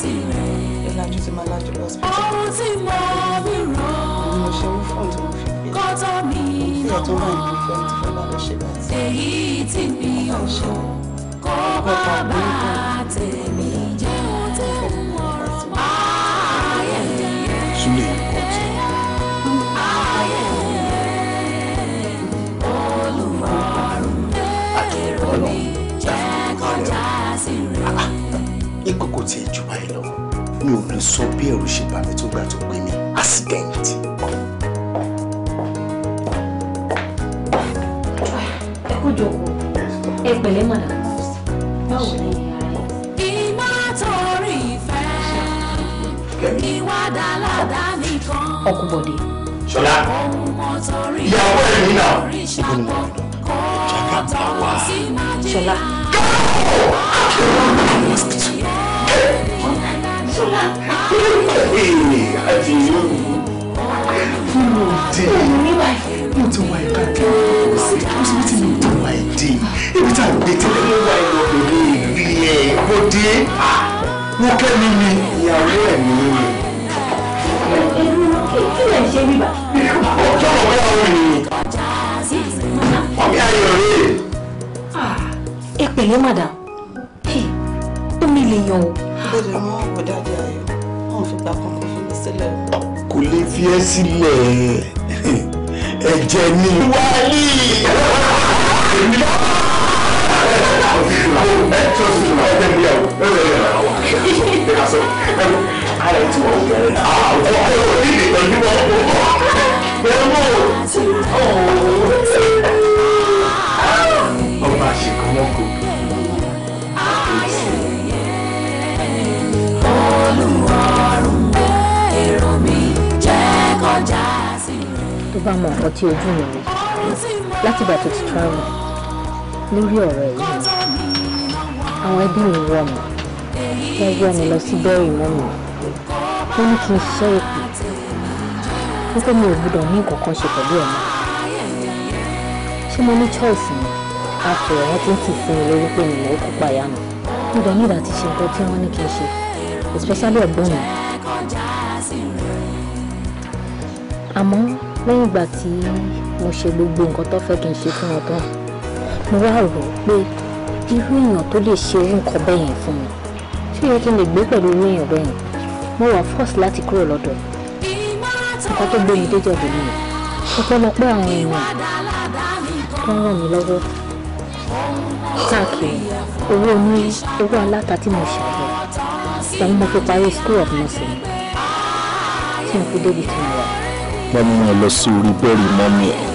sí rẹ̀. ìlàjú ti máa lájú lọ sí. ohun fi gbé. kọ́tọ́ bá bá ti. jẹ́. ìkòkò tí ì jù báyìí lọ mi ò lè sọ bí ẹ̀rù ṣe bà mí tó gbà tó pé mi accident. ẹ kú jókòó ẹ pẹ̀lẹ́ màdàmú báwo ni ara yìí. ìmọ̀ torí ìfẹ́ ìwà dáadáa nìkan. ọkùnbọ̀dé. ṣọlá ìyàwó ẹ̀ nínà ìbò ni mo lọ jàgàbá ṣọlá. Ṣọlá. Ee, àti yóò kí ló dé? Mo ti wá ìka kí n sí. Mo ti ti mi ti wá ìdí. Ibi tá a gbé tẹ́lẹ̀ ló wá ìlọ pẹ̀lú ìrí ẹ̀. Mo dé. Mo kẹ́ mi ni. Ìyàwó ẹ̀ mi ni. Kí lè ṣe bíbá? Ọjọ́ ọ̀gá ọ̀rọ̀ mi ni. Ọ̀gá ayọ̀ rẹ̀. Ẹ pẹ̀lẹ́ màdàm. Omi lè yàn o bẹ́ẹ̀ ni wọ́n wọ dájú ayọ̀ wọ́n fi kò lè fi ẹ́ sílẹ̀ ẹ tọ́sí ìlú ẹgbẹ́ mi àwọn ẹgbẹ́ tó bá mọ nǹkan tí ojú mi rí láti ìgbà tó ti travel lórí ọ̀rọ̀ ẹ̀yìn mi àwọn ẹbí mi wọ̀ mí wọ́n wọ́ mi lọ sí bẹ́ẹ̀rì mọ́ mi wọ́n ní kí n ṣiṣẹ́ ìpè wípé mi ò gbọ́dọ̀ ní nǹkan ṣe pẹ̀lú ẹ̀ ṣé mo ní choice ni afọ ẹ̀wọ̀n tí ń tì sí mi lórí pé mi ò kópa ìyá mi mo dẹ̀ nígbà tí ṣe nǹkan tí wọ́n ní kí n ṣe especially ẹ̀gbọ́n mi àmọ́ lẹ́yìn ìgbà tí mo ṣe gbogbo nǹkan tó fẹ́ kí n ṣe fún wọn tán mo wá rò ó pé irú èèyàn tó lè ṣe irú nǹkan bẹ́ẹ̀ yẹn fún mi ṣé yẹ kí n lè gbé pẹ̀lú irú èèyàn bẹ́ẹ̀ yẹn mo wà force láti kúrò lọ́dọ̀ nǹkan tó gbé mi dé jọ̀dọ̀ mi ọ̀pọ̀lọpọ̀ àwọn èèyàn tó ń ràn mí lọ́wọ́ káàkiri owó ní owó aláta tí mo ṣàyẹ̀ lẹ́yìn mo fi parí school of nursing tí mo fi débi tí mo wà wọ́n mú ẹ lọ sí orí bẹ́ẹ̀rì mọ́mí ẹ̀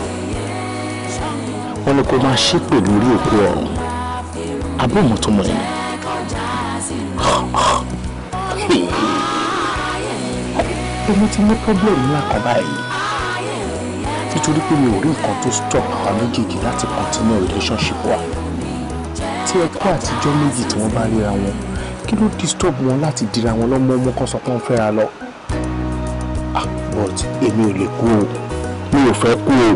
wọ́n ní kó máa ṣépè lórí òkú ọ̀run abóhùn tó èmi ti ní pọ́blẹ́mù ńlá kan báyìí nítorí pé mi ò rí nǹkan tó stop àwọn méjèèjì láti continue relationship wa tí ẹkọ àtijọ́ méjì tí wọ́n bá ríra wọn kí ló disturb wọn láti dira wọn lọ́mọ kan sọ pé wọ́n fẹ́ra lọ but èmi ò lè kú o mi ò fẹ́ kú o.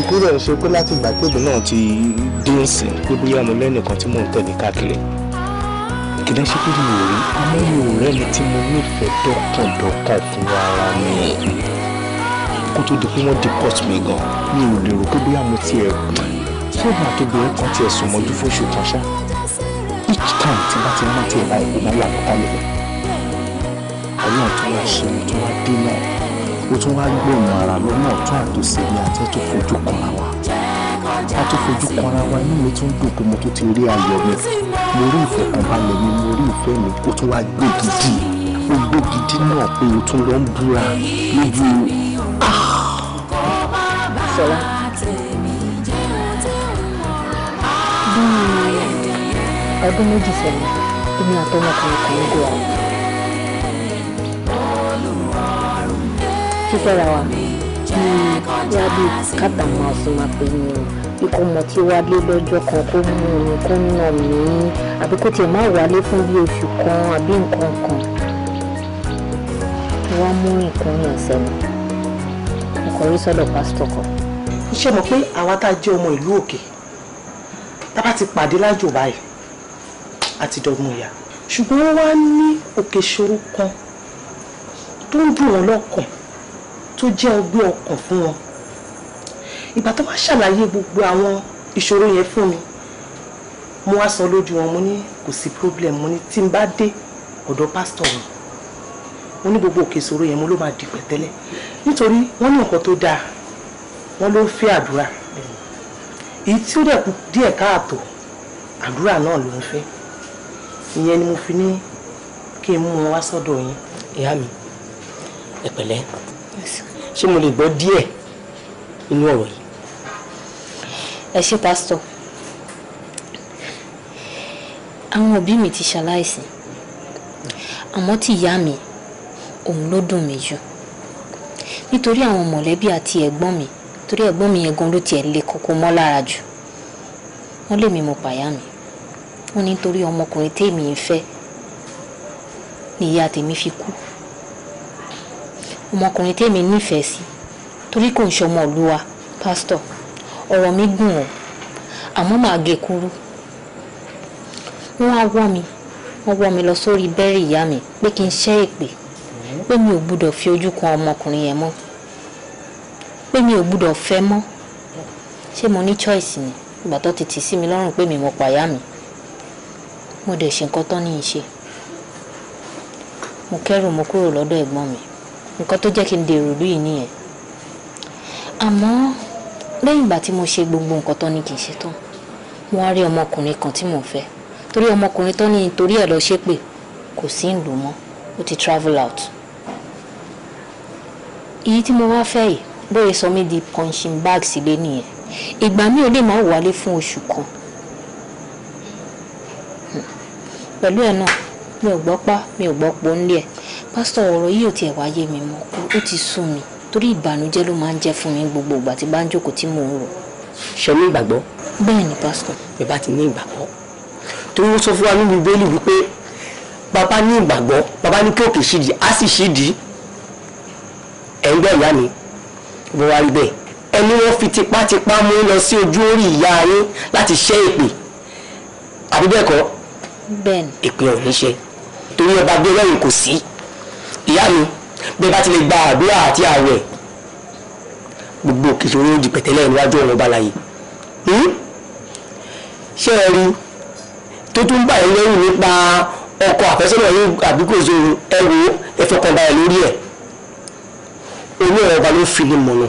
ikú ṣe pé láti ìgbà tèmi náà ti dé ìsìn pé bóyá mo lẹ́nìkan tí mò ń tẹ̀lé káàkiri kìdá ṣe pé mi ò rí àmọ́ mi ò rẹ́ni tí mo nífẹ̀ẹ́ dọ́kàndọ́kàn fún ara mi kó tó di pé wọ́n deport mi gan mi ò lérò pé bóyá mo ti ẹ̀ fóònù àtòbìnrin kan ti ẹ̀sùn mọ́jú fóṣù kan ṣá each time tí bá ti rántí ẹ̀ báyìí kò máa ọlọ́run tó wá ṣe mi tó wá dé náà ó tún wá gbòòrùn ara lọ́nà ọ̀tún àtòsí mi àti ẹ̀tún fojú kanra wa a tún fojú kanra wa inú mi tún dùn pé mo tún ti rí ayọ̀ mi mo rí ìfọ̀kànbalẹ̀ mi mo rí ìfẹ́ mi ó tún wá gbé gidi ó gbé gidi náà pé ó tún lọ ń búra lójú sọlá. Ah! bíi ọdún méjì sẹ́yìn èmi àtọmọkùnrin kan ń gbé ara. sísọ́ra wa bíi kata bíi kàtà máa sọ máa pè mí o ikọ̀ mọ̀ tí wálé lọ́jọ́ kan kó mú mi kó nà mí àbí kó tiẹ̀ má wálé fún bíi oṣù kan àbí nǹkan kan wọ́n mú nǹkan ní ọ̀sẹ̀ mi ọkọ̀ rí sọ́dọ̀ pásítọ̀ kan. iṣẹ́ mọ̀ pé àwa tá a jẹ́ ọmọ ìlú òkè tá a bá ti pàdé lájò báyìí àti dọ̀gbọ̀n ìyá ṣùgbọ́n wọ́n wá ní òkè ṣòro kan tó ń dùn wọ́n lọ́kàn tó jẹ́ ọgbẹ́ ọkàn fún wọn ìgbà tó wá ṣàlàyé gbogbo àwọn ìṣòro yẹn fún mi mo wá sọ lójú wọn mo ní kò sí problem mo ní tí n bá dé ọ̀dọ̀ pásítọ̀ mi mo ní gbogbo òkè ìṣòro yẹn mo ló máa di pẹ̀tẹ́lẹ̀ nítorí wọ́n ní nǹkan tó dáa wọ́n ló fẹ́ àdúrà èyí tí ó dẹ̀ kù díẹ̀ káàtó àdúrà náà ló ń fẹ́ ìyẹn ni mo fi ní kí n mú wọn wá sọ́dọ̀ yín. ìyá mi ẹ ṣé mo lè gbọ́ díẹ̀ inú ọ̀rọ̀ yìí. ẹ ṣé pásítọ̀ àwọn òbí mi ti ṣaláìsí àmọ́ tí ìyá mi òun ló dùn mí jù nítorí àwọn mọ̀lẹ́bí àti ẹ̀gbọ́n mi torí ẹ̀gbọ́n mi yẹn gan ló tiẹ̀ le koko mọ́ lára jù wọ́n lé mi mo pàyà mi wọ́n nítorí ọmọkùnrin tèmi ń fẹ́ ni ìyá tèmi fi kú ọmọkùnrin tèmi nífẹ̀ẹ́ sí torí kò ń ṣọmọ ìlú wa pásítọ̀ ọ̀rọ̀ mi gùn ọ́ àmọ́ màá gé e kúrú wọ́n á wọ́ mi wọ́n wọ́ mi lọ sórí bẹ́rì ìyá mi pé kí n ṣẹ́ èpè pé mi ò gbúdọ̀ fi ojú kan ọmọkùnrin yẹn mọ́ pé mi ò gbúdọ̀ fẹ́ mọ́ ṣé mo ní choice ni ìgbà tó ti tì sí mi lọ́rùn pé mi mo pàyà mi mo dẹ̀ ṣe nǹkan tán ní í ṣe mo kẹ́rù mo kúrò lọ́dọ̀ ẹ̀gbọ́n mi nǹkan tó jẹ́ kí n dèrò ìlú nìyẹn àmọ́ lẹ́yìn ìgbà tí mo ṣe gbogbo nǹkan tó ni kì í ṣe tán mo wá rí ọmọkùnrin kan tí mò ń fẹ́ torí ọmọkùnrin tó ní torí ẹ̀ lọ ṣépè kò sí ìlú mọ́ ó ti travel out èyí tí mo wá fẹ́ yìí bóyá sọ mí di punching bag sílé nìyẹn ìgbà mi ò lè máa wálé fún oṣù kan pẹ̀lú ẹ̀ náà mi ò gbọ́ pa mi ò gbọ́ po ẹ̀ pásítọ̀ ọ̀rọ̀ yìí ò tiẹ̀ wá yé mi mọ́ ó ti sú mi torí ìbànújẹ́ ló máa ń jẹ́ fún mi gbogbo ìgbà tí bá ń jókòó tí mò ń rò. ṣe ní ìgbàgbọ́. bẹ́ẹ̀ ni pásítọ̀. bí bá ti ní ìgbàgbọ́ torí wọ́n sọ fún wa ní bíbélì wípé bàbá ní ìgbàgbọ́ bàbá ní kí òkè ṣídìí á sì ṣídìí ẹ̀ ìyá mi bó wá rí bẹ́ẹ̀ ẹni wọ́n fi tipátipá mú lọ sí ojú orí ìyá yín láti ṣẹ́ èpè àbí bẹ́ẹ̀ kọ́ èpè ò ní ṣe torí ọba gbẹ́rẹ́ yìí kò sí ìyá mi bẹ́ẹ̀ bá ti lè gba àdúrà àti ààwẹ̀ gbogbo kìsòrò di pẹ̀tẹ́lẹ̀ níwájú ọ̀run ọba láyé hmm? ṣé ẹ rí tó tún bá yín lẹ́rù nípa ọkọ àfẹ́sọ́nà yín àbí kò so ẹ wo ẹ fọkàn balẹ̀ lórí ẹ̀ olú ọ̀rọ̀ ọba ló fi lè mọ̀nà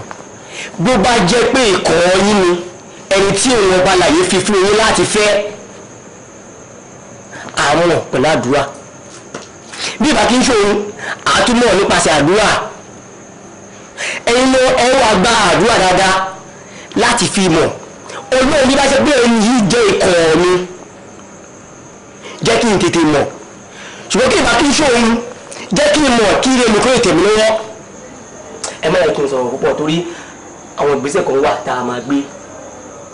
bó bá jẹ́ pé ìkọ̀ yín ni ẹni tí òun ọba láyé fi fún yín láti fẹ́ àwọn pẹ̀lú àdúrà bí ìbá kí n ṣòro àtúmọ̀ nípasẹ̀ àdúrà ẹ̀yin lọ ẹ wá gba àdúrà dáadáa láti fi mọ̀ olóòrùn bí bá ṣe bí ẹni yìí jẹ́ ikọ̀ mi jẹ́ kí n tètè mọ̀ ṣùgbọ́n kí ìbá kí n ṣòro jẹ́ kí n mọ̀ kí ilé mi kó ètè mi lọ́wọ́ ẹ má yẹ kí n sọ̀rọ̀ púpọ̀ torí àwọn ìgbésẹ̀ kan wà tá a máa gbé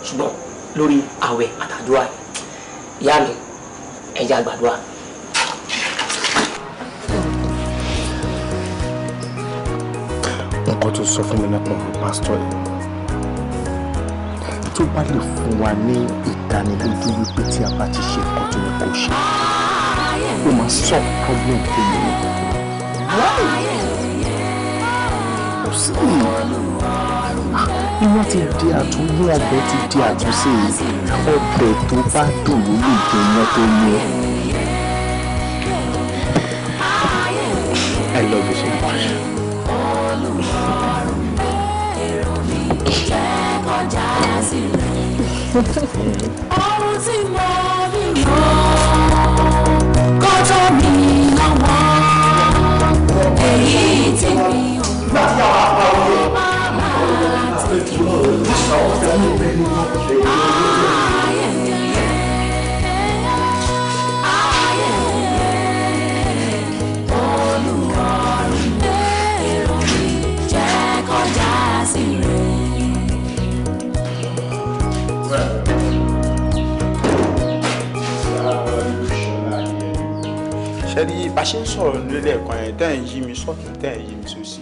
ṣùgbọ́n lórí àwẹ̀ àtàdúrà yá mi ẹ jẹ́ àgbàdúrà. nǹkan tó sọ fún mi nípa ọ̀rọ̀ pásítọ̀ yìí tó bá lè fún wa ní ìdánilójú wípé tí a bá ti ṣe nǹkan tó yẹ kó ṣe ó máa sọ problem tó yẹ kó sí iná ti di àtún ní ọbẹ̀ ti di àtúnṣe ọbẹ̀ tó bá dùn lórí ìjọba tó yẹ. I love you. sílẹ̀ ọrùn tí mo rí mọ́ kọjọ́ mi lọ́wọ́ èyí tí mi ò gbọ́ máa tètè. ṣẹ́rí bá ṣe ń sọ̀rọ̀ nílẹ̀ kan yẹn tẹ́ ẹ̀ ń yí mi sọ́tún tẹ́ ẹ̀ ń yí mi sósì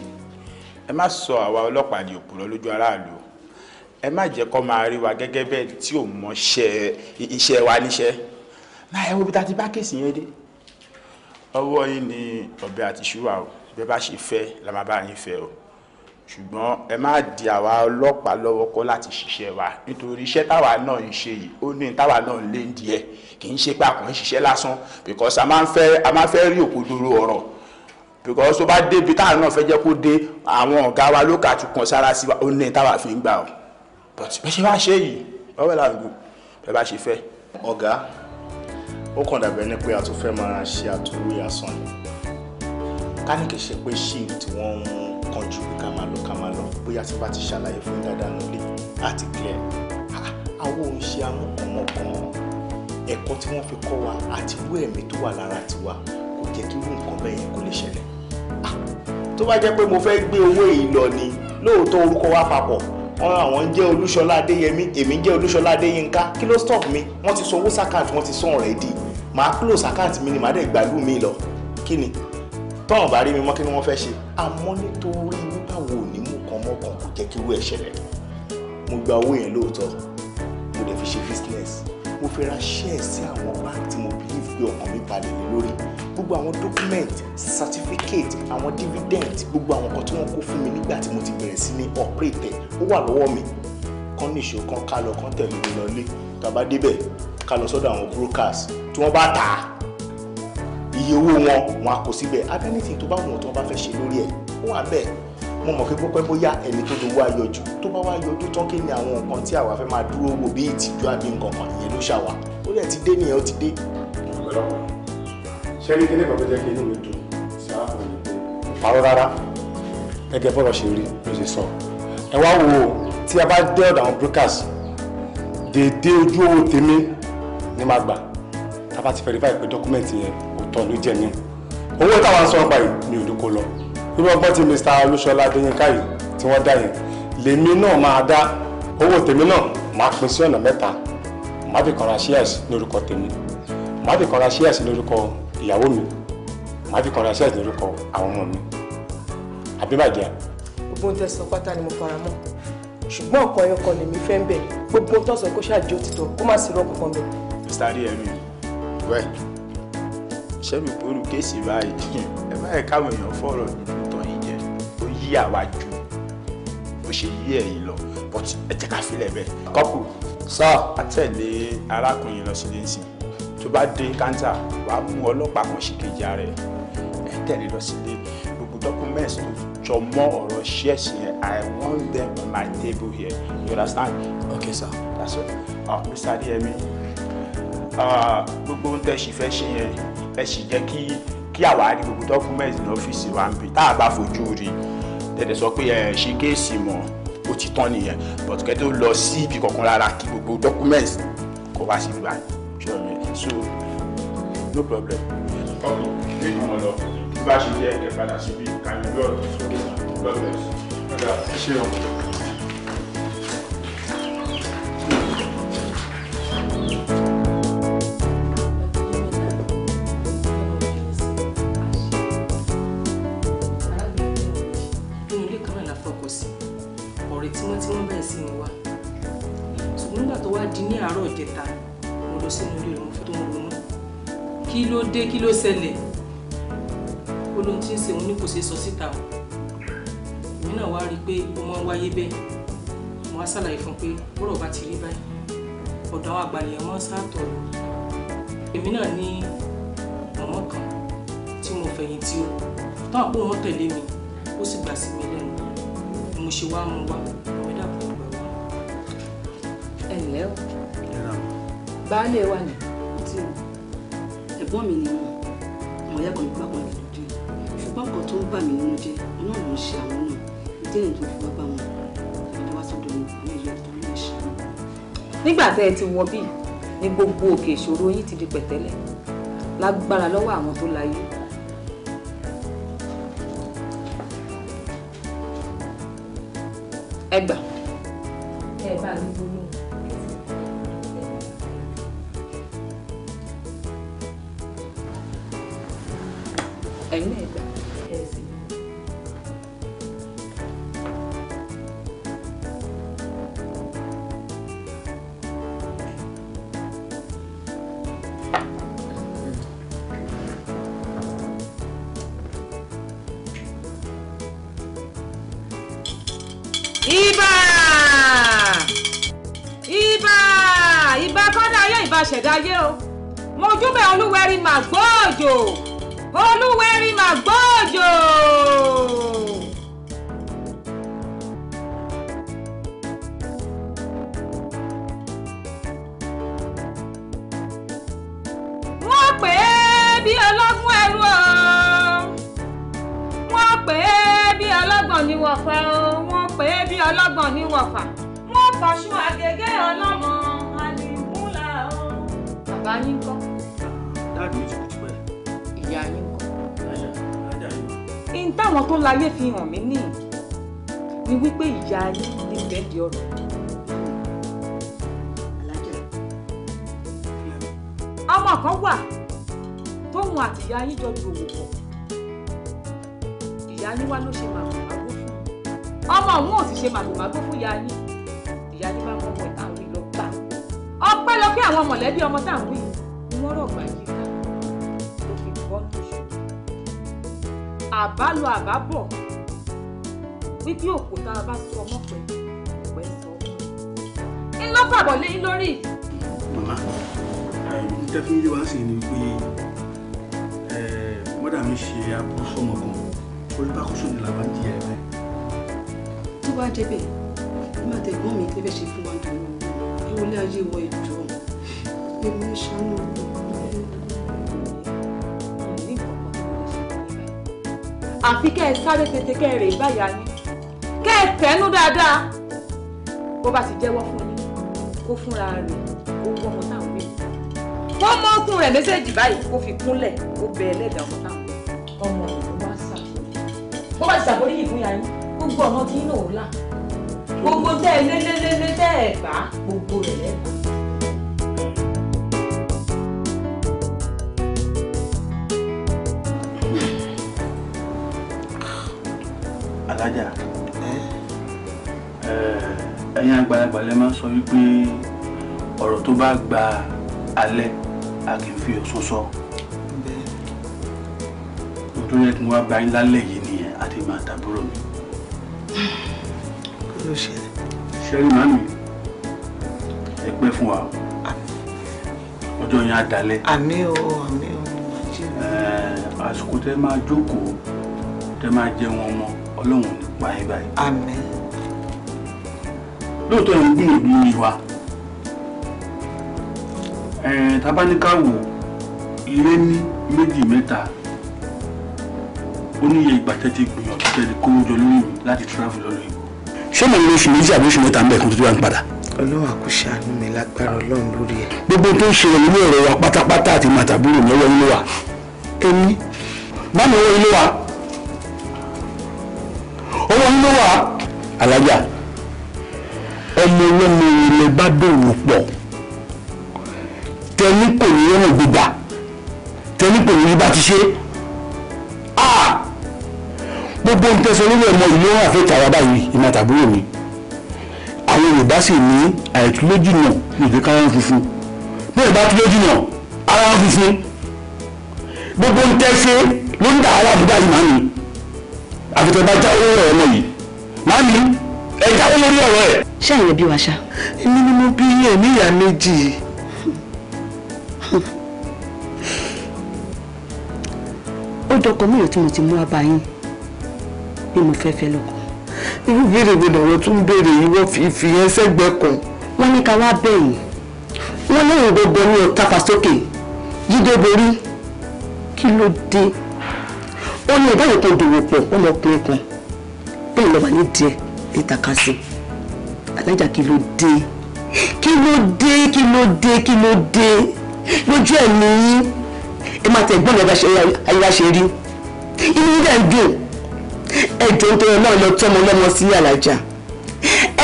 ẹ má sọ àwa ọlọ́pàá di òpùrọ̀ lójú aráàlú ẹ má jẹ́ kó máa rí wa gẹ́gẹ́ bẹ́ẹ̀ tí ò mọ iṣẹ́ wa níṣẹ́ náà ẹ wo bí ta ti bá kéèsì yẹn dé ọwọ́ yìí ni ọ̀bẹ àti ṣúwà o bẹ́ẹ̀ bá ṣe fẹ́ la máa bá yín fẹ́ o ṣùgbọ́n ẹ má di àwa ọlọ́pàá lọ́wọ́ kọ́ láti ṣiṣẹ́ wa nítorí iṣẹ́ táwa náà ń ṣe yìí ó ní táwa náà ń lé ń kì í ṣe pé a kàn ń ṣiṣẹ́ lásán because a máa ń fẹ́ a máa ń fẹ́ rí òkodoro ọ̀rọ̀ because tó bá débi táwọn náà fẹ́ jẹ́ kó dé àwọn ọ̀gá wa ló kà tún kan sára sí wa ó ní táwa fi ń gbà ọ́ but bẹ́ẹ̀ ṣe wá ṣe yìí ọ̀wẹ́ làǹgù bẹ́ẹ̀ bá ṣe fẹ́. ọ̀gá ó kàn dàbẹ̀ ni pé a tún fẹ́ máa ṣe àtúwé asán ni ká ní kì í ṣe pé shift wọ́n ń kánjú pé ká máa lọ ká máa lọ bóyá tí bá ti ṣàlàyé fún dáadáa nílé àti clear àwọn òun ṣe amúkànmọ́kàn ẹ̀kọ́ tí wọ́n fi kọ́ wa àti irú ẹ̀mí tó wà lára tiwa kò jẹ́ kí irú nǹkan bẹ́ẹ̀ yẹn kó lè ṣẹlẹ̀ ah, tó bá jẹ́ pé mo fẹ́ gbé owó ìlọ ni lóòótọ́ orúkọ wa papọ̀ wọn àwọn ń jẹ́ olúṣọlá adéyẹmí èmi ń jẹ́ olúṣọlá adéyínká kí ló stop mi wọ́n ti san owó sàkáǹtì wọ́n ti san already màá close account mi ni màá dẹ̀ gbàlú mi lọ kí ni tọ́wọ̀n bá rí mi mọ́ kí ni wọ́n fẹ́ ṣe àmọ́ nítorí nígbà wo ni mo kàn mọ́ kàn kò jẹ́ kí irú ẹ̀ ṣẹlẹ̀ mo gba owó yẹn lóòótọ́ mo dẹ̀ fi ṣe business mo fẹ́ ra ṣẹ́ẹ̀ sí àwọn báńkì mo believe pé ọkàn mi balẹ̀ lé lórí gbogbo àwọn document certificate àwọn dividend gbogbo àwọn nǹkan tí wọ́n kó fún mi nígbà tí mo ti bẹ̀rẹ̀ sí ní operate ó wà lọ́wọ́ mi kán ní ìṣó kan ká lọ kán tẹ̀lé mi lọ lé tá débẹ̀ ká lọ sọ́dọ̀ àwọn brokers tí wọ́n bá tà á iye owó wọn wọn á kó síbẹ̀ abẹ́nìtì tó bá wù wọ́n tí wọ́n bá fẹ́ ṣe lórí ẹ̀ ó wà bẹ́ẹ̀ mo mọ̀ pé pé bóyá ẹni tó lówó ayọ̀jú tó bá wá yọjú tán kí ni àwọn nǹkan tí àwa fẹ́ máa dúró wò bí ìtìjú àbí nǹkan kan ìyẹn ló ṣàwà ó rẹ̀ ti dé nìyẹn ó ti dé. ṣé ní kíní kan tó jẹ́ kí inú mi dùn sí arákùnrin mi kò parọ́ rárá gẹ́gẹ́ bọ́rọ̀ ṣe rí ló ṣe sọ ẹ wá wo tí a bá dé ọ̀dọ̀ àwọn brokers dédé ojú owó tèmi ni máa gbà tá a bá ti verify pé dọ́kúmẹ̀ntì yẹn òótọ́ ló jẹ́ ní owó táwọn sọ̀rọ̀ báyìí irú ọgbọ́n tí Mr. Olúṣọlá Adéyínká yìí tí wọ́n dá yẹn lèmi náà máa dá owó tèmi náà máa pín sí ọ̀nà mẹ́ta má fi kan ra shares lórúkọ tèmi má fi kan ra shares lórúkọ ìyàwó mi má fi kan ra shares lórúkọ àwọn ọmọ mi àbí bàjẹ́. gbogbo ohun tẹ́ sọ pátá ni mo fara mọ́ ṣùgbọ́n ọkọ ẹyọ kan lèmi fẹ́ ń bẹ̀ gbogbo ohun tó sọ kó ṣáàjì òtítọ́ kó má sí rọ́ọ̀kù kan bẹ̀. Mr. Adéyẹmí wẹ́ẹ̀ ṣẹ́mi bọ́ọ̀lù kéèsì báyìí *laughs* ẹ báyìí káwọn èèyàn fọ̀rọ̀ nínú yí àwa ju bó ṣe yí ẹ̀yìn lọ but ẹ ká filẹ̀ bẹ́ẹ̀. kọ́pù sọ àtẹ̀lé arákùnrin lọ sílé ń sìn tó bá dé káńtà wàá mú ọlọ́pàá kan ṣì kejì ara ẹ tẹ̀lé lọ sílé gbogbo documents tó jọ mọ́ ọ̀rọ̀ ṣẹ́ẹ̀sì yẹn I want them on my table here you understand. okay sir. that's all. Uh, ah, Mr. Adeyemi ah, gbogbo ohun tẹ́ ṣì fẹ́ ṣe yẹn ẹ sì jẹ́ kí kí àwa rí gbogbo dọ́kúmẹ́ǹtì ní ọ́fíìsì wa ń bì tá a bá fojú rí i tẹ̀lé sọ pé ẹ ṣe kéèsì mọ̀ ó ti tán nìyẹn but kẹ́ tó lọ sí ibi kankan rárá kí gbogbo documents kó wá sí ibà so no problem. ọkùnrin ṣé ìmọ̀ lọ bí bá ṣe jẹ́ ẹ̀ síbi kàmí lọ́ọ̀dù no problem. ọ̀dà ẹ ṣe ọ̀hún. dé kí ló ṣẹlẹ̀ ó lóhun tí ń ṣe òun ní kò ṣe sọ síta o èmi náà wá rí i pé ó máa ń wáyé bẹ́ẹ̀ mo wá ṣàlàyé fún un pé bọ́rọ̀ bá ti rí báyìí ọ̀dọ̀ àwọn àgbàlẹ̀ ọmọ sáàtọ̀ èmi náà ní mọ̀mọ́ kan tí mo fẹ̀yìn tí ó táwọn pé wọ́n tẹ̀lé mi ó sì gbà sí mi lẹ́nu ni mo ṣe wá mú wá mo dàpọ̀ ìgbà wa. ẹ ǹlẹ́ o baálé wa ni ẹ̀gbọ́n mi ni wọn àwọn ìyá kan gbàgbọ́n rẹ̀ lójú ṣùgbọ́n nǹkan tó ń bà mí nínú jẹ́ ọlọ́run ló ń ṣe àwọn náà ìdí èyí tó fi wá bá wọn ìjọba wá sọ́dọ̀ mi àwọn ìyá tó ń ṣe. nígbà tẹ́ ẹ ti wọ bíi ni gbogbo òkè ìṣòro yín ti di pẹ̀tẹ́lẹ̀ lágbára lọ́wọ́ àwọn tó láyé ẹgbàá ìbá ṣẹ̀dáyé o mojúbẹ̀ olúwẹ̀rí màgbọ́ọ̀jò olúwẹ̀rí màgbọ́ọ̀jò. táwọn tó láyé fi hàn mí nìyí ni wípé ìyá yín ní ìgbẹ́dì ọ̀rọ̀. ọmọ kan wà tóun àti ìyá yín jọ dòwò pọ̀ ìyá yín wá ló ṣe màgòmágó fún ọmọ òun ò sì ṣe màgòmágó fún ìyá yín ìyá yín bá mọ ọmọ ìtàn rí lọ gbà ọpẹ́ lọ kí àwọn mọ̀lẹ́bí ọmọ tá àbálò àbábọ̀ wípé òkúta bá tú ọmọ pẹ̀lú ọ̀pẹ́ sọ. ń lọ fàbọ̀ lé lórí. màmá tẹ́ fi ń yé wa sí ni pé mọ́dà mi ṣe àkóso ọmọ kan orí bákóso ni làwọn jìyà ẹ̀ bẹ́ẹ̀. tó bá débẹ̀ nígbà tẹ̀gbọ́n mi tẹ́fẹ́ ṣe fún wa jù lọ ìwọlé ayé wọ ìjọ èmi ṣàánú ọ̀gbọ́n. àfi kẹ́ ẹ sáré tètè kẹ́ ẹ rè báyà yín kẹ́ ẹ tẹ́nu dáadáa bó bá ti jẹ́wọ́ fún yín kó fúnra rẹ̀ kó wọ́ ọmọ táwọn wí. kó mọ ọkùnrin rẹ̀ méjèèjì báyìí kó fi kúnlẹ̀ kó bẹ ẹlẹ́dàá ọmọ táwọn ọmọ rẹ̀ ló máa ṣàforíjì. bó bá ti ṣàforíjì fún yàrá yín gbogbo ọ̀nà kí n náà wò gbogbo tẹ́ ẹ lélélélé tẹ́ ẹ gbà gbogbo rẹ̀ lẹ́gbàá. àgbà lẹ máa ń sọ wípé ọ̀rọ̀ tó bá gba alẹ́ a kì í fi ọ̀sán sọ. mo tó yẹ kí n wá bá yín lálẹ́ yìí nìyẹn àti màá tàbúrò mi. kí ló ṣẹlẹ̀. ṣẹ́rí màmí ẹ pẹ́ fún wa ọjọ́ yẹn á dalẹ̀. àmì o àmì o àsìkò tẹ máa jókòó tẹ máa jẹun ọmọ ọlọ́run nípa ẹ báyìí lóòótọ́ ẹ̀ ń gbìyànjú ní wa tabaníkàwò ilé ní méjì mẹ́ta ó níye ìgbà tẹ́ ti gbìyànjú tẹ́ ti kówó jọ lórí mi láti travel lọ lóyún. ṣé mo ní oṣù méjì àbí oṣù mẹ́ta ń bẹ̀ kó tó tó wà ń padà. ọlọ́wà kò ṣàánú mi lágbára ọlọ́run lórí ẹ̀. gbogbo tó ń ṣẹlẹ̀ nínú ọ̀rọ̀ wa pátápátá àti màtàbúrò lọ́wọ́ ilé wa ẹni báwo ilé wa owó ilé wa alájà ọmọ ọlọ́mọ ìrìnlẹ̀ bá dòwò pọ̀ tẹni kò ní rọrùn gbígbà tẹni kò ní bá ti ṣe gbogbo ń tẹsán lórí ẹ̀mọ ìlú ọ̀hún àfẹ́tà wa báyìí ìmọ̀ àtàbúrò mi àwọn Yorùbá sì ní àìtúlójì náà ní ìdíkà wọn funfun bí ìbá túlójì náà ara wọn funfun gbogbo ń tẹsán lórí ìdá àwọn àbúgbà yìí màmí àfẹ́tà bá já owó ẹ̀mọ yìí màmí ẹ jáwé lórí ọ̀rọ̀ ẹ̀. ṣé àyẹ̀ bí wa ṣá. èmi ni mo bí yẹn ní ìyá méjì. ó dọkọ mélòó tí mo ti mú abayín bí mo fẹ́ fẹ́ lọ́kọ. irú béèrè wo lọ̀rọ̀ tún béèrè yìí wọ́n fi ìfìyẹn sẹ́gbẹ́ kan. wọ́n ní ká wá bẹ̀yìn wọ́n lóyún gbogbo ní ọ̀tàpá sókè jíde borí kí ló dé ó ní ìbáyìí kan dòwò pọ̀ ọmọkùnrin kan bẹ́ẹ̀ lọ́ba ní díẹ̀ ìtàkàsí alájà kí ló dé kí ló dé kí ló dé kí ló dé lójú ẹ̀ nìyí ẹ máa tẹ̀ gbọ́n lọ́ba ayélujára ṣe rí inú yíyá ń dùn ẹ̀dùn tó yẹ náà lọ tọ́ ọmọ ọlọ́mọ sílẹ̀ alájà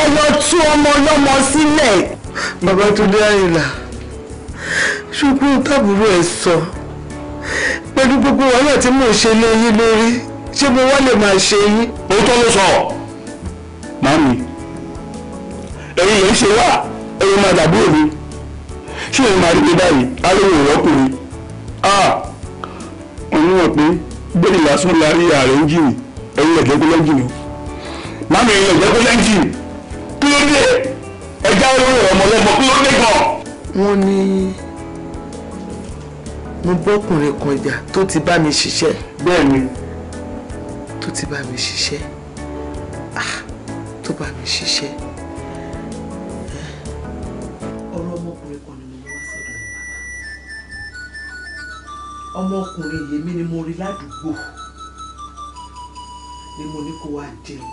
ẹ lọ tú ọmọ ọlọ́mọ sílẹ̀. Babátúndé Àyìnlá ṣùgbọ́n tábùrú ẹ̀ sọ pẹ̀lú gbogbo wàhálà tí mò ń ṣe lé yín lórí ṣé mo wá lè máa ṣe yín. òótọ́ ló sọ màmí ẹ̀yin lè ṣe wá ẹ̀yin máa dàbí òní ṣé ẹ̀yin máa rí mi báyìí alówó ìrọ́kùnrin oníwọ̀n pé bẹ́ẹ̀ lásán la rí ààrẹ ń jìnnì ẹ̀yin lè jẹ́kọ́ lẹ́jìnnì màmí ẹ̀yin lè jẹ́kọ́ lẹ́jìnnì kí ló dé ẹja olórí ọmọ ọlọ́mọ kí ló dé gan. wọ́n ní mo bọ́kùnrin kan ìjà tó ti bá mi ṣiṣẹ́. bẹ́ẹ̀ ni. tó ti bá mi ṣiṣẹ́ tó bá mi ṣiṣẹ́. ọ̀rọ̀ ọmọkùnrin kan ni mo wá sọ́dọ̀ ní bàbá ọmọkùnrin yèmí ni mo rí ládùúgbò ni mo ní kó wá jẹun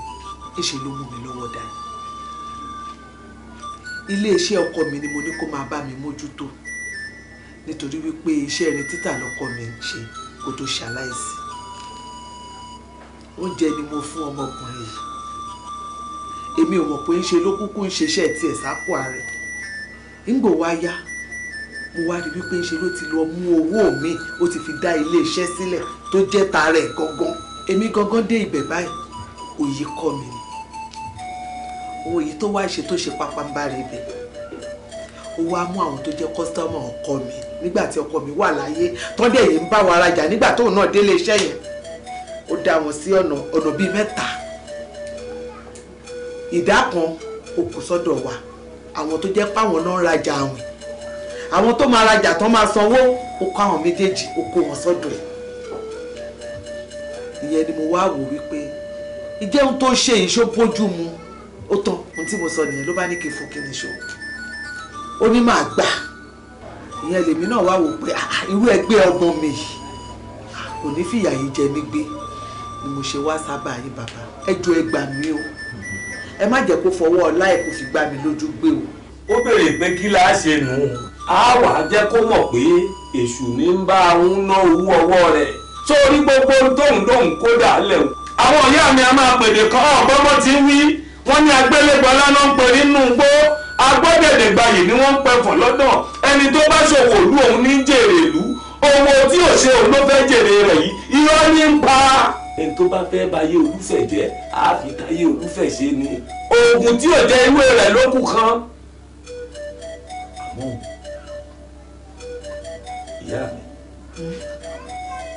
ìṣe ló mú mi lọ́wọ́ dání iléeṣẹ́ ọkọ mi ni mo ní kó máa bá mi mójútó nítorí wípé iṣẹ́ rẹ̀ títà lọ́kọ mi ń ṣe kó tó ṣaláìsí oúnjẹ ni mo fún ọmọkùnrin yìí èmi ò mọ̀ pé ń ṣe ló kúkú ń ṣeṣẹ́ tiẹ̀ sápò ààrẹ ńgbò wá yá mo wá rí wípé ńṣe ló ti lọ mú owó mi ó ti fi dá iléeṣẹ́ sílẹ̀ tó jẹ́ tààrẹ gangan èmi gangan dé ibẹ̀ báyìí òye kọ́ mi ni owó yìí tó wá ṣe tó ṣe pápánbárẹ̀ ibẹ̀ ó wá mú àwọn tó jẹ́ kọ́sítọ́mù ọkọ mi nígbà tí ọkọ mi wà láyé tọ́ndẹ̀ yìí ń bá wa rajà nígbà tóun náà délé iṣẹ́ yẹn ó dá wọn sí ọ̀nà ọ̀nà bíi mẹ́ta ìdá kan òkú sọ́dọ̀ wa àwọn tó jẹ́ páwọn náà ń rajà àwìn àwọn tó máa rajà tán máa sanwó ó àwọn méjèèjì ó wọn sọ́dọ̀ ẹ̀ ìyẹn ni mo wá wò wípé ìjẹ́ ohun tó ṣe yìí ṣó bójú mu ó tán ohun tí mo sọ nìyẹn ló bá ní kí n fún kí ni ṣó ó ní máa gbà ìyẹn lèmi náà wá wò pé irú ẹgbẹ́ ọgbọ́n mi yìí kò ní fìyà yìí jẹ mí gbé ni mo ṣe wá sábà yín bàbá ẹ jọ̀ọ́ ẹ o ẹ má jẹ́ kó fọwọ́ ọlá ẹ̀ kó fi gbá mi lójú gbé o. ó béèrè pé kí láá ṣe nù ú á wà á jẹ́ kó mọ̀ pé èṣù ní ń bá òun ná owó ọwọ́ rẹ̀ sórí gbogbo tóun lóun kódà lẹ̀ o. àwọn ìyá mi a máa pèdè kan ọ̀gbọ́gbọ́ ti wí wọ́n ní agbélégbọ́lá náà ń pè nínú gbó agbọ́dẹ̀dẹ̀ gbayì ni wọ́n ń pẹ́ fọ̀ lọ́dọ̀ ẹni tó bá ṣòwò ìlú òun ní jèrè ìlú owó tí ò tó bá fẹ́ báyé olúfẹ̀ jẹ́ àfi táyé olúfẹ̀ ṣe ni oògùn tí ò jẹ́ irú rẹ̀ ló kù kan. àmọ́ ìyá mi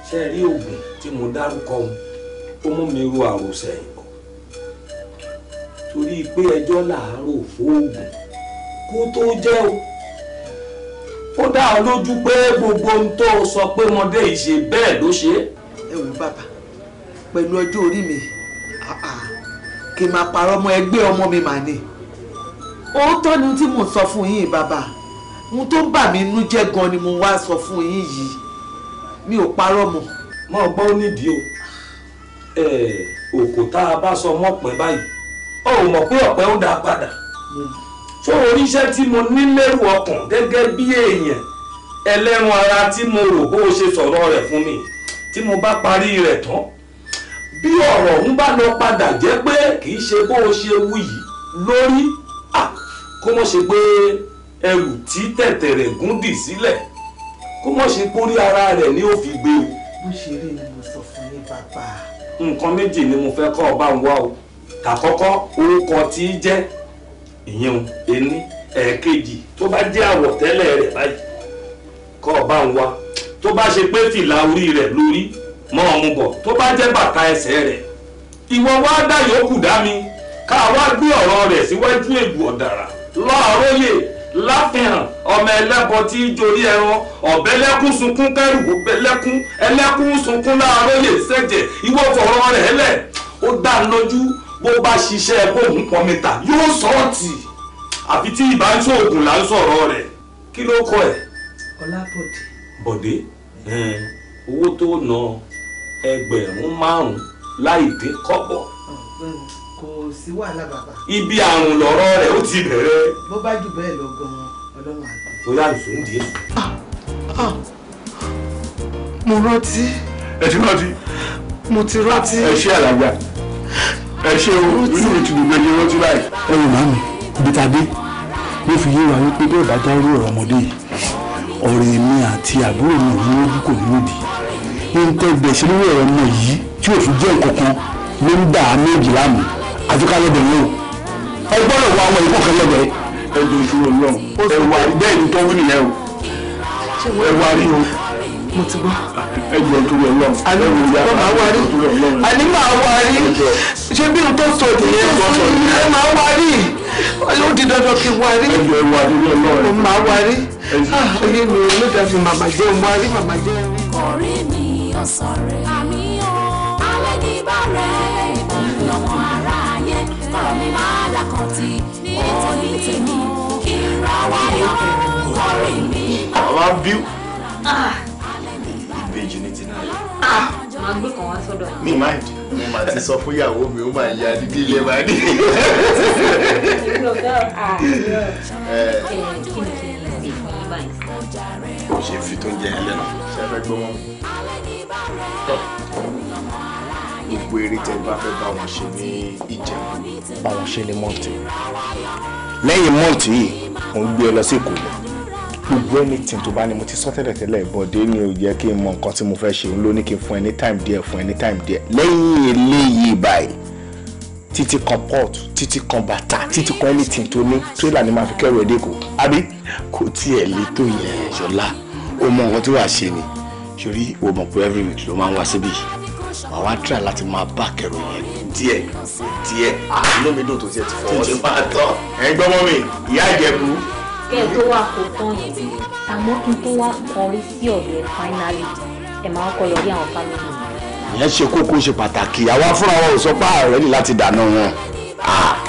ṣe rí oògùn tí mo dárúkọ ó mú mi ro àròsẹ̀ ìbọn torí pé ẹjọ́ làárò fóògùn kó tó jẹ́ o ó dá ọ lójú pé gbogbo ohun tó sọ pé ọmọdé yìí ṣe bẹ́ẹ̀ ló ṣe. ẹ wò bàbá pẹ̀lú ọjọ́ orí mi kí n máa parọ́ ọmọ ẹgbẹ́ ọmọ mi mà ní. òótọ́ ni tí mò ń sọ fún yín bàbá ohun tó ń bà mí inú jẹ́ gan ni mo wá sọ fún yín yìí mi ò parọ́ mọ́. mo gbọ́ nídìí o òkò tá a bá sọ mọ́pẹ́ báyìí ó mọ̀ pé ọ̀pẹ́ ó dáa padà tó oríṣẹ́ tí mo ní lẹ́rù ọkàn gẹ́gẹ́ bí èèyàn ẹlẹ́ran ara tí mo rò bó ṣe sọ̀rọ̀ rẹ̀ fún mi tí mo bá parí rẹ̀ tán bí ọ̀rọ̀ ń bá lọ padà jẹ́ pé kì í ṣe bó o ṣe wù yìí lórí kó mọ̀ ṣe pé ẹrù tí tẹ̀tẹ̀rẹ̀ gún dì sílẹ̀ kó mọ̀ ṣe pórí ara rẹ̀ ni ó fi gbé o. bó ṣe rí ni mo sọ fún yín bàbá. nǹkan méjì ni mo fẹ́ kọ́ ọ bá ń wá o tàkọ́kọ́ orúkọ tí í jẹ́ ìyẹn ení ẹ̀ẹ̀kejì tó bá jẹ́ àwọ̀tẹ́lẹ̀ rẹ̀ báyìí kọ́ ọ bá ń wá tó bá ṣe pé fìlà orí rẹ̀ lórí mọ́ ọ̀mú bọ̀ tó bá jẹ́ bàtà ẹsẹ̀ rẹ̀ ìwọ wá dá yòókù dá mi ká wá gbé ọ̀rọ̀ rẹ̀ síwájú ègbò ọ̀dàrà lọ́ọ̀rọ́yè láfihàn ọmọ ẹlẹ́bọ tí í jorí ẹran ọ̀bẹ lẹ́kún sunkún kẹrù lẹ́kún ẹlẹ́kún sunkún láàrọ́yè sẹ́jẹ̀ ìwọ fọ̀rọ̀ rẹ̀ lẹ̀ ó dá lójú bó bá ṣiṣẹ́ bóun pọ̀mìtà yóò sọ́ọ̀tì àfi tí ìbá ń ṣoògùn là ń sọ̀rọ̀ rẹ̀ kí ló kọ ẹ̀. ọlábọ̀dé. bọ̀dé owó tó ná. No ẹgbẹ̀rún márùn-ún láì dín kọ́bọ̀. kò sí wàhálà bàbá. ibi àrùn lọ̀rọ̀ rẹ̀ ó ti bẹ̀rẹ̀. bó bá jù bẹ́ẹ̀ lọ gan-an ọlọ́run àgbà. torí àìsàn ń dìé. Ah, ah, mo rántí. ẹ ti rántí. mo ti rántí. ẹ ṣe àlàgbà ẹ ṣe o inú mi ti dùn méje rántí báyìí. ẹ wò màmí ibi tá a dé ló fi yé wa wípé bí ọ̀bá dárú ọ̀rọ̀ ọmọdé yìí ọ̀rẹ́ mi àti àbúrò mi ò ní ojú kò ní ìdí nǹkan ìgbésẹ̀ lórí ọ̀rọ̀ mi yìí tí òfin jẹ́ nǹkan kan ló ń dà á méjì láàmú àfi ká lọ́dọ̀ yìí o ẹ gbọ́dọ̀ wọ àwọn ìkọ̀kan lọ́dọ̀ yìí. ẹ jẹ́ ìṣòro lọ ẹ wà bẹ́ẹ̀ ni tó wí nìyẹn o ẹ wà rí o. mo ti gbọ́. ẹ jẹ́ ìṣòro lọ ẹ wò ya ẹ máa wà rí àní máa wà rí ṣé bí o tó sọ nìyẹn ẹ máa wà rí ó di dandan kí n wà rí mo máa wà rí ah, oyè mi ò ló dàbí màmá jẹun wà rí màmá jẹun náà sọ̀rẹ́. àmì o alẹ́ ní ìbàrẹ̀ ìbùdókòwò ara ayé kọ̀rọ̀ mi máa dàkọ̀ tí nítorí tèmi kí n ra wáyọ̀ kọ́rì mi. àwa bí ah. ìbejì ní ti náà yẹ ah, máa gbé kan wá sọ́dọ̀ mi máa dì mo máa ti sọ fún ìyàwó mi ó máa ya dídí ilé máa dì. ẹ bó ṣe fi tó ń jẹ yẹn lẹ́nu. ṣé ẹ fẹ́ gbọ́ wọn. gbogbo eré tẹ bá fẹ́ bá wọn ṣe lẹ́yìn mọ́ǹtì yìí òun gbé ẹ lọ sí èkó gbogbo anything tó bá ní mo ti sọ tẹ́lẹ̀ tẹ́lẹ̀ bọ̀dé ni ò jẹ́ kí n mọ nǹkan tí mo fẹ́ ṣe òun ló kí n fún ẹ ní time díẹ̀ fún ẹ ní time díẹ̀ lẹ́yìn eléyìí báyìí Titi kan port títí kan bàtà títí kan anything tó ní tírélà ni màá fi kẹrù ẹ̀ dẹ́kọ̀ àbí kò tiẹ̀ lè tó yẹn yọ̀lá o mọ nǹkan tí wàá ṣe ni sórí o mọ̀ pé every week ló máa ń wá síbí màá wá try láti máa bá kẹrù yẹn díẹ̀ díẹ̀ àánú mi dùn tó tiẹ̀ ti fọwọ́ sí máa tán ẹ̀ ń gbọ́mọ́ mi ìyá ìjẹ̀bú. kẹ́ ẹ tó wá kó tán yẹn àmọ́ kí n tó wá kọrí sí ọ̀dọ̀ ẹ̀ finally ẹ̀ máa ń kọ yọrí àwọn family ìyẹn ṣe kókó ṣe pàtàkì àwa fúnra wa ò sọ pé ààrẹ ní láti dànù wọn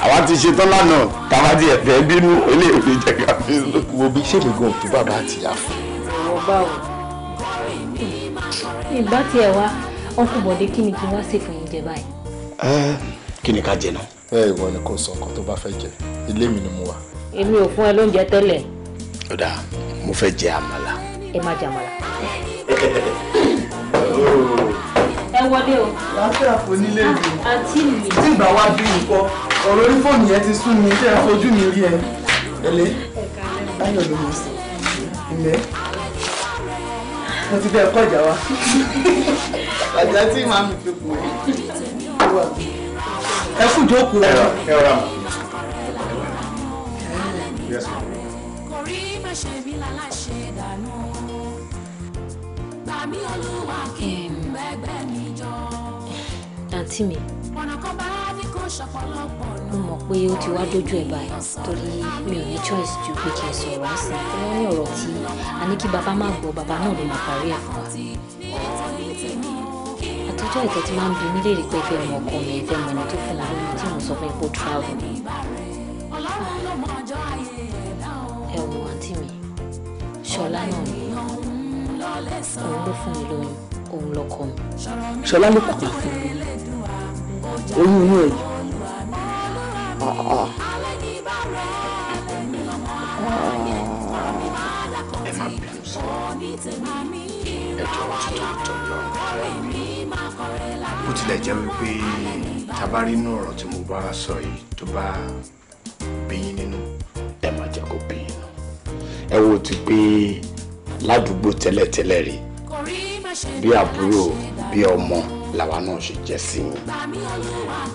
àwa ti ṣe tán lánàá tàbátì ẹ̀fẹ̀ bínú eléyìí fi jẹ ká fi lókun. wo bí sẹ́mi gan tó bàbá àti ìyá fún. ọba o ìgbà tí ẹ wá ọkùn bọ̀dé kí ni kí wọ́n ṣe fún yín jẹ báyìí. ẹ kí ni ká jẹ náà. ẹ ìwọ ni kò sọ nǹkan tó bá fẹ́ jẹ ilé mi ni mo wà. èmi ò fún ẹ lóúnjẹ tẹ́lẹ̀. ó dáa mo fẹ́ jẹ àmàlà. ẹ má jẹ àmàlà. *laughs* Oh ẹ wọlé o. láfíà fún nílé mi. Ah, àǹtí mi. tí ìgbà wá bí nǹkan ọ̀rọ̀ orí fóònù yẹn ti sún mi ṣé ẹ fojú mi rí ẹ. ẹlẹ báyọ̀ ló mọ̀ sí ilẹ̀ mo ti bẹ́ẹ̀ kọjá wa ọjà tí màá mi fi kù ẹ kú jókòó. ẹ rà mọ. kòrí má ṣe mí láláṣẹ dànù gbàmí olúwa kí n bẹ́gbẹ́ mi àǹtí mi mo mọ̀ pé ó ti wá dójú ẹ̀ báyìí torí mi ò ní choice ju pé kí n sọ̀rọ̀ ẹ̀sìn tí wọ́n ní ọ̀rọ̀ tí a ní kí bàbá má gbọ́ bàbá náà ló máa parí ẹ̀ fún wa. àtijọ́ ìtẹ́ tí máa ń bi mí léèrè pé fẹ́ mọ ọkọ mi fẹ́ mọ ẹni tó fún mi tí mo sọ fún ẹ travel. ẹ wo àǹtí mi ṣọlá náà ni òun ló fún mi lóyún òun lọkọ mi ṣọlá ló pàpà fún mi oyún inú ẹ̀ yìí. Ah, ah. ah. ẹ má bínú sí tuntun tó lọ bó tilẹ̀ jẹ́ wípé tabarí inú ọ̀rọ̀ tí mo bá sọ yìí tó bá bíyín nínú ẹ má jẹ́ kó bíyín nínú ẹ wo ti pé ládùúgbò tẹ́lẹ̀tẹ́lẹ̀ rí bí àbúrò bí ọmọ làwa náà ṣe jẹ́ sí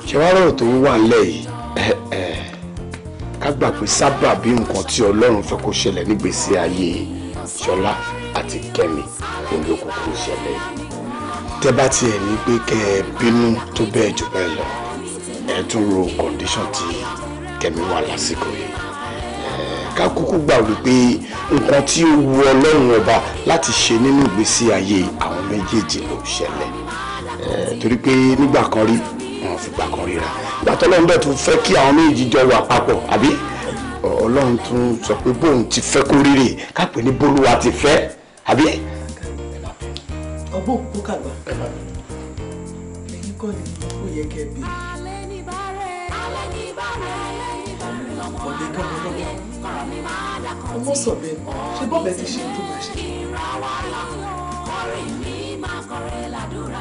i ṣe wá rọrùn tó ń wà nílẹ̀ yìí ká gbà pé sábà bí nǹkan tí ọlọ́run fẹ́ kó ṣẹlẹ̀ nígbèésí ayé ṣọlá àti kẹ́mi olókùnkùn ṣẹlẹ̀ tẹ́ bá tiẹ̀ ní pé kẹ́ ẹ bínú tó bẹ́ẹ̀ jù bẹ́ẹ̀ lọ ẹ tún ro condition tí kẹ́mi wà lásìkò yìí ká kúkú gbà wípé nǹkan tí ó wu ọlọ́run ọba láti ṣe nínú ìgbésí ayé àwọn méjèèjì ló ṣẹlẹ̀ torí pé nígbà kan rí wọn fìgbà kan ríra ìgbà tọ́lọ́run bẹ́ẹ̀ tún fẹ́ kí àwọn méjì jọ wà papọ̀ àbí ọlọ́run tún sọ pé bóun ti fẹ́ kó rírè ká ní bólúwa ti fẹ́ àbí. ọgbọ́n òkú kàgbà ẹ̀yin kọ́ ni ó yẹ kẹ́ bí. alẹ́ ní bá rẹ̀ alẹ́ ní bá rẹ̀ for they come from for most of them ṣe bọ́ọ̀bẹ ti ṣe tó máa ṣe.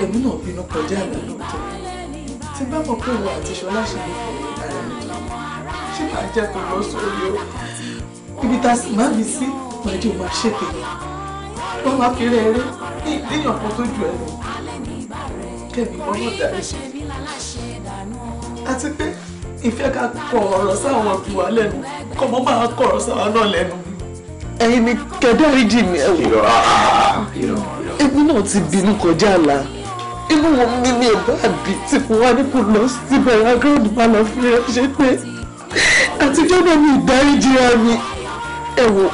èmi náà bínú kọjá àgbà lóòótọ́ tí bá mọ̀ pé òun àti ṣọlá ṣe ní fún ara mi ṣé màá jẹ́ kó lọ sórí o ibi tá a sì máa mi sí màá jẹ́ òun àṣetè wọ́n máa fi rẹ̀ eré ní ìdíyàn kan tó ju ẹ̀ lọ kẹ́mi ọmọ dàrí àti pé ìfẹ́ ká kọ ọ̀rọ̀ sáwọn ọkùnrin wa lẹ́nu kọ́mọ́ máa kọ ọ̀rọ̀ sáwọn náà lẹ́nu. ẹ̀yin ni kẹdáríjì mi ẹ wò èmi náà ti bínú kọjá àlà inú wọn mi ní ẹ̀bá àbí tí kò wá ní kò lọ síbẹ̀ agíróòdù máa lọ fi ṣe pé àtijọ́ náà mi ìdáríjì ra mi ẹ wò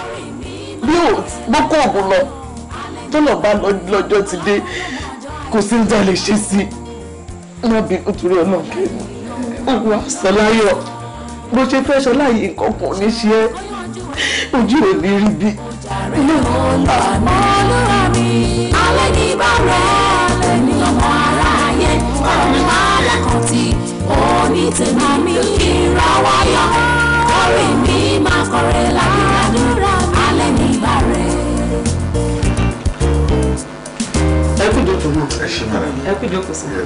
bí ò bókó ògùn lọ tó lọ bá lọ́jọ́ ti dé kò sí ní ta lè ṣe sí i má bínú torí ọlọ́ọ̀kẹ́ mi àwa sọláyọ̀ bó ṣe fẹ́ ṣọlá nǹkan kan ní ṣe é ojú rẹ̀ ní rí bí. olúwa mi kọ́rin mi máa kọ̀rẹ́ lábẹ́rẹ́ àdúrà. ẹ ṣe mọ́ra ẹ kú ìjókòó sí ẹ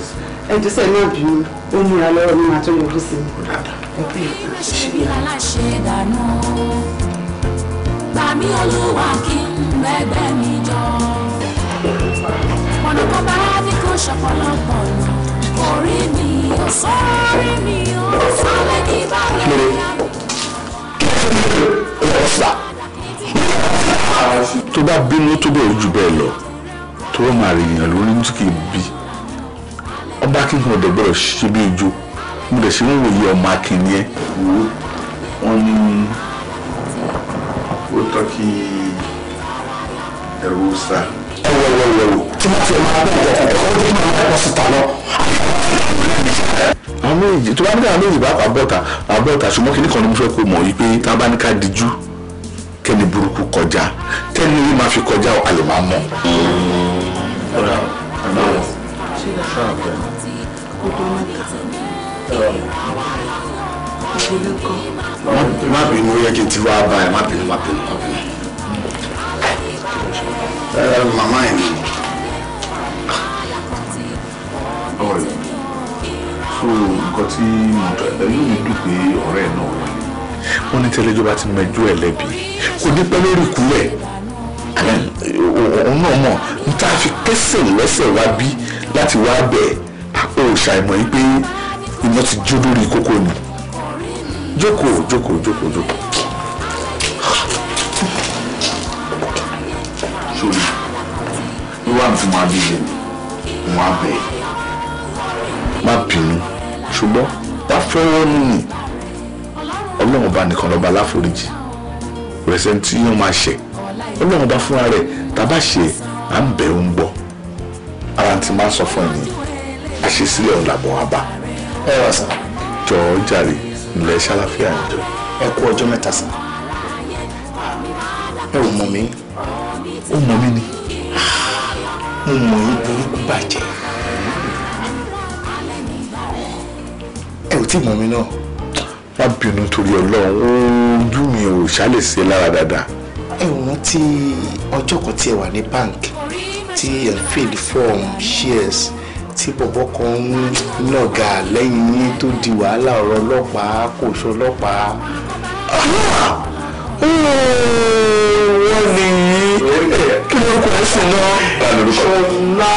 jù sẹ́ẹ̀ náà bínú ó múra lọ́wọ́ ní màá tó yọjú sí mi bá bínú tó bẹ̀rù jù bẹ́ẹ̀ lọ tó rọ̀ máa rèèyàn lórí mú kì í bí ọba kíkan ọ̀dọ̀ gbọ́dọ̀ ṣe bí ijó mo dẹ̀ ṣe ń wòye ọmọ akínní ẹ̀ wò ó wọ́n ní ó tọ́ kí ẹ̀rù sá. ẹ wọ wọ wọ wọ tí wọ́n fi ọmọ abẹ́ ìjọba ẹ̀kọ́ ló máa ń pọ̀ síta lọ. àwọn méjì tó bá ní káwọn méjì bá pa bọ́ta àbọ̀ta ṣùgbọ́n kí nìkan ni mo fẹ́ kó mọ̀ wípé tá a bá ní ká dijú kẹ́ni burúkú kọjá tẹ́ni yìí máa fi kọjá àlè máa mọ̀. Ọ̀rọ̀ àbáwọ̀ ṣe ṣáàpẹ̀. Odò mẹ́ta. Má bínú yẹ kí n ti wá bá ẹ, má bínú, má bínú, má bínú. Màmá ẹ̀ nù. Ọ̀rẹ́, so nǹkan tí mo tọ́ ẹ lómi dùn pé ọ̀rẹ́ náà wọlé. Wọ́n ní tẹ́lẹ̀ ìjọba ti mẹjọ́ ẹ̀ lẹ́bi. Kò ní pẹ́ lórí ìkúlẹ̀ òun náà mọ̀ tá a fi kẹsẹ̀ lẹ́sẹ̀ wá bí láti wá bẹ̀ ó ṣàìmọ̀ yìí pé iná ti jó lórí kókó ni jókòó jókòó jókòó jókòó. sórí wíwá mi fún wa bí ilé mi wọn á bẹ̀ má bínú ṣùgbọ́n wá fẹ́ràn nínú ọlọ́run bá nìkan lọ́ba láforíjì rẹ̀ sẹ́ni yóò máa ṣẹ̀ ọlọ́run bá fúnra rẹ̀ tá a bá ṣe é à ń bẹ̀ ń gbọ́ ara ti máa sọ fún ẹni àṣesílẹ̀ ọ̀làbọ̀ àbá. ẹ wá sàn. jọ̀ọ́ jàre ilẹ̀ ṣàlàfíà ni. ẹ kú ọjọ́ mẹ́ta sàn. ẹ ò mọ̀ mí ó mọ̀ mí ni mo mọ̀ yín burúkú bàjẹ́ ẹ ò tí mọ̀ mí náà. wá bínú torí ọlọ́run ojú mi ò ṣàlè ṣe lára dáadáa. ẹ ò rántí ọjọ́ kan tí ẹ wà ní báńkì tí ẹ̀ fèd form shares tí bọ̀bọ̀ kan ń nàgà lẹ́yìn yín tó di wàhálà ọ̀rọ̀ ọlọ́pàá kò sọ ọlọ́pàá. wọ́n lè kí ló kọ́ ẹ̀sìn náà ṣọlá.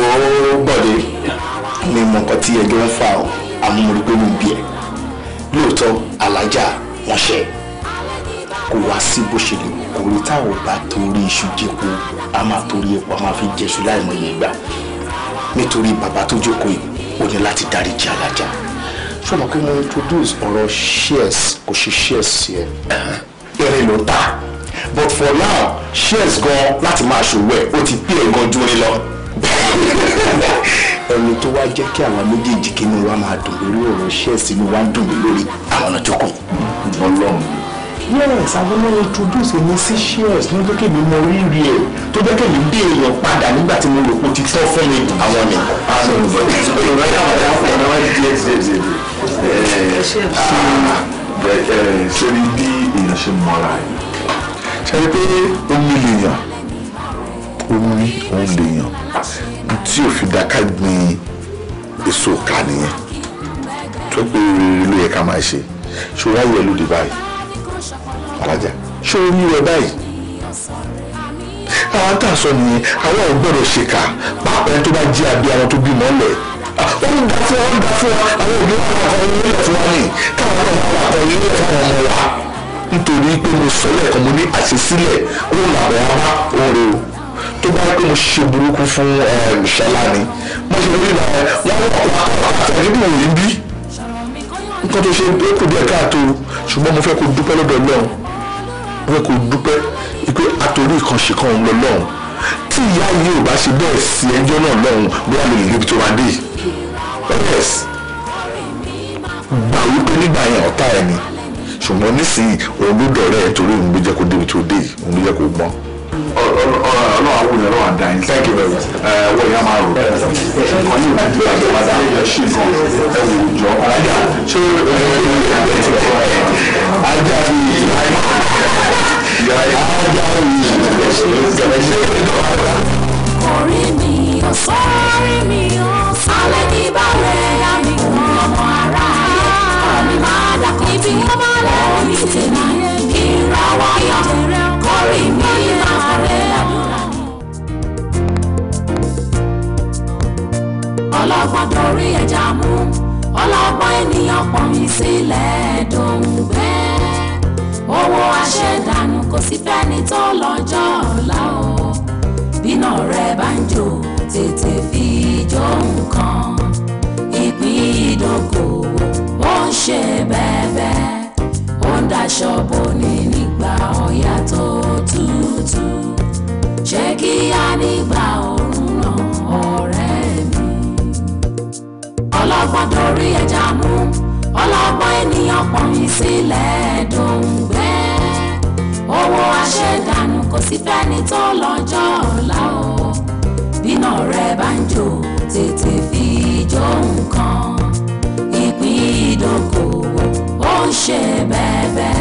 ó bọ̀dé mi mọ nǹkan tí ẹjọ́ ń fà ọ́ amúmọ̀lùgbé lóòótọ́ alájà wọ́n ṣe kó wá sí bó ṣe lè wù ọkùnrin tá bá torí iṣu jẹko a máa torí epo a máa fi jẹṣu láìmọye ìgbà nítorí bàbá tó jókòó yìí ó ní láti dáríjì alájà ṣọlá pé mo introduce ọ̀rọ̀ shares kò ṣe shares yẹ eré ló ta but for now shares gan láti máa ṣòwò ẹ̀ ó ti pè é gan jù ní lọ *laughs* ẹni tó wá jẹ́ kí àwọn méjèèjì kí inú wa máa dùn lórí ọ̀rọ̀ ṣẹ́ẹ̀sì inú wa ń dùn mí lórí àwọn ọ̀nà tó kù ọlọ́run yes àwọn ló introduce èmi sí shares ló jẹ́ kémi mọ rírì ẹ̀ tó jẹ́ kémi dé èèyàn padà nígbà tí mo rò pé ó ti tọ́ fún mi àwọn ni. sẹ́ni bí èèyàn ṣe mọ́ra ẹ̀ sẹ́ni pé omi lèèyàn omi òun lèèyàn tí ò fi dáká gbin èso kà nìyẹn tó pé rere ló yẹ ká máa ṣe ṣòro ayé ló dé báyìí alájà ṣé o rí rẹ báyìí àwọn tá a sọ nìyẹn àwọn ò gbọ́dọ̀ ṣèkà pàápàá ẹni tó bá jí àbí àwọn tó bímọ lẹ ó ń dá fún wa ó ń dá fún wa àwọn òbí wa kọ ilé ilẹ̀ fún wa ní káwọn náà wà kọ ilé ilẹ̀ fún ọmọ wa nítorí pé mo sọ lẹ́ẹ̀kan mo ní àṣesílẹ̀ òun làwọn bá òun rè o tó bá pé mo ṣe burúkú fún eh, ṣọlá ni mo ṣe lórí ìlànà wọn wà wà àtẹ̀lé mi ò nǹkan tó ṣe é kò díẹ̀ káàtó ṣùgbọ́n mo fẹ́ kó dúpẹ́ lọ́dọ̀ Ọlọ́run pé kó dúpẹ́ pé àtòrí ìkànṣe kan ń lọ lọ́hùn tí ìyá yìí ò bá ṣe bẹ́ẹ̀ sí ẹjọ́ náà lọ́hùn bóyá lè lè tó wá dé ms gbà wípé nígbà yẹn ọ̀tá ẹ̀ ṣùgbọ́n nísìnyí òun ló dọ̀rẹ́ ẹ̀ torí òun ló jẹ́ kó débi tó dé òun ló jẹ́ kó gbọ́n ọlọ́run àwọn èèyàn lọ́wọ́ àdá yín. thank you very much. ẹ wọ ìyá máa rò bẹ́ẹ̀ kan ní ìlú àgbà bá yẹ ṣì gan ẹ wò ó jọ. ajá ṣé ẹ ẹ ẹ ti kọ ajá fi ìyá yín ajá fi ìyá yín orí mi ò sórí mi ò sálẹ̀ ní balẹ̀ ya mi kàn ọmọ ara yẹ ọ̀rọ̀ mi máa dà kọ́ ibi ọmọ lẹ́wọ̀n ní tèmi kí n ra wáyà. ọlọ́gbọ́n dorí ẹja mú ọlọ́gbọ́n ènìyàn pọ̀ mí sílẹ̀ dòǹgbẹ́ owó aṣẹ́dànù kò sí fẹ́ni tó lọ́jọ́ ọ̀la o bínà rẹ bá ń jò tètè fi jó nǹkan ìpín ìdókòwò ó ń ṣe bẹ́ẹ̀bẹ́ ó ń daṣọ boni nígbà ọ̀yà tó tútù ṣé kí á nígbà òru. ọlọ́gbọ́n dorí ẹja mú ọlọ́gbọ́n ènìyàn pọ̀nyí sílẹ̀ dòǹgbẹ́ owó aṣẹ́dànù kò sí fẹ́ni tó lọ́jọ́ ọ̀la o bínà rẹ bá ń jò tètè fi jó nǹkan ìpín ìdókòwò ó ń ṣe bẹ́ẹ̀bẹ́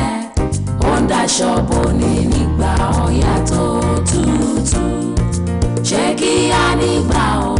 ó ń daṣọ bòní nígbà ọ̀yà tó tútù ṣé kí á nígbà o.